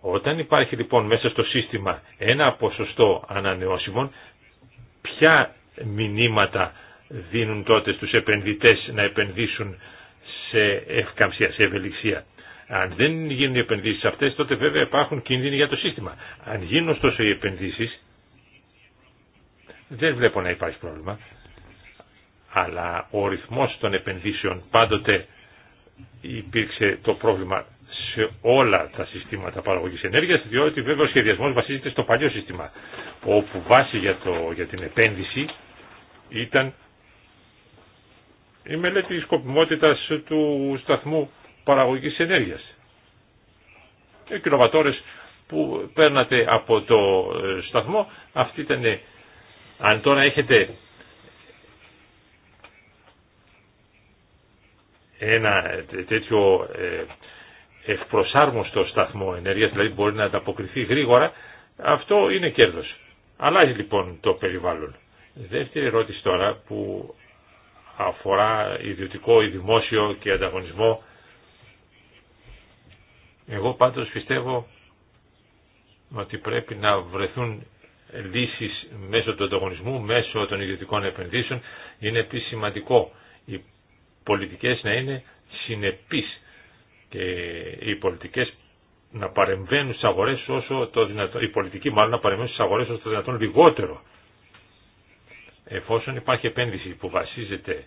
Όταν υπάρχει λοιπόν μέσα στο σύστημα ένα ποσοστό ανανεώσιμων, ποια μηνύματα δίνουν τότε στους επενδυτές να επενδύσουν σε ευκαμψία, σε ευελιξία. Αν δεν γίνουν οι επενδύσεις αυτές, τότε βέβαια υπάρχουν κίνδυνοι για το σύστημα. Αν γίνουν ωστόσο οι επενδύσεις, δεν βλέπω να υπάρχει πρόβλημα. Αλλά ο ρυθμός των επενδύσεων πάντοτε υπήρξε το πρόβλημα σε όλα τα συστήματα παραγωγής ενέργειας, διότι βέβαια ο σχεδιασμός βασίζεται στο παλιό σύστημα, όπου βάση για, το, για την επένδυση ήταν η μελέτη σκοπιμότητας του σταθμού παραγωγής ενέργειας. Οι κιλοβατόρες που παίρνατε από το ε, σταθμό, αυτή ήταν, αν τώρα έχετε ένα τέτοιο ε, ευπροσάρμοστο σταθμό ενέργειας, δηλαδή μπορεί να ανταποκριθεί γρήγορα, αυτό είναι κέρδος. Αλλάζει λοιπόν το περιβάλλον. Δεύτερη ερώτηση τώρα που αφορά ιδιωτικό ή δημόσιο και ανταγωνισμό. Εγώ πάντως πιστεύω ότι πρέπει να βρεθούν λύσεις μέσω του ανταγωνισμού, μέσω των ιδιωτικών επενδύσεων. Είναι επίσης σημαντικό οι πολιτικές να είναι συνεπείς και οι πολιτικές να παρεμβαίνουν στις αγορές όσο το δυνατόν, οι πολιτικοί μάλλον να παρεμβαίνουν στις όσο το δυνατόν λιγότερο Εφόσον υπάρχει επένδυση που βασίζεται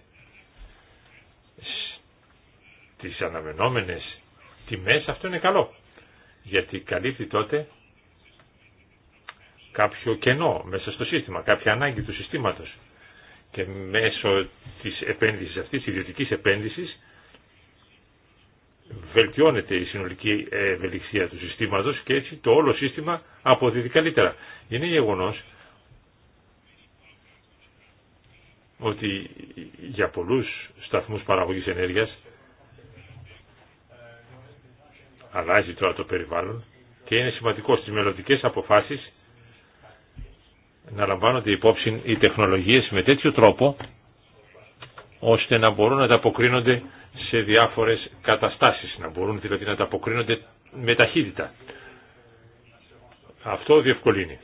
στις αναμενόμενες τιμές, αυτό είναι καλό. Γιατί καλύπτει τότε κάποιο κενό μέσα στο σύστημα, κάποια ανάγκη του συστήματος. Και μέσω της επένδυσης αυτής, της ιδιωτικής επένδυσης, βελτιώνεται η συνολική ευελιξία του συστήματος και έτσι το όλο σύστημα αποδίδει καλύτερα. Είναι γεγονός ότι για πολλούς σταθμούς παραγωγής ενέργειας αλλάζει τώρα το περιβάλλον και είναι σημαντικό στις μελλοντικές αποφάσεις να λαμβάνονται υπόψη οι τεχνολογίες με τέτοιο τρόπο ώστε να μπορούν να τα αποκρίνονται σε διάφορες καταστάσεις, να μπορούν δηλαδή να αποκρίνονται με ταχύτητα. Αυτό διευκολύνει.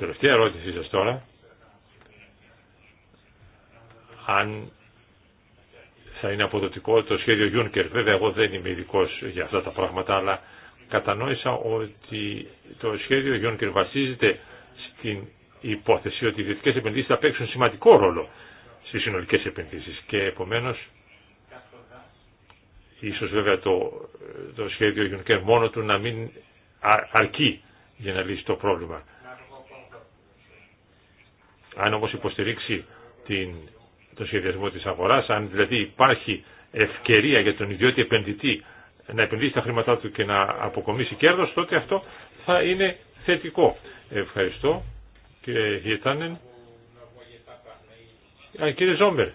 Τελευταία ερώτηση σας τώρα. Αν θα είναι αποδοτικό το σχέδιο Juncker. Βέβαια εγώ δεν είμαι ειδικό για αυτά τα πράγματα, αλλά κατανόησα ότι το σχέδιο Juncker βασίζεται στην υπόθεση ότι οι ιδιωτικές επενδύσεις θα παίξουν σημαντικό ρόλο στις συνολικές επενδύσεις και επομένως ίσως βέβαια το, το σχέδιο Juncker μόνο του να μην αρκεί για να λύσει το πρόβλημα. Αν όμως υποστηρίξει την, το σχεδιασμό της αγοράς, αν δηλαδή υπάρχει ευκαιρία για τον ιδιώτη επενδυτή να επενδύσει τα χρήματά του και να αποκομίσει κέρδος, τότε αυτό θα είναι θετικό. Ευχαριστώ κύριε Γιετάνεν Α, κύριε Ζόμερ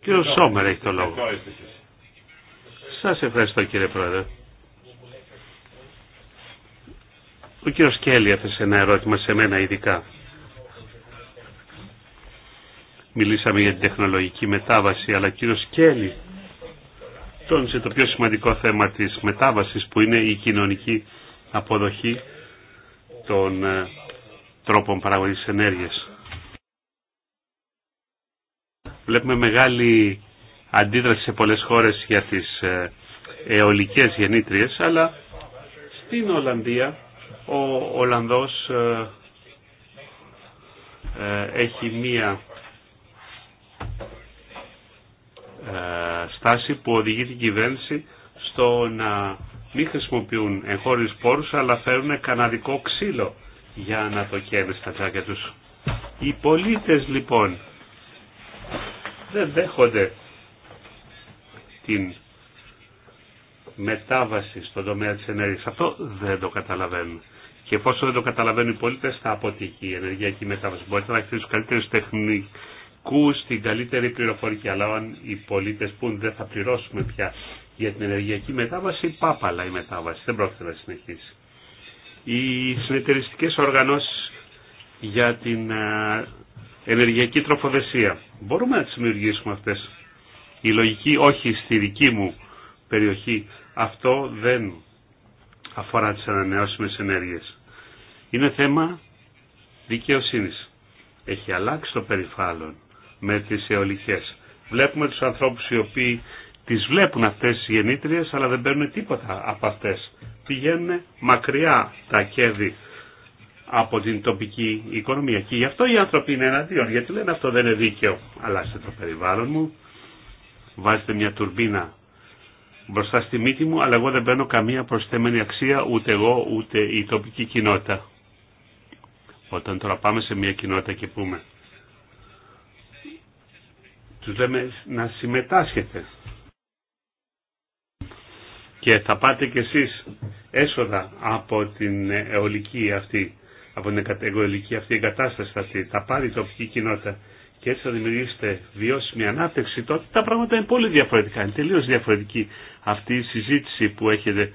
Κύριο Σόμερ έχει το λόγο. Σας ευχαριστώ κύριε Πρόεδρε. Ο κύριος Κέλλη έθεσε ένα ερώτημα σε μένα ειδικά μιλήσαμε για την τεχνολογική μετάβαση, αλλά ο Σκέλη Κέλλη τόνισε το πιο σημαντικό θέμα της μετάβασης που είναι η κοινωνική αποδοχή των ε, τρόπων παραγωγής ενέργειας. Βλέπουμε μεγάλη αντίδραση σε πολλές χώρες για τις ε, αιωλικές γεννήτριες, αλλά στην Ολλανδία ο Ολλανδός ε, έχει μία Ε, στάση που οδηγεί την κυβέρνηση στο να μην χρησιμοποιούν εγχώριους πόρους αλλά φέρουν καναδικό ξύλο για να το καίνε στα τσάκια τους. Οι πολίτες λοιπόν δεν δέχονται την μετάβαση στον τομέα της ενέργειας. Αυτό δεν το καταλαβαίνουν. Και εφόσον δεν το καταλαβαίνουν οι πολίτες θα αποτύχει η ενεργειακή μετάβαση. Μπορείτε να χτίσουν καλύτερες τεχνικές στην καλύτερη πληροφορική. Αλλά αν οι πολίτες πούν δεν θα πληρώσουμε πια για την ενεργειακή μετάβαση, πάπαλα η μετάβαση. Δεν πρόκειται να συνεχίσει. Οι συνεταιριστικές οργανώσεις για την ενεργειακή τροφοδεσία. Μπορούμε να τις δημιουργήσουμε αυτές. Η λογική όχι στη δική μου περιοχή. Αυτό δεν αφορά τις ανανεώσιμες ενέργειες. Είναι θέμα δικαιοσύνης. Έχει αλλάξει το περιφάλλον με τις αιωλικές. Βλέπουμε τους ανθρώπους οι οποίοι τις βλέπουν αυτές οι γεννήτριες αλλά δεν παίρνουν τίποτα από αυτές. Πηγαίνουν μακριά τα κέρδη από την τοπική οικονομία. Και γι' αυτό οι άνθρωποι είναι εναντίον, γιατί λένε αυτό δεν είναι δίκαιο. σε το περιβάλλον μου, βάζετε μια τουρμπίνα μπροστά στη μύτη μου, αλλά εγώ δεν παίρνω καμία προσθέμενη αξία, ούτε εγώ ούτε η τοπική κοινότητα. Όταν τώρα πάμε σε μια κοινότητα και πούμε τους λέμε να συμμετάσχετε. Και θα πάτε κι εσείς έσοδα από την αιωλική αυτή, από την αυτή εγκατάσταση αυτή. Θα πάρει η τοπική κοινότητα και έτσι θα δημιουργήσετε βιώσιμη ανάπτυξη, τότε τα πράγματα είναι πολύ διαφορετικά. Είναι τελείως διαφορετική αυτή η συζήτηση που έχετε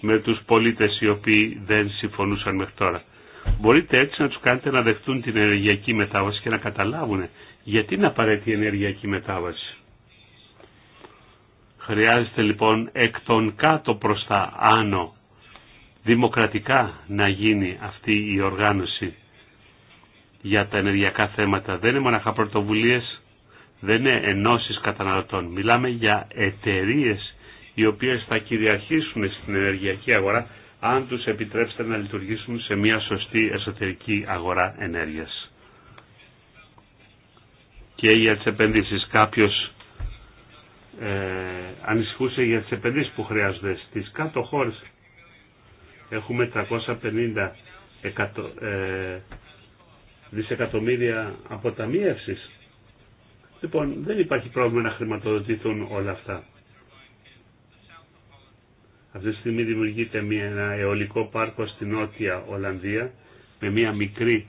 με τους πολίτες οι οποίοι δεν συμφωνούσαν μέχρι τώρα. Μπορείτε έτσι να τους κάνετε να δεχτούν την ενεργειακή μετάβαση και να καταλάβουν γιατί είναι απαραίτητη η ενεργειακή μετάβαση. Χρειάζεται λοιπόν εκ των κάτω προς τα άνω δημοκρατικά να γίνει αυτή η οργάνωση για τα ενεργειακά θέματα. Δεν είναι μοναχα πρωτοβουλίε, δεν είναι ενώσεις καταναλωτών. Μιλάμε για εταιρείε οι οποίες θα κυριαρχήσουν στην ενεργειακή αγορά αν τους επιτρέψετε να λειτουργήσουν σε μια σωστή εσωτερική αγορά ενέργειας και για τις επενδύσεις. Κάποιος ε, ανησυχούσε για τις επενδύσεις που χρειάζονται. Στις κάτω χώρες έχουμε 350 εκατο, ε, δισεκατομμύρια αποταμίευσης. Λοιπόν, δεν υπάρχει πρόβλημα να χρηματοδοτηθούν όλα αυτά. Αυτή τη στιγμή δημιουργείται ένα αιωλικό πάρκο στην Νότια Ολλανδία με μια μικρή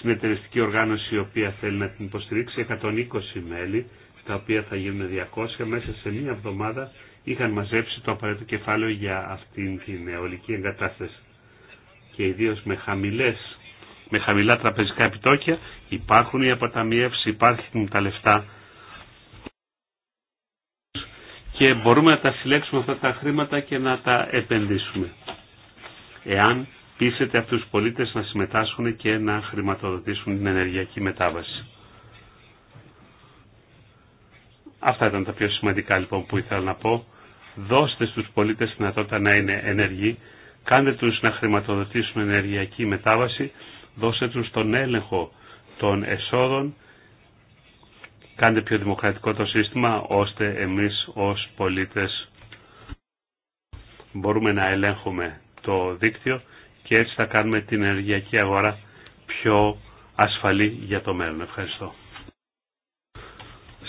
συνεταιριστική οργάνωση η οποία θέλει να την υποστηρίξει 120 μέλη τα οποία θα γίνουν 200 μέσα σε μία εβδομάδα είχαν μαζέψει το απαραίτητο κεφάλαιο για αυτήν την αιωλική εγκατάσταση και ιδίω με χαμηλές με χαμηλά τραπεζικά επιτόκια υπάρχουν οι αποταμιεύσει, υπάρχουν τα λεφτά και μπορούμε να τα συλλέξουμε αυτά τα χρήματα και να τα επενδύσουμε. Εάν πείσετε αυτούς τους πολίτες να συμμετάσχουν και να χρηματοδοτήσουν την ενεργειακή μετάβαση. Αυτά ήταν τα πιο σημαντικά λοιπόν που ήθελα να πω. Δώστε στους πολίτες δυνατότητα να είναι ενεργοί, κάντε τους να χρηματοδοτήσουν ενεργειακή μετάβαση, δώστε τους τον έλεγχο των εσόδων, κάντε πιο δημοκρατικό το σύστημα, ώστε εμείς ως πολίτες μπορούμε να ελέγχουμε το δίκτυο και έτσι θα κάνουμε την ενεργειακή αγορά πιο ασφαλή για το μέλλον. Ευχαριστώ.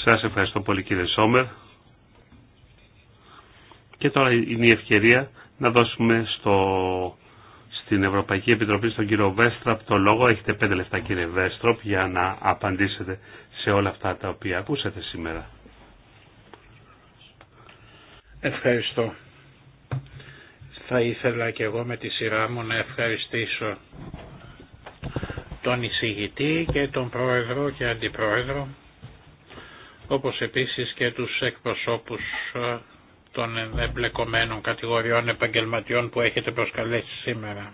Σας ευχαριστώ πολύ κύριε Σόμερ. Και τώρα είναι η ευκαιρία να δώσουμε στο, στην Ευρωπαϊκή Επιτροπή στον κύριο Βέστροπ το λόγο. Έχετε πέντε λεφτά κύριε Βέστροπ για να απαντήσετε σε όλα αυτά τα οποία ακούσατε σήμερα. Ευχαριστώ. Θα ήθελα και εγώ με τη σειρά μου να ευχαριστήσω τον εισηγητή και τον πρόεδρο και αντιπρόεδρο, όπως επίσης και τους εκπροσώπους ε, των εμπλεκομένων κατηγοριών επαγγελματιών που έχετε προσκαλέσει σήμερα.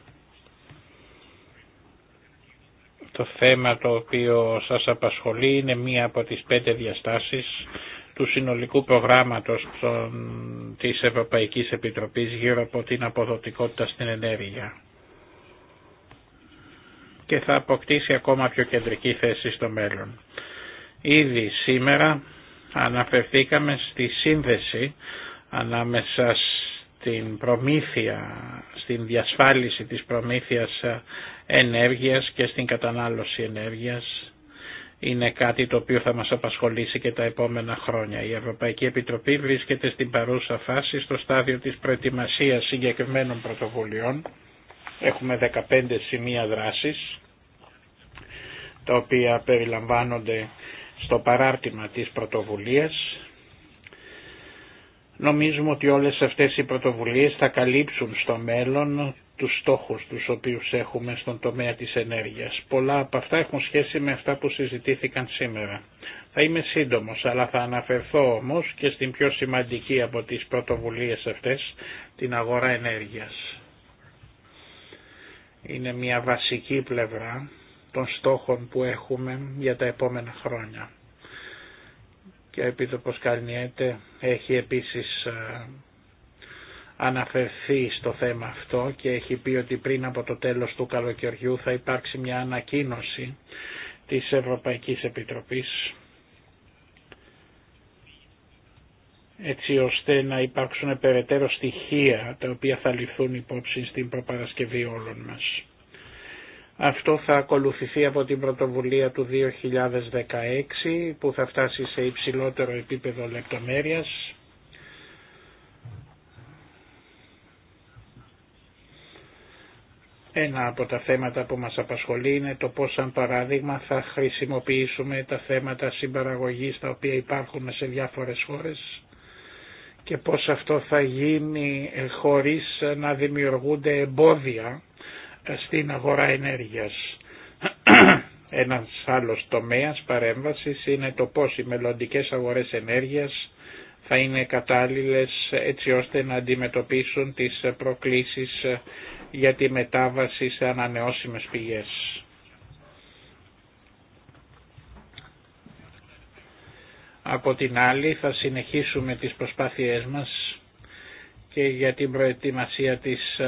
Το θέμα το οποίο σας απασχολεί είναι μία από τις πέντε διαστάσεις του συνολικού προγράμματος των, της Ευρωπαϊκής Επιτροπής γύρω από την αποδοτικότητα στην ενέργεια και θα αποκτήσει ακόμα πιο κεντρική θέση στο μέλλον. Ήδη σήμερα αναφερθήκαμε στη σύνδεση ανάμεσα στην προμήθεια, στην διασφάλιση της προμήθειας ενέργειας και στην κατανάλωση ενέργειας είναι κάτι το οποίο θα μας απασχολήσει και τα επόμενα χρόνια. Η Ευρωπαϊκή Επιτροπή βρίσκεται στην παρούσα φάση στο στάδιο της προετοιμασίας συγκεκριμένων πρωτοβουλειών. Έχουμε 15 σημεία δράσης, τα οποία περιλαμβάνονται στο παράρτημα της πρωτοβουλίας. Νομίζουμε ότι όλες αυτές οι πρωτοβουλίες θα καλύψουν στο μέλλον τους στόχους τους οποίους έχουμε στον τομέα της ενέργειας. Πολλά από αυτά έχουν σχέση με αυτά που συζητήθηκαν σήμερα. Θα είμαι σύντομος, αλλά θα αναφερθώ όμως και στην πιο σημαντική από τις πρωτοβουλίες αυτές, την αγορά ενέργειας. Είναι μια βασική πλευρά των στόχων που έχουμε για τα επόμενα χρόνια. Και ο Επίτροπος Καλνιέται έχει επίσης ε, αναφερθεί στο θέμα αυτό και έχει πει ότι πριν από το τέλος του καλοκαιριού θα υπάρξει μια ανακοίνωση της Ευρωπαϊκής Επιτροπής έτσι ώστε να υπάρξουν περαιτέρω στοιχεία τα οποία θα ληφθούν υπόψη στην προπαρασκευή όλων μας. Αυτό θα ακολουθηθεί από την πρωτοβουλία του 2016 που θα φτάσει σε υψηλότερο επίπεδο λεπτομέρειας Ένα από τα θέματα που μας απασχολεί είναι το πώς σαν παράδειγμα θα χρησιμοποιήσουμε τα θέματα συμπαραγωγής τα οποία υπάρχουν σε διάφορες χώρες και πώς αυτό θα γίνει χωρίς να δημιουργούνται εμπόδια στην αγορά ενέργειας. Ένας άλλος τομέας παρέμβασης είναι το πώς οι μελλοντικές αγορές ενέργειας θα είναι κατάλληλες έτσι ώστε να αντιμετωπίσουν τις προκλήσεις για τη μετάβαση σε ανανεώσιμες πηγές. Από την άλλη θα συνεχίσουμε τις προσπάθειές μας και για την προετοιμασία της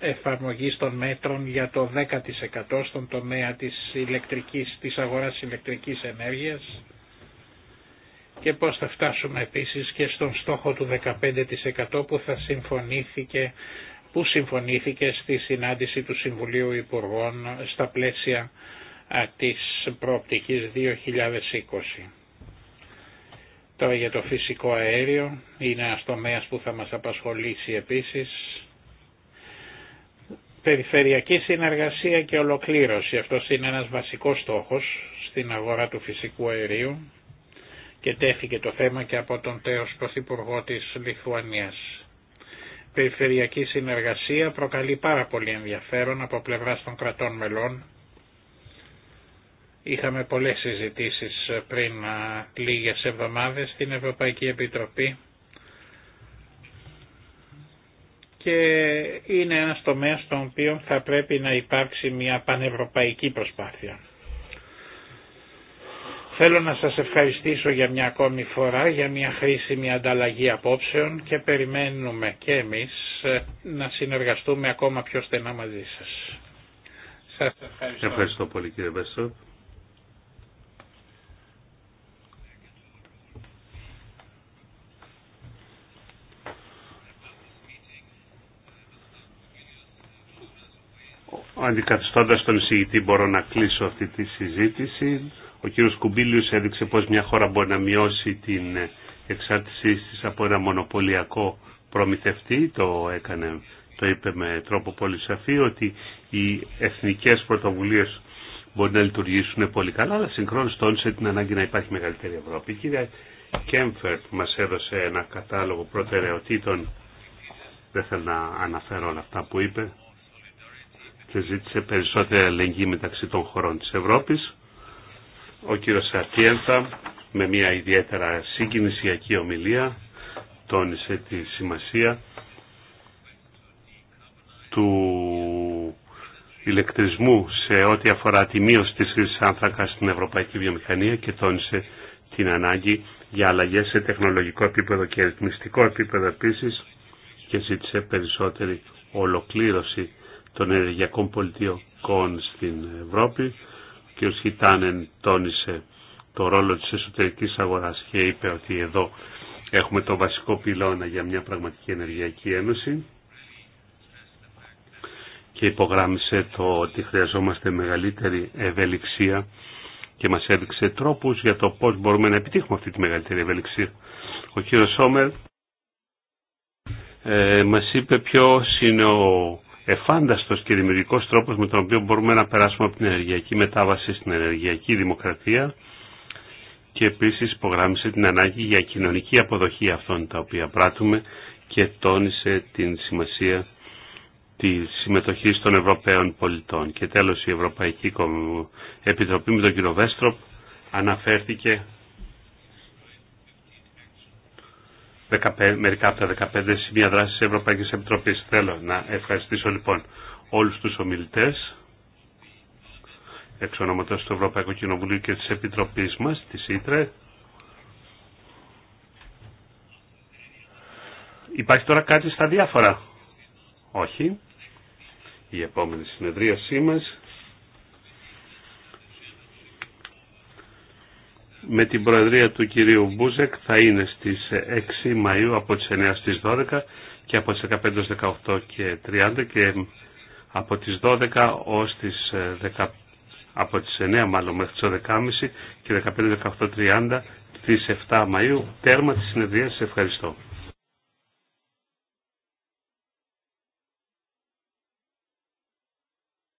εφαρμογής των μέτρων για το 10% στον τομέα της, ηλεκτρικής, της αγοράς ηλεκτρικής ενέργειας και πώς θα φτάσουμε επίσης και στον στόχο του 15% που θα συμφωνήθηκε που συμφωνήθηκε στη συνάντηση του Συμβουλίου Υπουργών στα πλαίσια της προοπτικής 2020. Τώρα για το φυσικό αέριο είναι ένας τομέας που θα μας απασχολήσει επίσης. Περιφερειακή συνεργασία και ολοκλήρωση. Αυτό είναι ένας βασικός στόχος στην αγορά του φυσικού αερίου και τέθηκε το θέμα και από τον τέος Πρωθυπουργό της Λιθουανίας περιφερειακή συνεργασία προκαλεί πάρα πολύ ενδιαφέρον από πλευρά των κρατών μελών. Είχαμε πολλές συζητήσεις πριν λίγες εβδομάδες στην Ευρωπαϊκή Επιτροπή και είναι ένας τομέας στον οποίο θα πρέπει να υπάρξει μια πανευρωπαϊκή προσπάθεια. Θέλω να σας ευχαριστήσω για μια ακόμη φορά, για μια χρήσιμη ανταλλαγή απόψεων και περιμένουμε και εμείς ε, να συνεργαστούμε ακόμα πιο στενά μαζί σας. Σας ευχαριστώ. Ευχαριστώ πολύ κύριε Βέσο. Αντικαθιστώντας τον εισηγητή μπορώ να κλείσω αυτή τη συζήτηση. Ο κύριος Κουμπίλιος έδειξε πως μια χώρα μπορεί να μειώσει την εξάρτησή της από ένα μονοπωλιακό προμηθευτή, το έκανε, το είπε με τρόπο πολύ σαφή, ότι οι εθνικές πρωτοβουλίες μπορεί να λειτουργήσουν πολύ καλά, αλλά συγχρόνως τόνισε την ανάγκη να υπάρχει μεγαλύτερη Ευρώπη. Η κυρία Κέμφερτ μας έδωσε ένα κατάλογο προτεραιοτήτων, δεν θέλω να αναφέρω όλα αυτά που είπε, και ζήτησε περισσότερη αλληλεγγύη μεταξύ των χωρών της Ευρώπης ο κύριος Σαρτιέλθα με μια ιδιαίτερα συγκινησιακή ομιλία τόνισε τη σημασία του ηλεκτρισμού σε ό,τι αφορά τη μείωση της χρήσης άνθρακα στην ευρωπαϊκή βιομηχανία και τόνισε την ανάγκη για αλλαγές σε τεχνολογικό επίπεδο και ρυθμιστικό επίπεδο επίσης και ζήτησε περισσότερη ολοκλήρωση των ενεργειακών πολιτικών στην Ευρώπη κ. Χιτάνεν τόνισε το ρόλο της εσωτερικής αγοράς και είπε ότι εδώ έχουμε το βασικό πυλώνα για μια πραγματική ενεργειακή ένωση και υπογράμμισε το ότι χρειαζόμαστε μεγαλύτερη ευελιξία και μας έδειξε τρόπους για το πώς μπορούμε να επιτύχουμε αυτή τη μεγαλύτερη ευελιξία. Ο κύριος Σόμερ ε, μας είπε ποιος είναι ο εφάνταστος και δημιουργικός τρόπος με τον οποίο μπορούμε να περάσουμε από την ενεργειακή μετάβαση στην ενεργειακή δημοκρατία και επίσης υπογράμμισε την ανάγκη για κοινωνική αποδοχή αυτών τα οποία πράττουμε και τόνισε την σημασία τη συμμετοχή των Ευρωπαίων πολιτών. Και τέλος η Ευρωπαϊκή Επιτροπή με τον κύριο Βέστροπ αναφέρθηκε μερικά από τα 15 σημεία δράση τη Ευρωπαϊκή Επιτροπή. Θέλω να ευχαριστήσω λοιπόν όλου του ομιλητέ εξ ονόματος του Ευρωπαϊκού Κοινοβουλίου και της Επιτροπής μας, της ΙΤΡΕ. Υπάρχει τώρα κάτι στα διάφορα. Όχι. Η επόμενη συνεδρίασή μας με την προεδρία του κυρίου Μπούζεκ θα είναι στις 6 Μαΐου από τις 9 στις 12 και από τις 15 18 και 30 και από τις 12 ως τις 10, ε, από τις 9 μάλλον μέχρι τις 10.30 και 15-18.30 στις 7 Μαΐου τέρμα της συνεδρίας. ευχαριστώ.